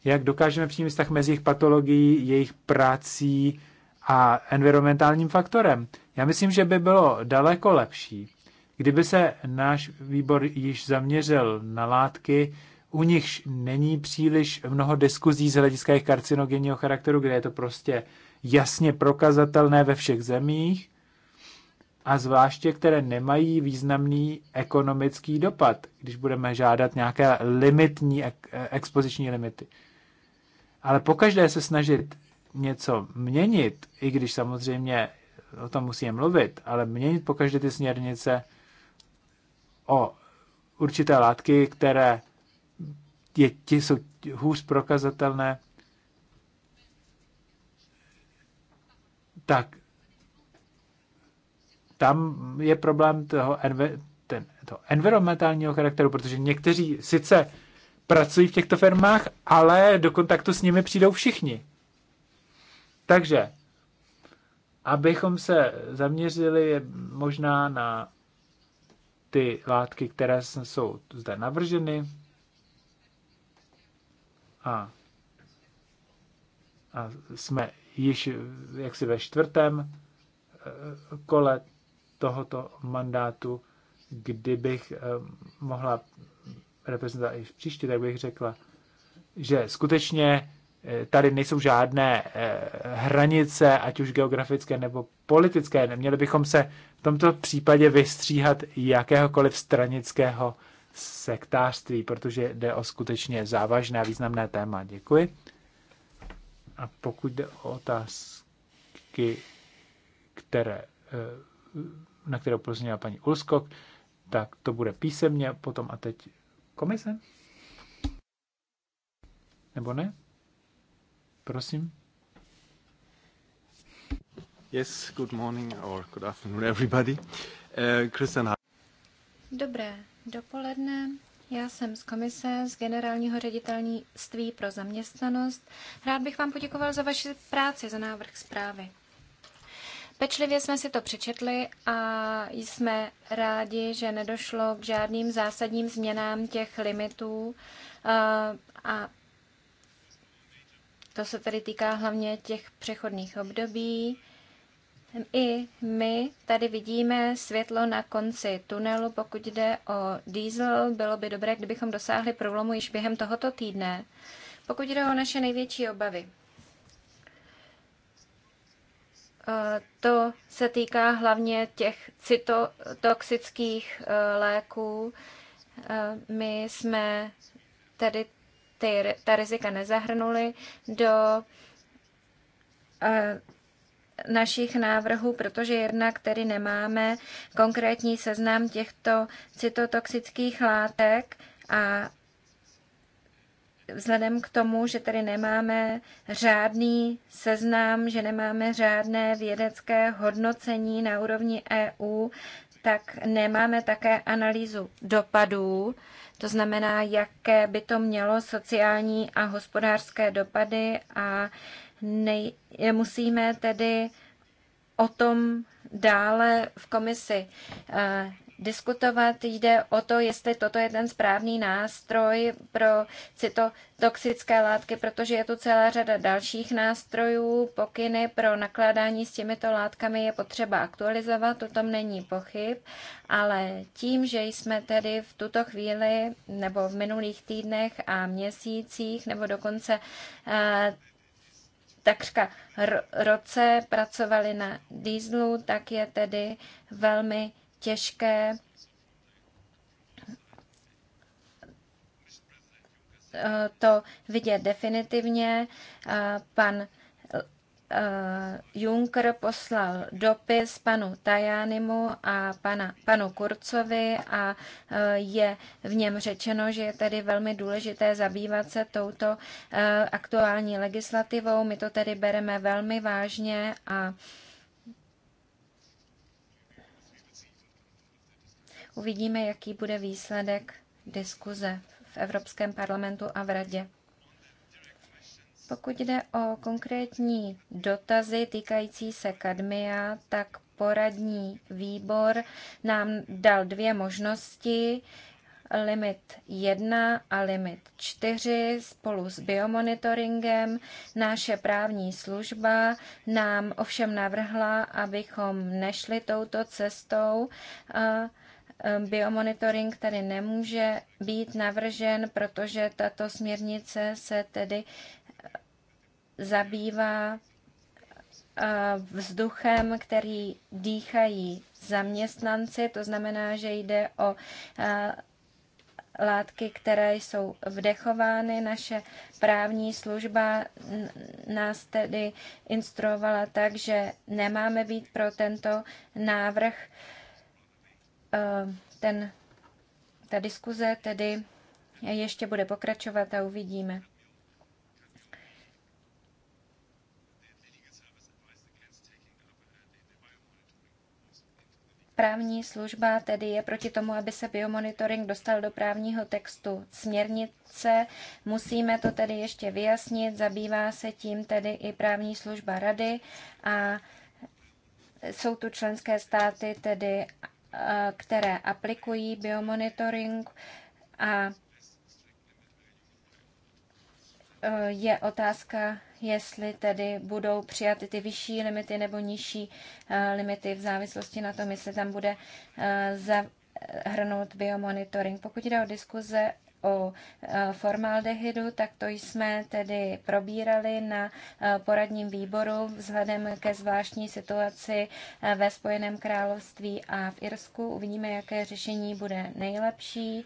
S3: Jak dokážeme přímý vztah mezi jejich patologií, jejich prací a environmentálním faktorem? Já myslím, že by bylo daleko lepší, Kdyby se náš výbor již zaměřil na látky, u nichž není příliš mnoho diskuzí z hlediska jejich karcinogenního charakteru, kde je to prostě jasně prokazatelné ve všech zemích, a zvláště, které nemají významný ekonomický dopad, když budeme žádat nějaké limitní, expoziční limity. Ale pokaždé se snažit něco měnit, i když samozřejmě o tom musíme mluvit, ale měnit pokaždé ty směrnice o určité látky, které je, ti jsou hůř prokazatelné, tak tam je problém toho, enve, ten, toho environmentálního charakteru, protože někteří sice pracují v těchto firmách, ale do kontaktu s nimi přijdou všichni. Takže, abychom se zaměřili možná na ty látky, které jsou zde navrženy a, a jsme již jaksi ve čtvrtém e, kole tohoto mandátu, kdybych e, mohla reprezentovat i v příště, tak bych řekla, že skutečně e, tady nejsou žádné hranice, ať už geografické nebo politické. Neměli bychom se tomto případě vystříhat jakéhokoliv stranického sektářství, protože jde o skutečně závažné a významné téma. Děkuji. A pokud jde o otázky, které, eh, na které upozornila paní Ulskok, tak to bude písemně potom a teď komise? Nebo ne? Prosím. Yes, good morning or good afternoon everybody. Uh,
S2: Dobré dopoledne. Já jsem z komise z generálního ředitelnictví pro zaměstnanost. Rád bych vám poděkoval za vaši práci, za návrh zprávy. Pečlivě jsme si to přečetli a jsme rádi, že nedošlo k žádným zásadním změnám těch limitů eh, a to se tedy týká hlavně těch přechodných období i my tady vidíme světlo na konci tunelu, pokud jde o diesel. Bylo by dobré, kdybychom dosáhli průlomu již během tohoto týdne. Pokud jde o naše největší obavy, eh, to se týká hlavně těch cytotoxických eh, léků. Eh, my jsme tedy ty, ta rizika nezahrnuli do našich návrhů, protože jednak tedy nemáme konkrétní seznam těchto cytotoxických látek a vzhledem k tomu, že tady nemáme řádný seznam, že nemáme řádné vědecké hodnocení na úrovni EU, tak nemáme také analýzu dopadů, to znamená, jaké by to mělo sociální a hospodářské dopady a Nej, musíme tedy o tom dále v komisi eh, diskutovat. Jde o to, jestli toto je ten správný nástroj pro cytotoxické látky, protože je tu celá řada dalších nástrojů. Pokyny pro nakládání s těmito látkami je potřeba aktualizovat, o tom není pochyb, ale tím, že jsme tedy v tuto chvíli nebo v minulých týdnech a měsících nebo dokonce eh, takřka roce pracovali na dýzlu, tak je tedy velmi těžké eh, to vidět definitivně. Pan Eh, Juncker poslal dopis panu Tajánimu a pana, panu Kurcovi a eh, je v něm řečeno, že je tedy velmi důležité zabývat se touto eh, aktuální legislativou. My to tedy bereme velmi vážně a uvidíme, jaký bude výsledek diskuze v Evropském parlamentu a v Radě. Pokud jde o konkrétní dotazy týkající se kadmia, tak poradní výbor nám dal dvě možnosti, limit 1 a limit 4 spolu s biomonitoringem. Naše právní služba nám ovšem navrhla, abychom nešli touto cestou. E, biomonitoring tady nemůže být navržen, protože tato směrnice se tedy zabývá eh, vzduchem, který dýchají zaměstnanci, to znamená, že jde o eh, látky, které jsou vdechovány. Naše právní služba nás tedy instruovala tak, že nemáme být pro tento návrh. Eh, ten, ta diskuze tedy ještě bude pokračovat a uvidíme. Právní služba tedy je proti tomu, aby se biomonitoring dostal do právního textu směrnice. Musíme to tedy ještě vyjasnit. Zabývá se tím tedy i právní služba rady a jsou tu členské státy tedy, eh, které aplikují biomonitoring a eh, je otázka, jestli tedy budou přijaty ty vyšší limity nebo nižší eh, limity v závislosti na tom, jestli tam bude eh, zahrnout biomonitoring. Pokud jde o diskuze o eh, formaldehydu, tak to jsme tedy probírali na poradním výboru vzhledem ke zvláštní situaci ve Spojeném království a v Irsku. Uvidíme, jaké řešení bude nejlepší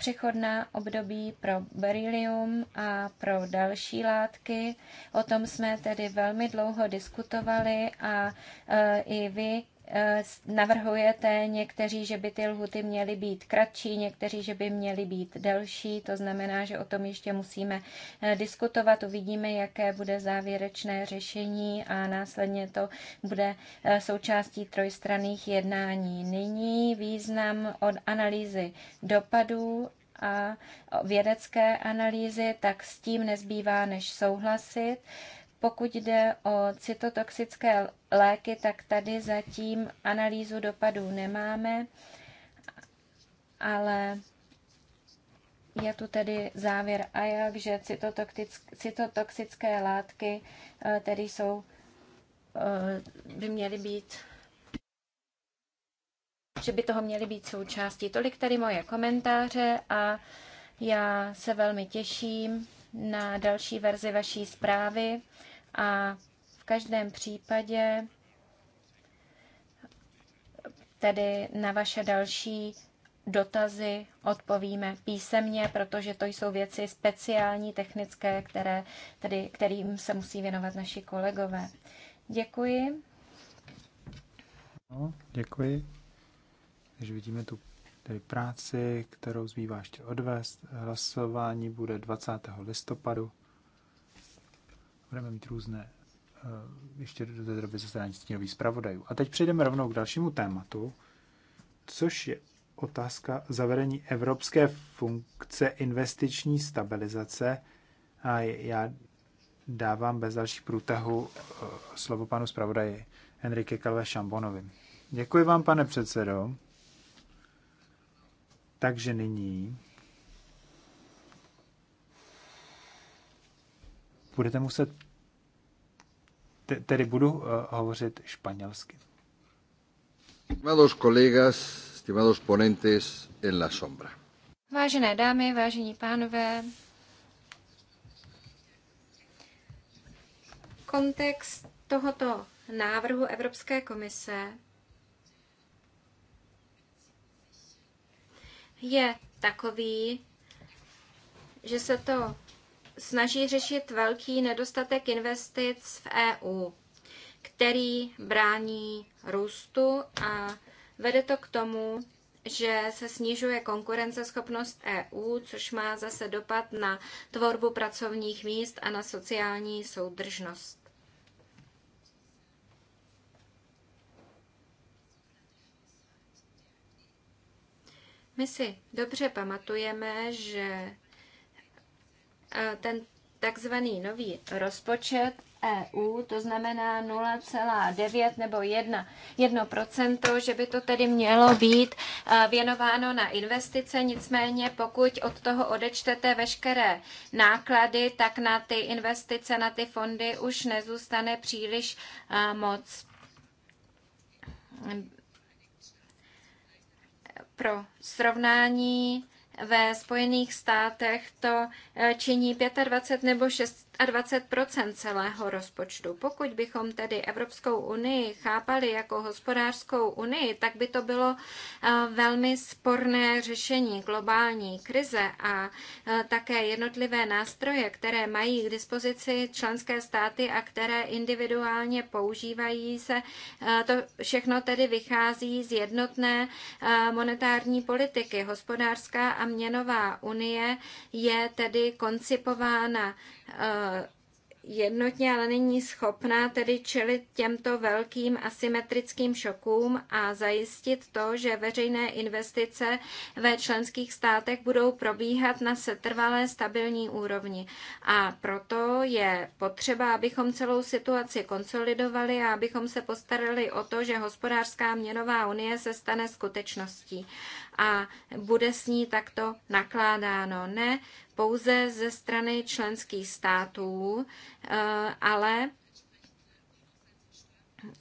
S2: přechodná období pro berylium a pro další látky. O tom jsme tedy velmi dlouho diskutovali a e, i vy Eh, navrhujete někteří, že by ty lhuty měly být kratší, někteří, že by měly být delší. To znamená, že o tom ještě musíme eh, diskutovat. Uvidíme, jaké bude závěrečné řešení a následně to bude eh, součástí trojstranných jednání. Nyní význam od analýzy dopadů a vědecké analýzy, tak s tím nezbývá než souhlasit. Pokud jde o cytotoxické léky, tak tady zatím analýzu dopadů nemáme, ale je tu tedy závěr a jak, že cytotoxické látky eh, tedy jsou, eh, by měly být že by toho měly být součástí. Tolik tady moje komentáře a já se velmi těším na další verzi vaší zprávy. A v každém případě tedy na vaše další dotazy odpovíme písemně, protože to jsou věci speciální, technické, které, tedy, kterým se musí věnovat naši kolegové. Děkuji.
S3: No, děkuji. Takže vidíme tu tedy práci, kterou zbývá ještě odvést. Hlasování bude 20. listopadu budeme mít různé eh, ještě do té doby zasedání stínových zpravodajů. A teď přejdeme rovnou k dalšímu tématu, což je otázka zavedení evropské funkce investiční stabilizace. A já dávám bez dalších průtahu eh, slovo panu zpravodaji Enrique Kalve Šambonovi. Děkuji vám, pane předsedo. Takže nyní budete muset, tedy budu eh, hovořit španělsky.
S5: Estimados colegas, estimados ponentes en la sombra.
S2: Vážené dámy, vážení pánové, kontext tohoto návrhu Evropské komise je takový, že se to snaží řešit velký nedostatek investic v EU, který brání růstu a vede to k tomu, že se snižuje konkurenceschopnost EU, což má zase dopad na tvorbu pracovních míst a na sociální soudržnost. My si dobře pamatujeme, že Eh, ten takzvaný nový rozpočet EU, to znamená 0,9 nebo 1, 1%, že by to tedy mělo být eh, věnováno na investice, nicméně pokud od toho odečtete veškeré náklady, tak na ty investice, na ty fondy už nezůstane příliš eh, moc pro srovnání ve Spojených státech to eh, činí 25 nebo 6 a 20 celého rozpočtu. Pokud bychom tedy Evropskou unii chápali jako hospodářskou unii, tak by to bylo eh, velmi sporné řešení globální krize a eh, také jednotlivé nástroje, které mají k dispozici členské státy a které individuálně používají se. Eh, to všechno tedy vychází z jednotné monetární politiky. Hospodářská a měnová unie je tedy koncipována jednotně, ale není schopná tedy čelit těmto velkým asymetrickým šokům a zajistit to, že veřejné investice ve členských státech budou probíhat na setrvalé stabilní úrovni. A proto je potřeba, abychom celou situaci konsolidovali a abychom se postarali o to, že hospodářská měnová unie se stane skutečností a bude s ní takto nakládáno. Ne pouze ze strany členských států, eh, ale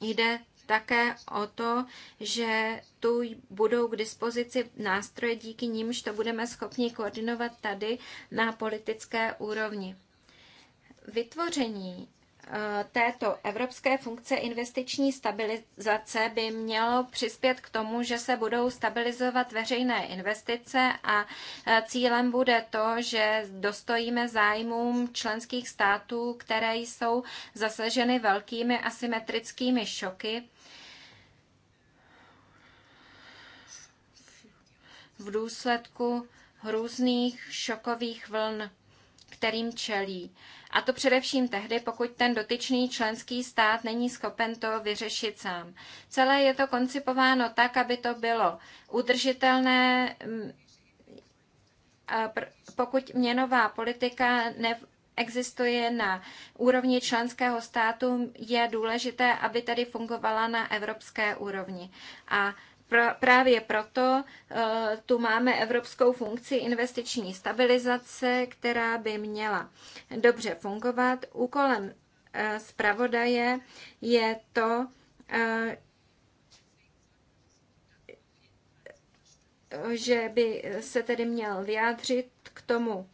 S2: jde také o to, že tu budou k dispozici nástroje, díky nímž to budeme schopni koordinovat tady na politické úrovni. Vytvoření Eh, této evropské funkce investiční stabilizace by mělo přispět k tomu, že se budou stabilizovat veřejné investice a eh, cílem bude to, že dostojíme zájmům členských států, které jsou zasaženy velkými asymetrickými šoky. v důsledku hrůzných šokových vln kterým čelí. A to především tehdy, pokud ten dotyčný členský stát není schopen to vyřešit sám. Celé je to koncipováno tak, aby to bylo udržitelné, mm, pokud měnová politika ne, existuje na úrovni členského státu, je důležité, aby tedy fungovala na evropské úrovni. A právě proto eh, tu máme evropskou funkci investiční stabilizace, která by měla dobře fungovat. Úkolem eh, zpravodaje je to, eh, že by se tedy měl vyjádřit k tomu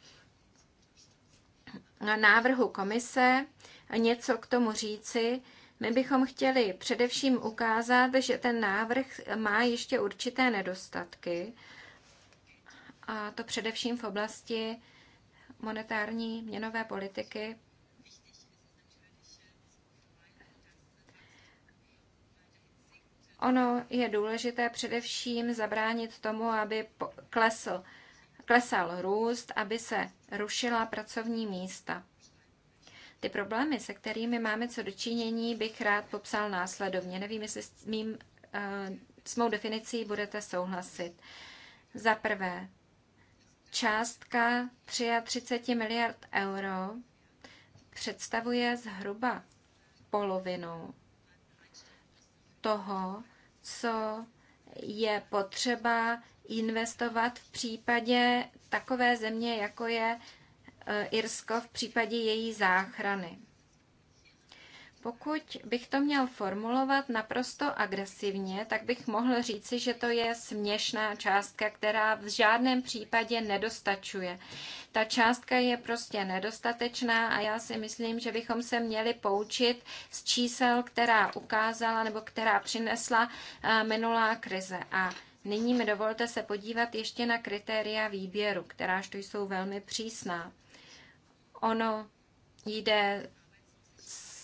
S2: návrhu komise, něco k tomu říci my bychom chtěli především ukázat, že ten návrh má ještě určité nedostatky, a to především v oblasti monetární měnové politiky. Ono je důležité především zabránit tomu, aby klesl, klesal růst, aby se rušila pracovní místa. Ty problémy, se kterými máme co dočinění, bych rád popsal následovně. Nevím, jestli s, mým, eh, s mou definicí budete souhlasit. Za prvé, částka 33 miliard euro představuje zhruba polovinu toho, co je potřeba investovat v případě takové země, jako je Eh, Irsko v případě její záchrany. Pokud bych to měl formulovat naprosto agresivně, tak bych mohl říci, že to je směšná částka, která v žádném případě nedostačuje. Ta částka je prostě nedostatečná a já si myslím, že bychom se měli poučit z čísel, která ukázala nebo která přinesla eh, minulá krize. A nyní mi dovolte se podívat ještě na kritéria výběru, která jsou velmi přísná. Ono jde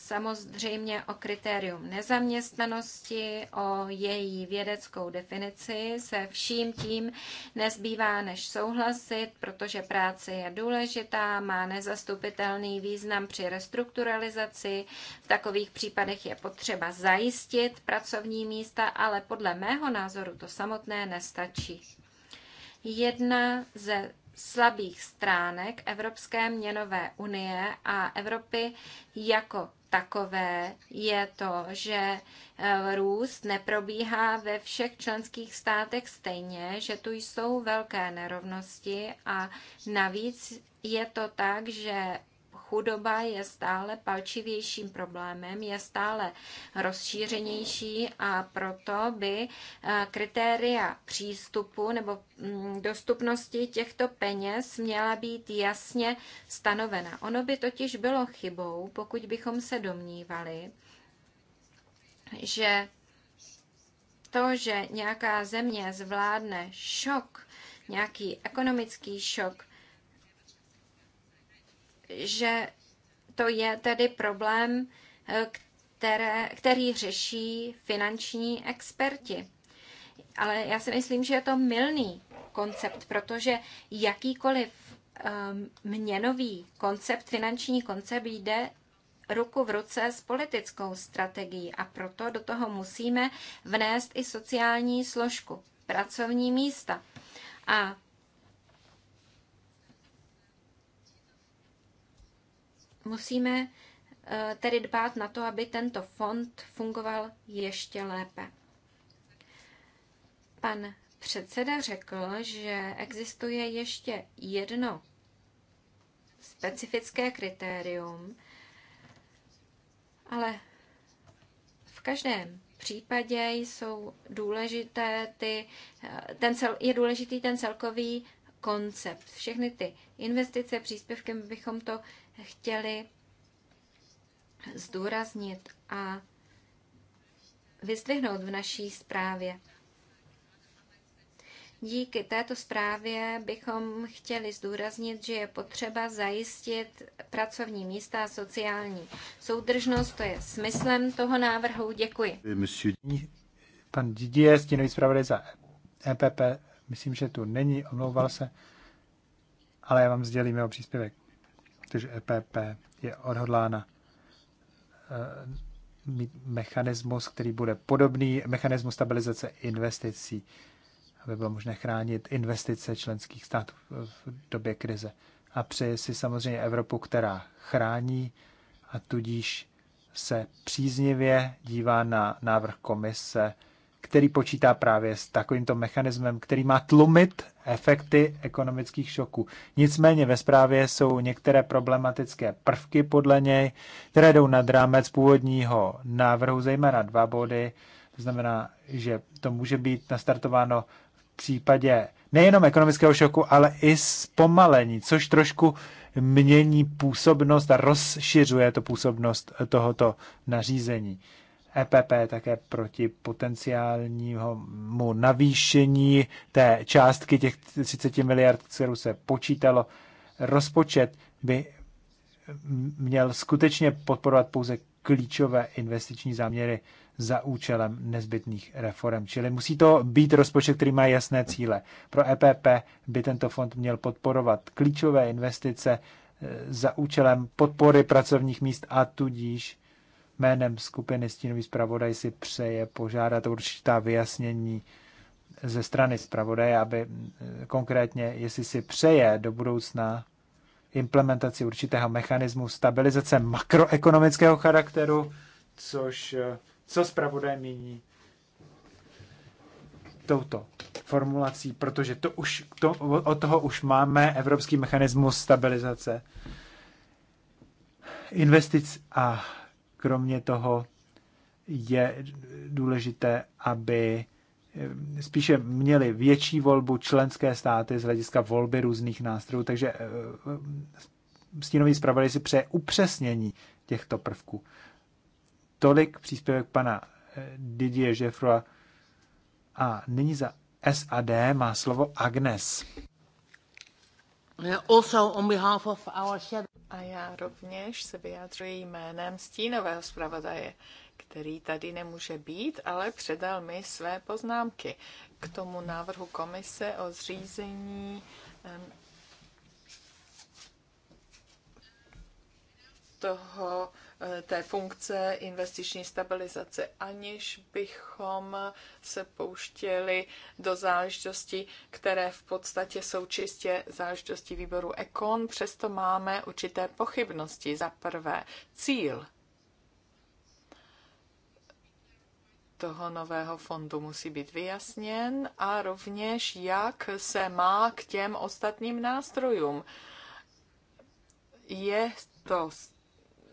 S2: samozřejmě o kritérium nezaměstnanosti, o její vědeckou definici. Se vším tím nezbývá než souhlasit, protože práce je důležitá, má nezastupitelný význam při restrukturalizaci. V takových případech je potřeba zajistit pracovní místa, ale podle mého názoru to samotné nestačí. Jedna ze slabých stránek Evropské měnové unie a Evropy jako takové je to, že eh, růst neprobíhá ve všech členských státech stejně, že tu jsou velké nerovnosti a navíc je to tak, že chudoba je stále palčivějším problémem, je stále rozšířenější a proto by eh, kritéria přístupu nebo mm, dostupnosti těchto peněz měla být jasně stanovena. Ono by totiž bylo chybou, pokud bychom se domnívali, že to, že nějaká země zvládne šok, nějaký ekonomický šok, že to je tedy problém, které, který řeší finanční experti. Ale já si myslím, že je to milný koncept, protože jakýkoliv ehm, měnový koncept, finanční koncept jde ruku v ruce s politickou strategií a proto do toho musíme vnést i sociální složku, pracovní místa. A musíme eh, tedy dbát na to, aby tento fond fungoval ještě lépe. Pan předseda řekl, že existuje ještě jedno specifické kritérium, ale v každém případě jsou důležité ty, eh, ten cel, je důležitý ten celkový koncept. Všechny ty investice, příspěvky, bychom to chtěli zdůraznit a vyzdvihnout v naší zprávě. Díky této zprávě bychom chtěli zdůraznit, že je potřeba zajistit pracovní místa a sociální soudržnost. To je smyslem toho návrhu. Děkuji.
S3: Pan Didier, stínový zpravodaj za EPP, myslím, že tu není, omlouval se, ale já vám sdělím jeho příspěvek protože EPP je odhodlána
S5: eh,
S3: mít mechanismus, který bude podobný mechanismu stabilizace investicí, aby bylo možné chránit investice členských států v době krize. A přeje si samozřejmě Evropu, která chrání a tudíž se příznivě dívá na návrh komise který počítá právě s takovýmto mechanismem, který má tlumit efekty ekonomických šoků. Nicméně ve zprávě jsou některé problematické prvky podle něj, které jdou nad rámec původního návrhu, zejména dva body. To znamená, že to může být nastartováno v případě nejenom ekonomického šoku, ale i zpomalení, což trošku mění působnost a rozšiřuje to působnost tohoto nařízení. EPP také proti potenciálnímu navýšení té částky těch 30 miliard, kterou se počítalo. Rozpočet by měl skutečně podporovat pouze klíčové investiční záměry za účelem nezbytných reform. Čili musí to být rozpočet, který má jasné cíle. Pro EPP by tento fond měl podporovat klíčové investice eh, za účelem podpory pracovních míst a tudíž Jménem skupiny Stínový zpravodaj si přeje požádat určitá vyjasnění ze strany zpravodaje, aby eh, konkrétně, jestli si přeje do budoucna implementaci určitého mechanismu stabilizace makroekonomického charakteru, což eh, co zpravodaj míní touto formulací, protože to už, to, od toho už máme evropský mechanismus stabilizace investic a Kromě toho je důležité, aby eh, spíše měli větší volbu členské státy z hlediska volby různých nástrojů, takže eh, eh, stínový zpravodaj si přeje upřesnění těchto prvků. Tolik příspěvek pana Didier Jeffroa a nyní za SAD má slovo Agnes.
S1: A já rovněž se vyjadřuji jménem stínového zpravodaje, který tady nemůže být, ale předal mi své poznámky k tomu návrhu komise o zřízení toho Eh, té funkce investiční stabilizace, aniž bychom se pouštěli do záležitostí, které v podstatě jsou čistě záležitosti výboru Ekon, přesto máme určité pochybnosti. Za prvé, cíl toho nového fondu musí být vyjasněn a rovněž, jak se má k těm ostatním nástrojům. Je to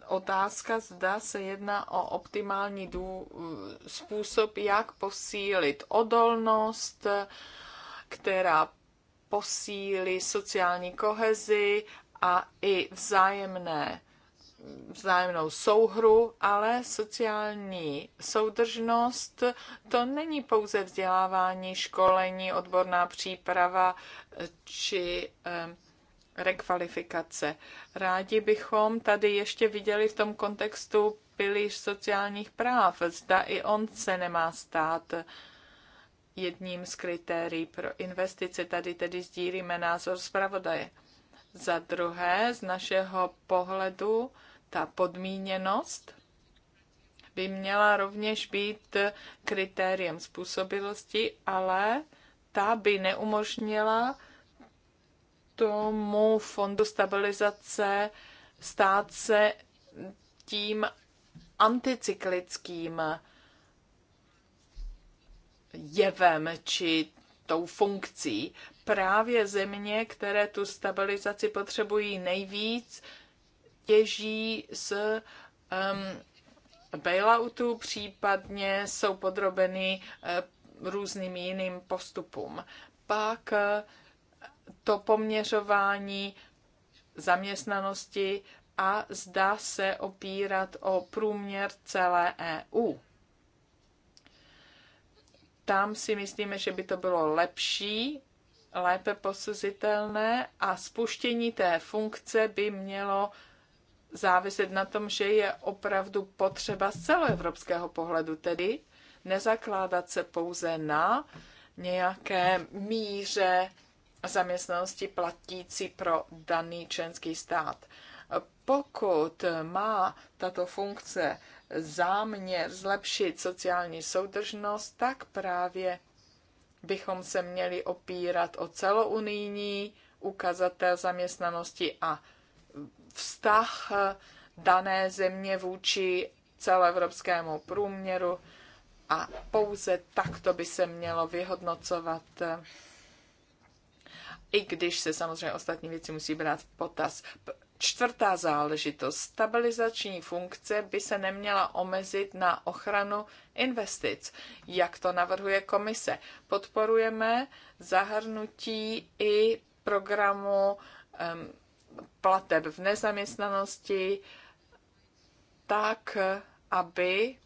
S1: otázka, zda se jedná o optimální dů, eh, způsob, jak posílit odolnost, která posílí sociální kohezi a i vzájemné, vzájemnou souhru, ale sociální soudržnost to není pouze vzdělávání, školení, odborná příprava či eh, rekvalifikace. Rádi bychom tady ještě viděli v tom kontextu pilíř sociálních práv. Zda i on se nemá stát jedním z kritérií pro investice. Tady tedy sdílíme názor zpravodaje. Za druhé, z našeho pohledu, ta podmíněnost by měla rovněž být kritériem způsobilosti, ale ta by neumožnila tomu fondu stabilizace stát se tím anticyklickým jevem či tou funkcí. Právě země, které tu stabilizaci potřebují nejvíc, těží z um, bailoutu, případně jsou podrobeny uh, různým jiným postupům. Pak uh, to poměřování zaměstnanosti a zdá se opírat o průměr celé EU. Tam si myslíme, že by to bylo lepší, lépe posuzitelné a spuštění té funkce by mělo záviset na tom, že je opravdu potřeba z celoevropského pohledu, tedy nezakládat se pouze na nějaké míře zaměstnanosti platící pro daný členský stát. Pokud má tato funkce záměr zlepšit sociální soudržnost, tak právě bychom se měli opírat o celounijní ukazatel zaměstnanosti a vztah dané země vůči celoevropskému průměru a pouze takto by se mělo vyhodnocovat i když se samozřejmě ostatní věci musí brát v potaz. Čtvrtá záležitost. Stabilizační funkce by se neměla omezit na ochranu investic, jak to navrhuje komise. Podporujeme zahrnutí i programu um, plateb v nezaměstnanosti tak, aby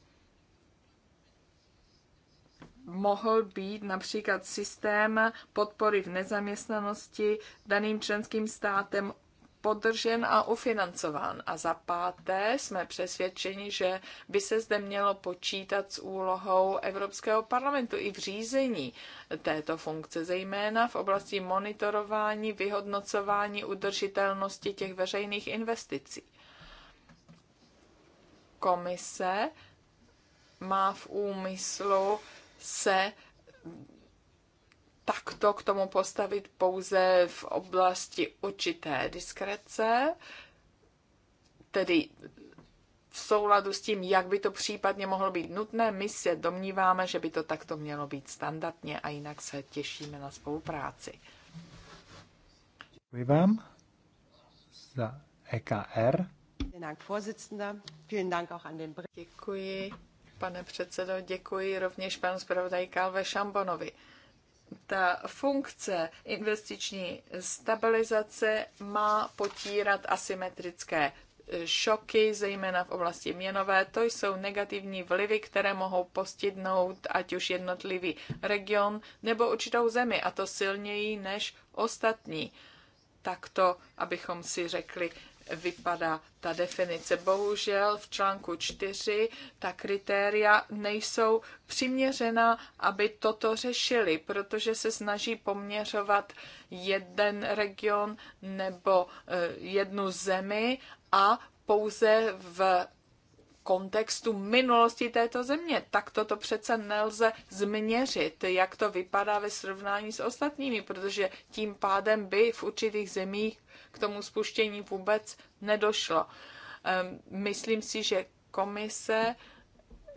S1: mohl být například systém podpory v nezaměstnanosti daným členským státem podržen a ufinancován. A za páté jsme přesvědčeni, že by se zde mělo počítat s úlohou Evropského parlamentu i v řízení této funkce, zejména v oblasti monitorování, vyhodnocování udržitelnosti těch veřejných investicí. Komise má v úmyslu se takto k tomu postavit pouze v oblasti určité diskrece, tedy v souladu s tím, jak by to případně mohlo být nutné, my se domníváme, že by to takto mělo být standardně a jinak se těšíme na spolupráci.
S3: Děkuji vám za EKR.
S1: Děkuji pane předsedo, děkuji rovněž panu zpravodaji Kalve Šambonovi. Ta funkce investiční stabilizace má potírat asymetrické šoky, zejména v oblasti měnové. To jsou negativní vlivy, které mohou postihnout ať už jednotlivý region nebo určitou zemi, a to silněji než ostatní. Takto, abychom si řekli, vypadá ta definice. Bohužel v článku 4 ta kritéria nejsou přiměřena, aby toto řešili, protože se snaží poměřovat jeden region nebo e, jednu zemi a pouze v kontextu minulosti této země. Tak toto přece nelze změřit, jak to vypadá ve srovnání s ostatními, protože tím pádem by v určitých zemích k tomu spuštění vůbec nedošlo. Ehm, myslím si, že komise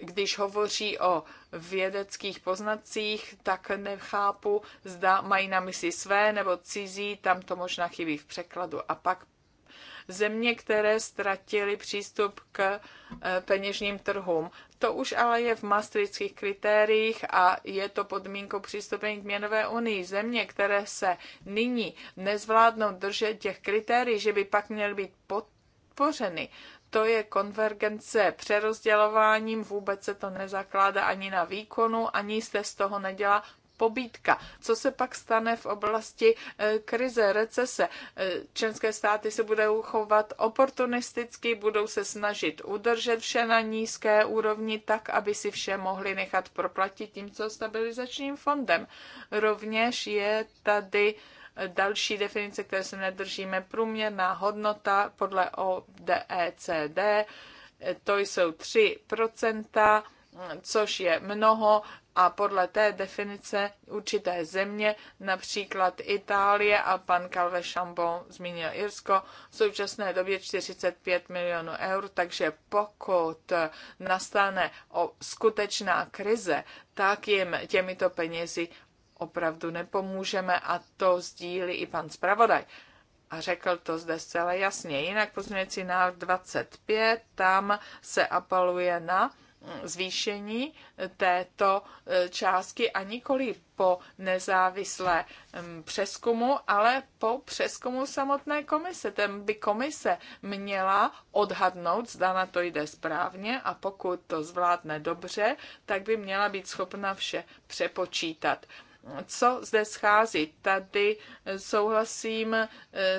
S1: když hovoří o vědeckých poznacích, tak nechápu, zda mají na mysli své nebo cizí, tam to možná chybí v překladu. A pak země, které ztratily přístup k eh, peněžním trhům. To už ale je v maastrichtských kritériích a je to podmínkou přistoupení k měnové unii. Země, které se nyní nezvládnou držet těch kritérií, že by pak měly být podpořeny, to je konvergence přerozdělováním, vůbec se to nezakládá ani na výkonu, ani se z toho nedělá pobídka. Co se pak stane v oblasti e, krize, recese? E, členské státy se budou chovat oportunisticky, budou se snažit udržet vše na nízké úrovni tak, aby si vše mohli nechat proplatit co stabilizačním fondem. Rovněž je tady e, další definice, které se nedržíme, průměrná hodnota podle ODECD, to jsou 3 což je mnoho, a podle té definice určité země, například Itálie a pan Calve Chambon zmínil Irsko, v současné době 45 milionů eur, takže pokud nastane o skutečná krize, tak jim těmito penězi opravdu nepomůžeme a to sdílí i pan zpravodaj. A řekl to zde zcela jasně. Jinak pozměňující návrh 25, tam se apeluje na zvýšení této e, částky a nikoli po nezávislé přeskumu, ale po přeskumu samotné komise. Ten by komise měla odhadnout, zda na to jde správně a pokud to zvládne dobře, tak by měla být schopna vše přepočítat co zde schází. Tady souhlasím e,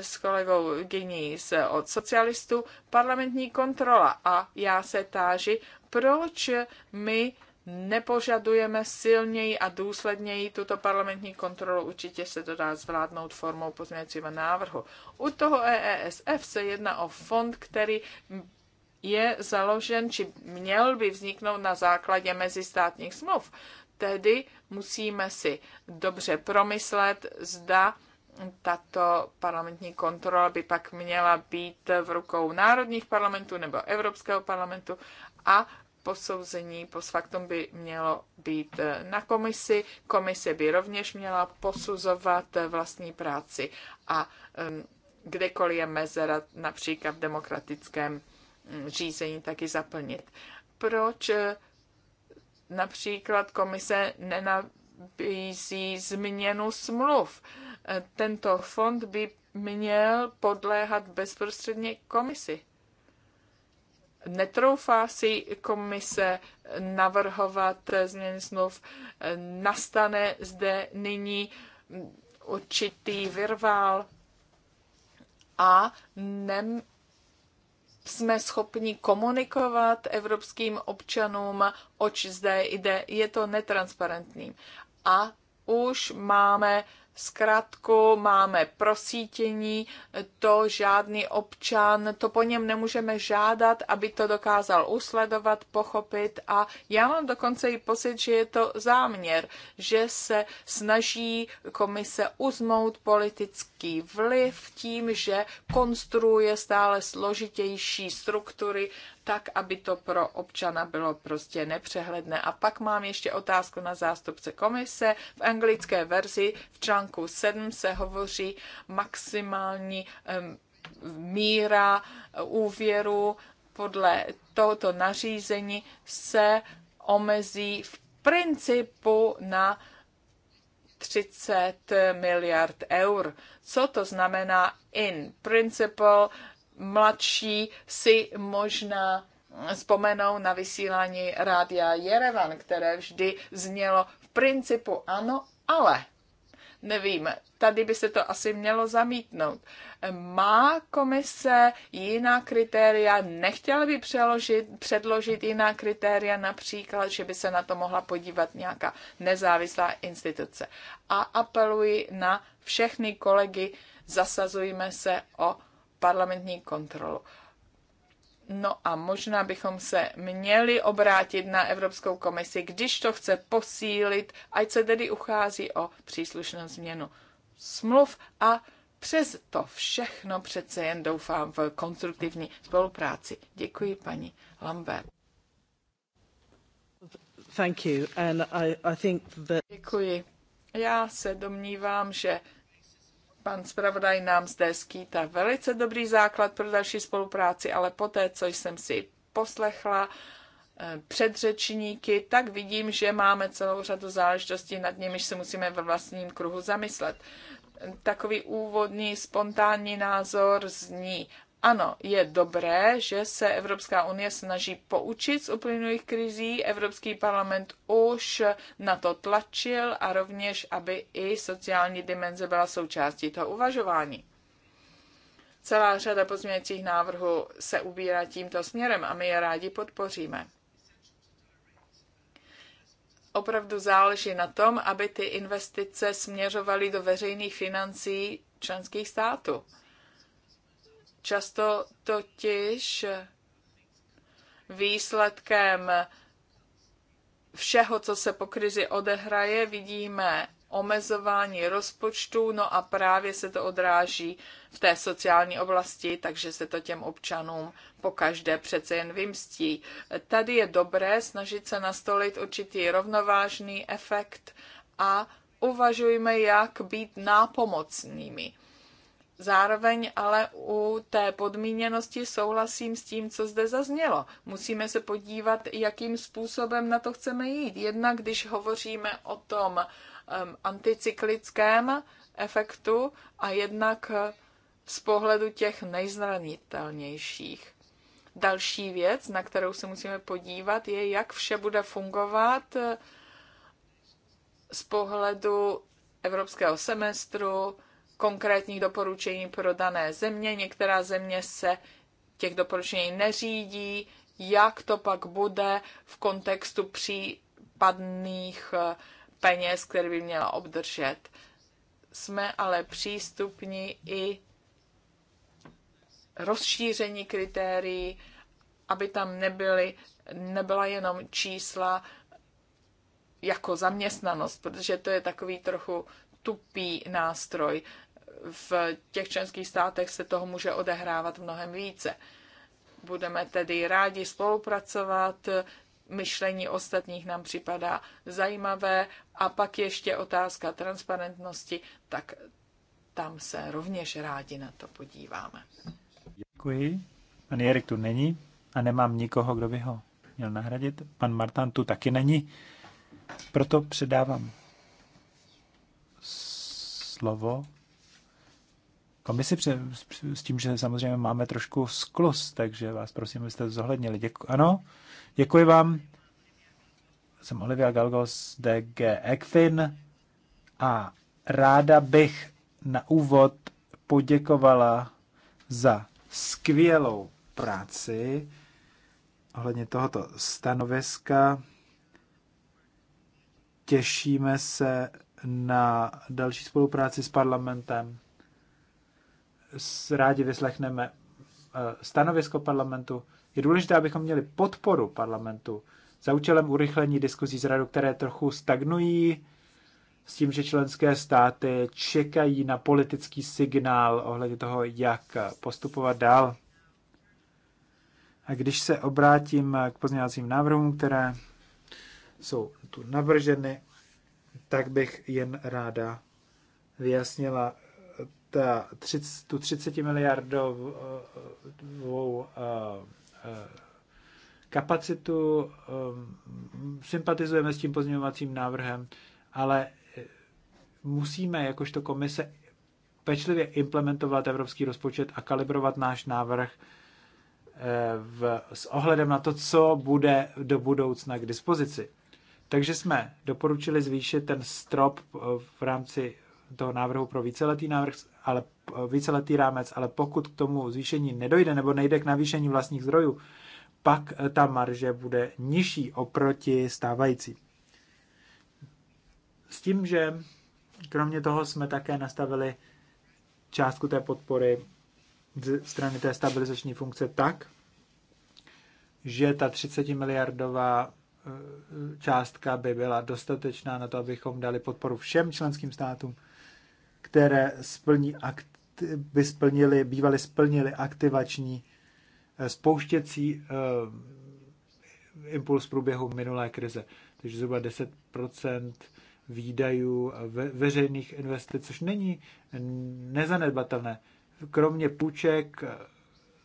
S1: s kolegou Giní od socialistů. Parlamentní kontrola a já se táži, proč my nepožadujeme silněji a důsledněji tuto parlamentní kontrolu. Určitě se to dá zvládnout formou pozměňovacího návrhu. U toho EESF se jedná o fond, který je založen, či měl by vzniknout na základě mezistátních smluv. Tedy musíme si dobře promyslet, zda tato parlamentní kontrola by pak měla být v rukou národních parlamentů nebo Evropského parlamentu a posouzení postfaktum by mělo být eh, na komisi. Komise by rovněž měla posuzovat eh, vlastní práci a kdekoliv je mezera například v demokratickém mm, řízení, taky zaplnit. Proč eh, například komise nenabízí změnu smluv? Tento fond by měl podléhat bezprostředně komisi Netroufá si komise navrhovat změny smluv, nastane zde nyní určitý virvál a nem, jsme schopni komunikovat evropským občanům, oč zde jde, je to netransparentní. A už máme zkrátku máme prosítění, to žádný občan, to po něm nemůžeme žádat, aby to dokázal usledovat, pochopit a já mám dokonce i pocit, že je to záměr, že se snaží komise uzmout politický vliv tím, že konstruuje stále složitější struktury tak, aby to pro občana bylo prostě nepřehledné. A pak mám ještě otázku na zástupce komise. V anglické verzi v článku 7 se hovoří maximální um, míra eh, úvěru podle tohoto nařízení se omezí v principu na 30 miliard eur. Co to znamená in principle mladší si možná vzpomenou na vysílání rádia Jerevan, které vždy znělo v principu ano, ale nevím, tady by se to asi mělo zamítnout. Má komise jiná kritéria, nechtěla by přeložit, předložit jiná kritéria, například, že by se na to mohla podívat nějaká nezávislá instituce. A apeluji na všechny kolegy, zasazujme se o parlamentní kontrolu. No a možná bychom se měli obrátit na Evropskou komisi, když to chce posílit, ať se tedy uchází o příslušnou změnu smluv a přes to všechno přece jen doufám v konstruktivní spolupráci. Děkuji paní Lambert.
S4: Thank you. And I, I think that... Děkuji.
S1: Já se domnívám, že Pan zpravodaj nám zde skýtá velice dobrý základ pro další spolupráci, ale poté, co jsem si poslechla eh, předřečníky, tak vidím, že máme celou řadu záležitostí, nad nimiž se musíme ve vlastním kruhu zamyslet. Takový úvodní spontánní názor zní ano, je dobré, že se Evropská unie snaží poučit z uplynulých krizí. Evropský parlament už na to tlačil a rovněž, aby i sociální dimenze byla součástí toho uvažování. Celá řada pozměňujících návrhů se ubírá tímto směrem a my je rádi podpoříme opravdu záleží na tom, aby ty investice směřovaly do veřejných financí členských států. Často totiž výsledkem všeho, co se po krizi odehraje, vidíme omezování rozpočtů, no a právě se to odráží v té sociální oblasti, takže se to těm občanům po každé přece jen vymstí. Tady je dobré snažit se nastolit určitý rovnovážný efekt a uvažujme, jak být nápomocnými Zároveň ale u té podmíněnosti souhlasím s tím, co zde zaznělo. Musíme se podívat, jakým způsobem na to chceme jít. Jednak, když hovoříme o tom um, anticyklickém efektu a jednak uh, z pohledu těch nejzranitelnějších. Další věc, na kterou se musíme podívat, je, jak vše bude fungovat uh, z pohledu evropského semestru, konkrétních doporučení pro dané země. Některá země se těch doporučení neřídí. Jak to pak bude v kontextu případných eh, peněz, které by měla obdržet? Jsme ale přístupní i rozšíření kritérií, aby tam nebyly, nebyla jenom čísla jako zaměstnanost, protože to je takový trochu tupý nástroj v těch členských státech se toho může odehrávat mnohem více. Budeme tedy rádi spolupracovat, myšlení ostatních nám připadá zajímavé a pak ještě otázka transparentnosti, tak tam se rovněž rádi na to podíváme.
S5: Děkuji.
S3: Pan Jerek tu není a nemám nikoho, kdo by ho měl nahradit. Pan Martan tu taky není, proto předávám slovo komisi pře- s tím, že samozřejmě máme trošku sklus, takže vás prosím, abyste to zohlednili. Děku- ano, děkuji vám. Jsem Olivia Galgos DG Ekfin a ráda bych na úvod poděkovala za skvělou práci ohledně tohoto stanoviska. Těšíme se na další spolupráci s parlamentem rádi vyslechneme eh, stanovisko parlamentu. Je důležité, abychom měli podporu parlamentu za účelem urychlení diskuzí s radou, které trochu stagnují s tím, že členské státy čekají na politický signál ohledně toho, jak postupovat dál. A když se obrátím k pozměňovacím návrhům, které jsou tu navrženy, tak bych jen ráda vyjasnila, ta, tu 30 miliardovou eh, eh, kapacitu, eh, sympatizujeme s tím pozměňovacím návrhem, ale musíme jakožto komise pečlivě implementovat evropský rozpočet a kalibrovat náš návrh v, s ohledem na to, co bude do budoucna k dispozici. Takže jsme doporučili zvýšit ten strop v rámci toho návrhu pro víceletý návrh ale eh, víceletý rámec, ale pokud k tomu zvýšení nedojde nebo nejde k navýšení vlastních zdrojů, pak eh, ta marže bude nižší oproti stávající. S tím, že kromě toho jsme také nastavili částku té podpory ze strany té stabilizační funkce tak, že ta 30 miliardová eh, částka by byla dostatečná na to, abychom dali podporu všem členským státům které splní akt, by splnili, bývaly splnili aktivační eh, spouštěcí uh, impuls průběhu minulé krize. Takže zhruba 10 výdajů ve, veřejných investic, což není nezanedbatelné. Kromě půjček eh,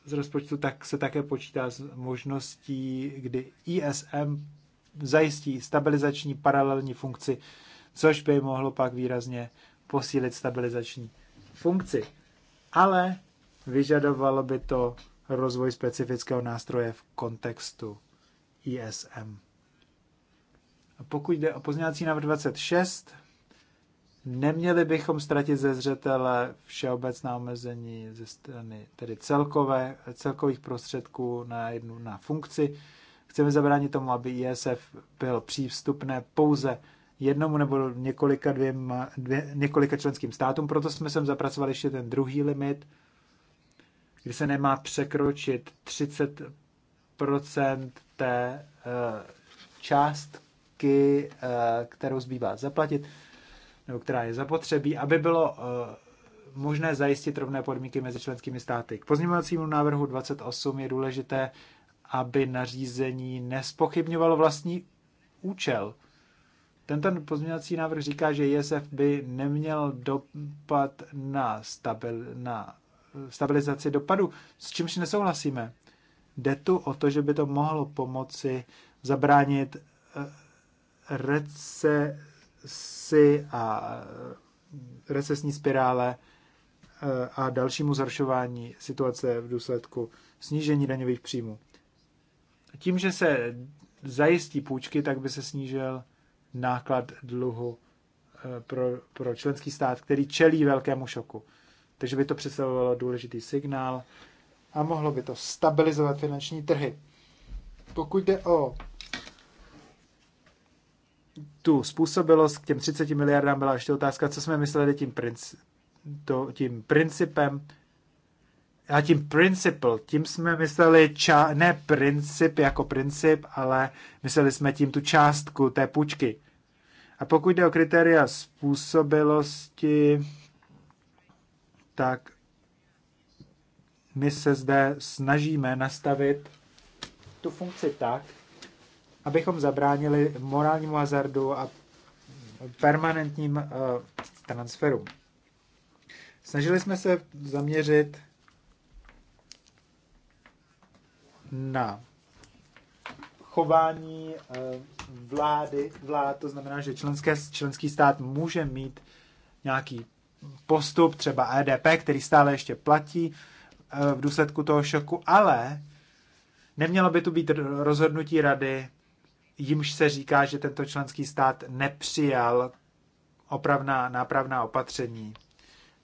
S3: z rozpočtu tak se také počítá s možností, kdy ISM zajistí stabilizační paralelní funkci, což by mohlo pak výrazně posílit stabilizační funkci. Ale vyžadovalo by to rozvoj specifického nástroje v kontextu ISM. A pokud jde o pozměňovací návrh 26, neměli bychom ztratit ze zřetele všeobecná omezení ze strany tedy celkové, celkových prostředků na jednu na funkci. Chceme zabránit tomu, aby ISF byl přístupné pouze jednomu nebo několika, dvěma, dvě, několika členským státům, proto jsme sem zapracovali ještě ten druhý limit, kdy se nemá překročit 30 té eh, částky, eh, kterou zbývá zaplatit, nebo která je zapotřebí, aby bylo eh, možné zajistit rovné podmínky mezi členskými státy. K pozměňovacímu návrhu 28 je důležité, aby nařízení nespochybňovalo vlastní účel tento pozměňovací návrh říká, že ISF by neměl dopad na, stabil, na stabilizaci dopadu, s čímž nesouhlasíme. Jde tu o to, že by to mohlo pomoci zabránit eh, recesi a eh, recesní spirále eh, a dalšímu zhoršování situace v důsledku snížení daňových příjmů. Tím, že se zajistí půjčky, tak by se snížil náklad dluhu eh, pro, pro členský stát, který čelí velkému šoku. Takže by to představovalo důležitý signál a mohlo by to stabilizovat finanční trhy. Pokud jde o tu způsobilost k těm 30 miliardám, byla ještě otázka, co jsme mysleli tím, princ, to, tím principem a tím principle, tím jsme mysleli ča- ne princip jako princip, ale mysleli jsme tím tu částku té půjčky. A pokud jde o kritéria způsobilosti, tak my se zde snažíme nastavit tu funkci tak, abychom zabránili morálnímu hazardu a permanentním uh, transferům. Snažili jsme se zaměřit na chování eh, vlády, vlád, to znamená, že členské, členský stát může mít nějaký postup, třeba EDP, který stále ještě platí eh, v důsledku toho šoku, ale nemělo by tu být rozhodnutí rady, jimž se říká, že tento členský stát nepřijal opravná nápravná opatření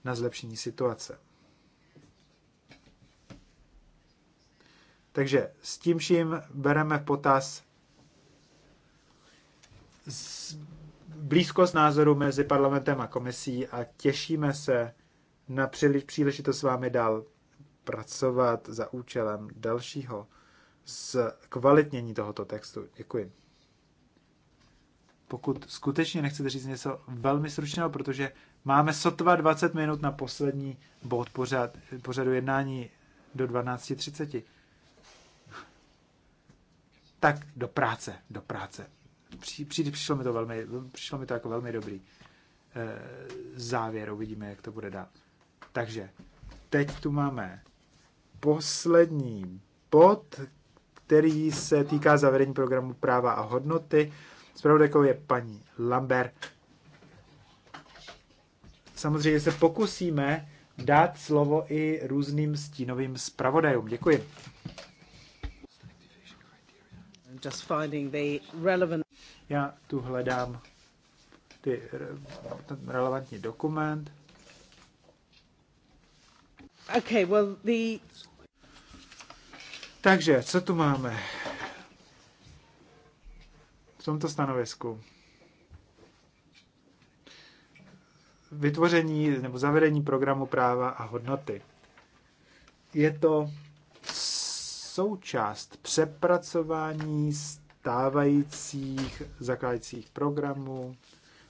S3: na zlepšení situace. Takže s tím vším bereme v potaz blízkost názoru mezi parlamentem a komisí a těšíme se na příležitost s vámi dál pracovat za účelem dalšího zkvalitnění tohoto textu. Děkuji. Pokud skutečně nechcete říct něco velmi stručného, protože máme sotva 20 minut na poslední bod pořad, pořadu jednání do 12.30 tak do práce, do práce. Při, při, přišlo, mi to velmi, přišlo mi to jako velmi dobrý e, závěr, uvidíme, jak to bude dál. Takže teď tu máme poslední bod, který se týká zavedení programu práva a hodnoty. Spravodajkou je paní Lambert. Samozřejmě se pokusíme dát slovo i různým stínovým zpravodajům. Děkuji just finding the relevant... Já tu hledám ty, eh, ten relevantní dokument. Okay, well the... Takže, co tu máme? V tomto stanovisku. Vytvoření nebo zavedení programu práva a hodnoty. Je to součást přepracování stávajících zakládajících programů.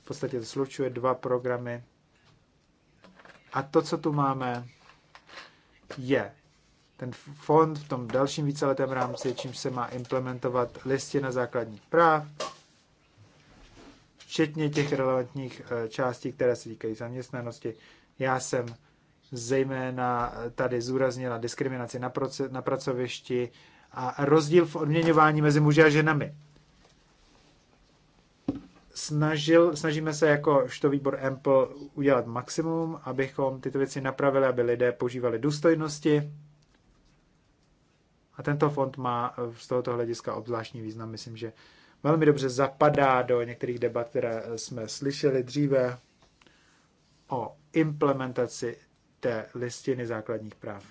S3: V podstatě to slučuje dva programy. A to, co tu máme, je ten fond v tom dalším víceletém rámci, čímž se má implementovat listina základních práv, včetně těch relevantních eh, částí, které se týkají zaměstnanosti. Já jsem zejména tady zúraznila diskriminaci na, proce, na pracovišti a rozdíl v odměňování mezi muži a ženami. Snažil, snažíme se jako što výbor EMPL udělat maximum, abychom tyto věci napravili, aby lidé požívali důstojnosti. A tento fond má z tohoto hlediska obzvláštní význam. Myslím, že velmi dobře zapadá do některých debat, které jsme slyšeli dříve o implementaci té listiny základních práv.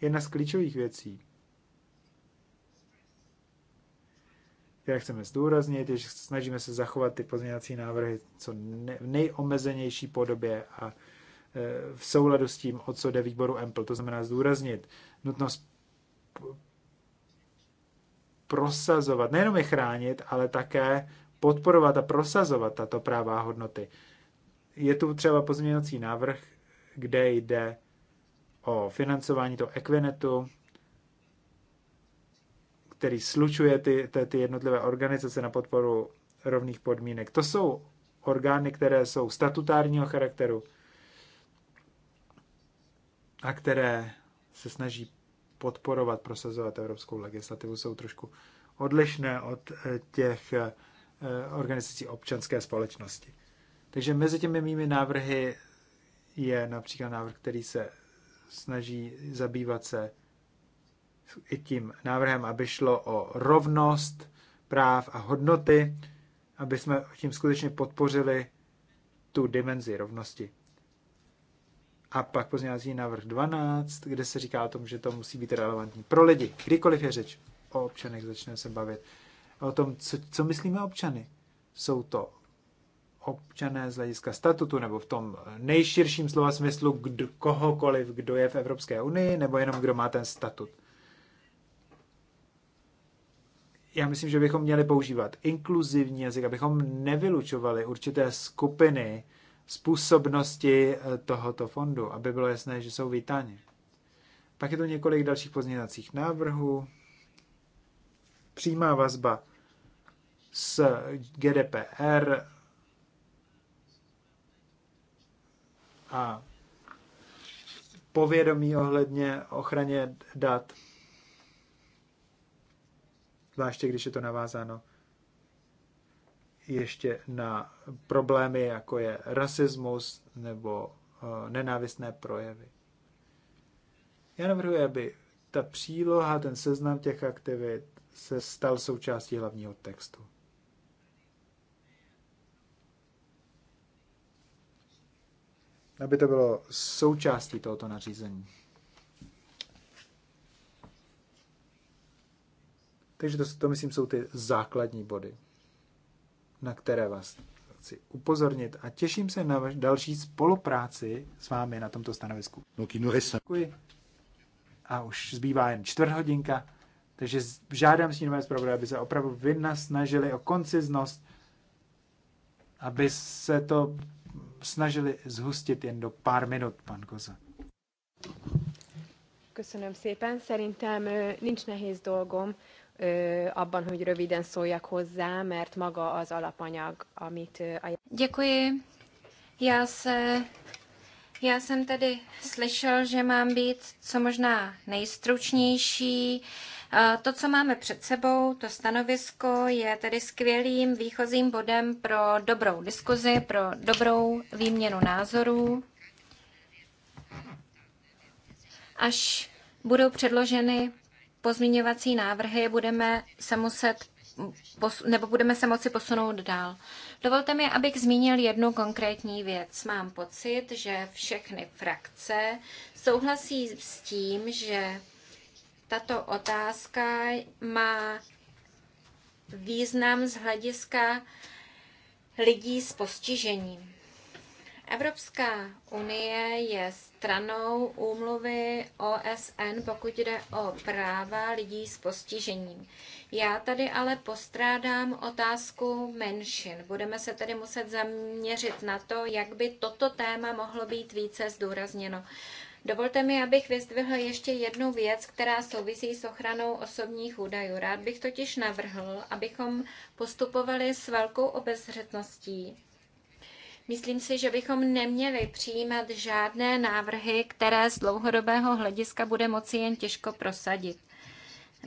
S3: Jedna z klíčových věcí, které chceme zdůraznit, je, že snažíme se zachovat ty pozměňovací návrhy co ne, v nejomezenější podobě a e, v souladu s tím, o co jde výboru EMPL. To znamená zdůraznit nutnost prosazovat, nejenom je chránit, ale také podporovat a prosazovat tato práva a hodnoty. Je tu třeba pozměňovací návrh, kde jde o financování toho Equinetu, který slučuje ty, ty, ty jednotlivé organizace na podporu rovných podmínek. To jsou orgány, které jsou statutárního charakteru a které se snaží podporovat, prosazovat evropskou legislativu, jsou trošku odlišné od eh, těch eh, organizací občanské společnosti. Takže mezi těmi mými návrhy je například návrh, který se snaží zabývat se i tím návrhem, aby šlo o rovnost práv a hodnoty, aby jsme tím skutečně podpořili tu dimenzi rovnosti. A pak pozměňovací návrh 12, kde se říká o tom, že to musí být relevantní pro lidi. Kdykoliv je řeč o občanech, začne se bavit o tom, co, co myslíme občany. Jsou to občané z hlediska statutu, nebo v tom nejširším slova smyslu kdo, kohokoliv, kdo je v Evropské unii, nebo jenom kdo má ten statut. Já myslím, že bychom měli používat inkluzivní jazyk, abychom nevylučovali určité skupiny způsobnosti eh, tohoto fondu, aby bylo jasné, že jsou vítáni. Pak je tu několik dalších pozměňovacích návrhů. Přímá vazba s GDPR a povědomí ohledně ochraně dat, zvláště když je to navázáno ještě na problémy, jako je rasismus nebo eh, nenávistné projevy. Já navrhuji, aby ta příloha, ten seznam těch aktivit se stal součástí hlavního textu. aby to bylo součástí tohoto nařízení. Takže to, to myslím, jsou ty základní body, na které vás chci upozornit a těším se na další spolupráci s vámi na tomto stanovisku. Děkuji. A už zbývá jen čtvrt hodinka, takže žádám stínové zpravodaje, aby se opravdu vynasnažili o konciznost, aby se to snažili zhustit jen do pár minut, pan Koza.
S4: Köszönöm szépen. Szerintem
S2: nincs nehéz dolgom abban, hogy röviden szóljak hozzá, mert maga az alapanyag, amit... Děkuji. Já se já jsem tedy slyšel, že mám být co možná nejstručnější. To, co máme před sebou, to stanovisko je tedy skvělým výchozím bodem pro dobrou diskuzi, pro dobrou výměnu názorů, až budou předloženy pozměňovací návrhy, budeme se muset nebo budeme se moci posunout dál. Dovolte mi, abych zmínil jednu konkrétní věc. Mám pocit, že všechny frakce souhlasí s tím, že tato otázka má význam z hlediska lidí s postižením. Evropská unie je stranou úmluvy OSN, pokud jde o práva lidí s postižením. Já tady ale postrádám otázku menšin. Budeme se tedy muset zaměřit na to, jak by toto téma mohlo být více zdůrazněno. Dovolte mi, abych vyzdvihl ještě jednu věc, která souvisí s ochranou osobních údajů. Rád bych totiž navrhl, abychom postupovali s velkou obezřetností. Myslím si, že bychom neměli přijímat žádné návrhy, které z dlouhodobého hlediska bude moci jen těžko prosadit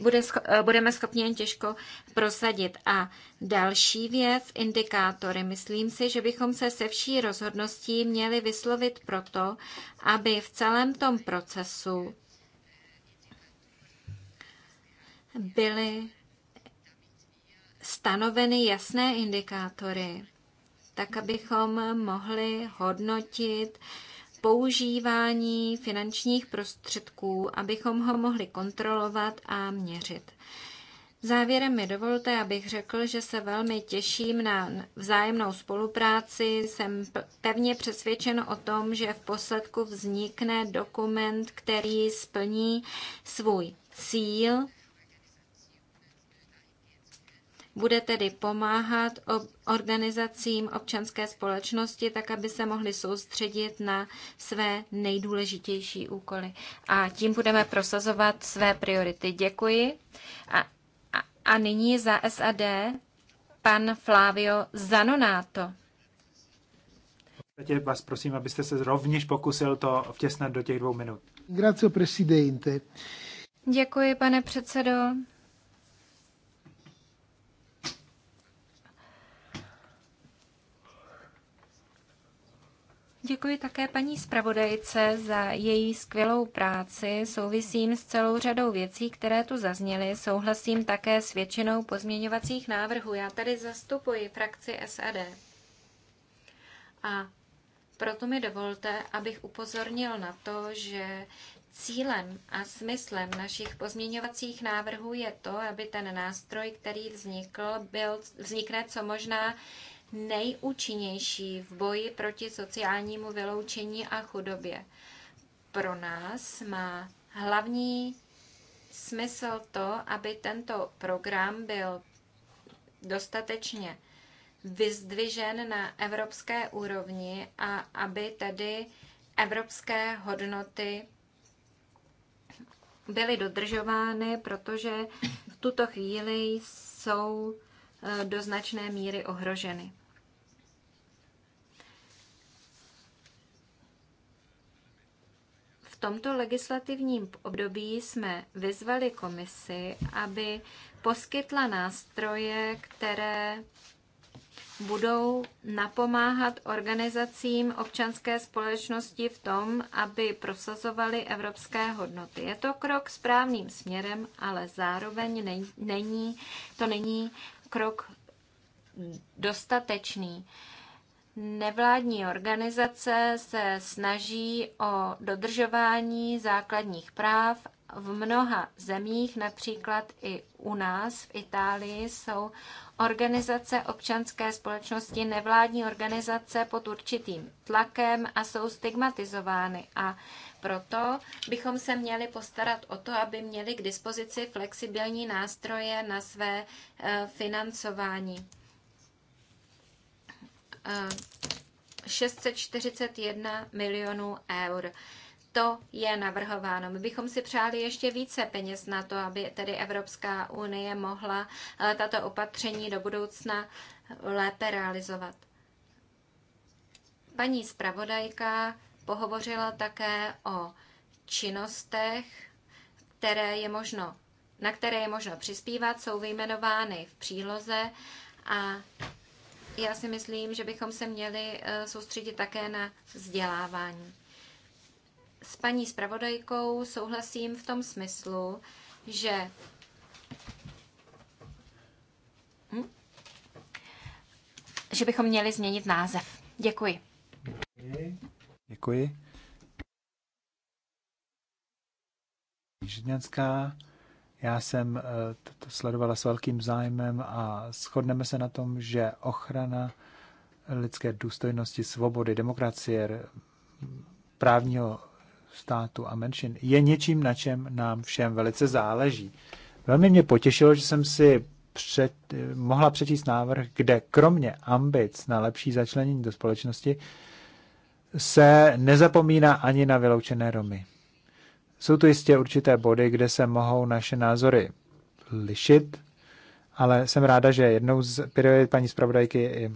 S2: bude scho- eh, budeme schopni jen těžko prosadit. A další věc, indikátory. Myslím si, že bychom se se vší rozhodností měli vyslovit proto, aby v celém tom procesu byly stanoveny jasné indikátory, tak abychom mohli hodnotit používání finančních prostředků, abychom ho mohli kontrolovat a měřit. Závěrem mi dovolte, abych řekl, že se velmi těším na vzájemnou spolupráci. Jsem pevně přesvědčen o tom, že v posledku vznikne dokument, který splní svůj cíl bude tedy pomáhat organizacím občanské společnosti, tak aby se mohli soustředit na své nejdůležitější úkoly. A tím budeme prosazovat své priority. Děkuji. A, a, a nyní za SAD pan Flavio Zanonato.
S3: Teď vás prosím, abyste se rovněž pokusil to vtěsnat do těch dvou minut. Grazie, presidente.
S2: Děkuji, pane předsedo. Děkuji také paní zpravodajce za její skvělou práci. Souvisím s celou řadou věcí, které tu zazněly. Souhlasím také s většinou pozměňovacích návrhů. Já tady zastupuji frakci SAD. A proto mi dovolte, abych upozornil na to, že Cílem a smyslem našich pozměňovacích návrhů je to, aby ten nástroj, který vznikl, byl, vznikne co možná nejúčinnější v boji proti sociálnímu vyloučení a chudobě. Pro nás má hlavní smysl to, aby tento program byl dostatečně vyzdvižen na evropské úrovni a aby tedy evropské hodnoty byly dodržovány, protože v tuto chvíli jsou eh, do značné míry ohroženy. tomto legislativním období jsme vyzvali komisi, aby poskytla nástroje, které budou napomáhat organizacím občanské společnosti v tom, aby prosazovali evropské hodnoty. Je to krok správným směrem, ale zároveň není, to není krok dostatečný nevládní organizace se snaží o dodržování základních práv. V mnoha zemích, například i u nás v Itálii, jsou organizace občanské společnosti, nevládní organizace pod určitým tlakem a jsou stigmatizovány. A proto bychom se měli postarat o to, aby měli k dispozici flexibilní nástroje na své eh, financování. 641 eh, milionů eur to je navrhováno. My bychom si přáli ještě více peněz na to, aby tedy Evropská unie mohla eh, tato opatření do budoucna lépe realizovat. Paní zpravodajka pohovořila také o činnostech, které je možno, na které je možno přispívat, jsou vyjmenovány v příloze a já si myslím, že bychom se měli eh, soustředit také na vzdělávání. S paní zpravodajkou souhlasím v tom smyslu, že hm? že bychom měli změnit název. Děkuji.
S5: Děkuji.
S3: Děkuji. Já jsem eh, to sledovala s velkým zájmem a shodneme se na tom, že ochrana lidské důstojnosti, svobody, demokracie, právního státu a menšin je něčím, na čem nám všem velice záleží. Velmi mě potěšilo, že jsem si před, mohla přečíst návrh, kde kromě ambic na lepší začlenění do společnosti se nezapomíná ani na vyloučené Romy. Jsou to jistě určité body, kde se mohou naše názory lišit, ale jsem ráda, že jednou z priorit paní zpravodajky je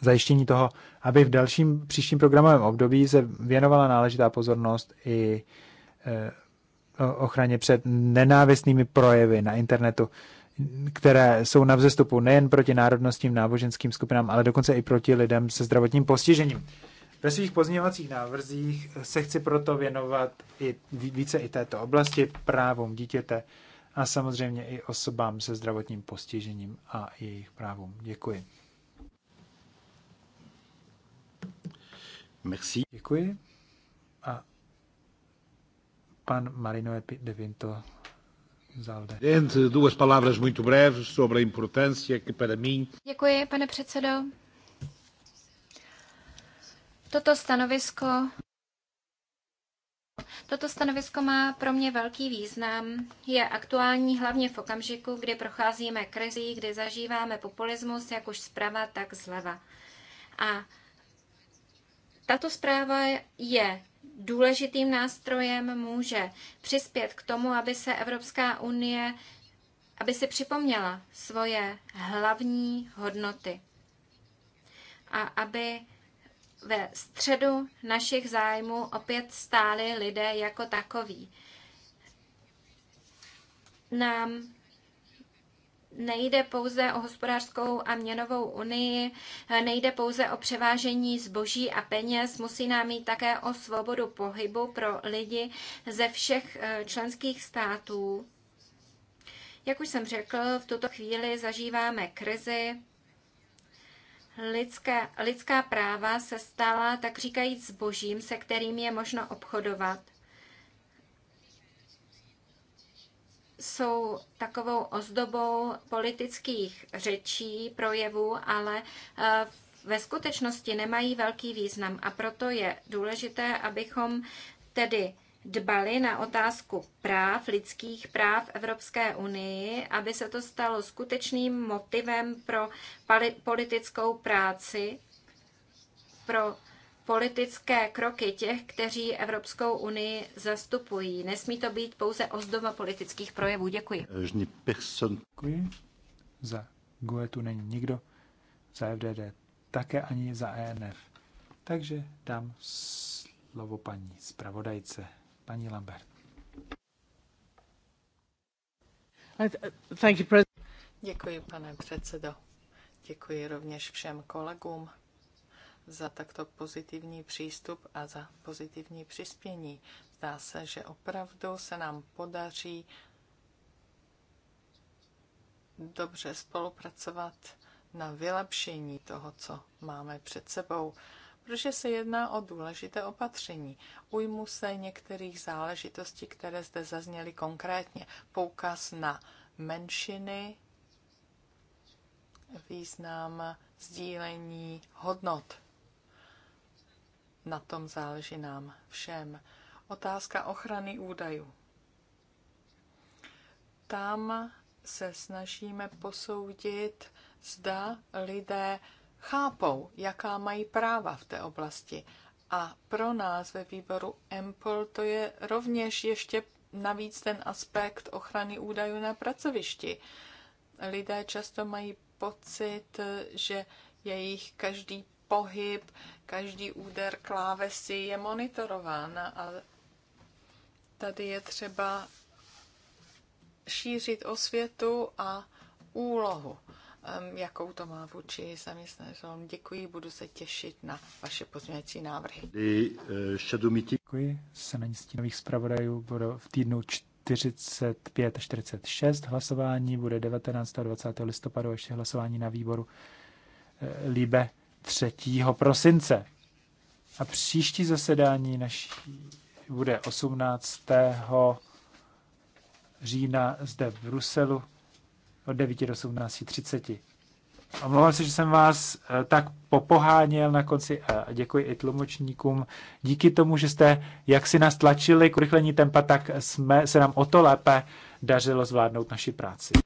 S3: zajištění toho, aby v dalším příštím programovém období se věnovala náležitá pozornost i e, ochraně před nenávistnými projevy na internetu, které jsou na vzestupu nejen proti národnostním náboženským skupinám, ale dokonce i proti lidem se zdravotním postižením. Ve svých pozměňovacích návrzích se chci proto věnovat i více i této oblasti, právům dítěte a samozřejmě i osobám se zdravotním postižením a jejich právům. Děkuji. Merci. Děkuji. A pan Marino de Vinto Zalde.
S2: Děkuji, pane předsedo. Toto stanovisko Toto stanovisko má pro mě velký význam. Je aktuální hlavně v okamžiku, kdy procházíme krizí, kdy zažíváme populismus, jak už zprava, tak zleva. A tato zpráva je důležitým nástrojem, může přispět k tomu, aby se Evropská unie, aby si připomněla svoje hlavní hodnoty a aby ve středu našich zájmů opět stáli lidé jako takoví. Nám nejde pouze o hospodářskou a měnovou unii, nejde pouze o převážení zboží a peněz, musí nám jít také o svobodu pohybu pro lidi ze všech eh, členských států. Jak už jsem řekl, v tuto chvíli zažíváme krizi, Lidské, lidská práva se stala, tak říkajíc, zbožím, se kterým je možno obchodovat. Jsou takovou ozdobou politických řečí, projevů, ale eh, ve skutečnosti nemají velký význam. A proto je důležité, abychom tedy dbali na otázku práv, lidských práv Evropské unii, aby se to stalo skutečným motivem pro politickou práci, pro politické kroky těch, kteří Evropskou unii zastupují. Nesmí to být pouze ozdoba politických projevů. Děkuji.
S3: Děkuji. Za GUE tu není nikdo, za FDD také ani za ENF. Takže dám slovo paní zpravodajce. Paní Lambert.
S1: Děkuji, pane předsedo. Děkuji rovněž všem kolegům za takto pozitivní přístup a za pozitivní přispění. Zdá se, že opravdu se nám podaří dobře spolupracovat na vylepšení toho, co máme před sebou protože se jedná o důležité opatření. Ujmu se některých záležitostí, které zde zazněly konkrétně. Poukaz na menšiny, význam sdílení hodnot. Na tom záleží nám všem. Otázka ochrany údajů. Tam se snažíme posoudit, zda lidé chápou, jaká mají práva v té oblasti. A pro nás ve výboru EMPL to je rovněž ještě navíc ten aspekt ochrany údajů na pracovišti. Lidé často mají pocit, že jejich každý pohyb, každý úder klávesy je monitorován a tady je třeba šířit osvětu a úlohu jakou to má vůči zaměstnancům. Děkuji, budu se těšit na vaše pozměňovací návrhy.
S5: Eh,
S3: Děkuji. Se na nových zpravodajů budou v týdnu 45 a 46 hlasování, bude 19. a 20. listopadu ještě hlasování na výboru eh, Líbe 3. prosince. A příští zasedání naší bude 18. října zde v Bruselu od 9 do 17.30. Omlouvám se, že jsem vás eh, tak popoháněl na konci a děkuji i tlumočníkům. Díky tomu, že jste jak si nás tlačili k urychlení tempa, tak jsme, se nám o to lépe dařilo zvládnout naši práci.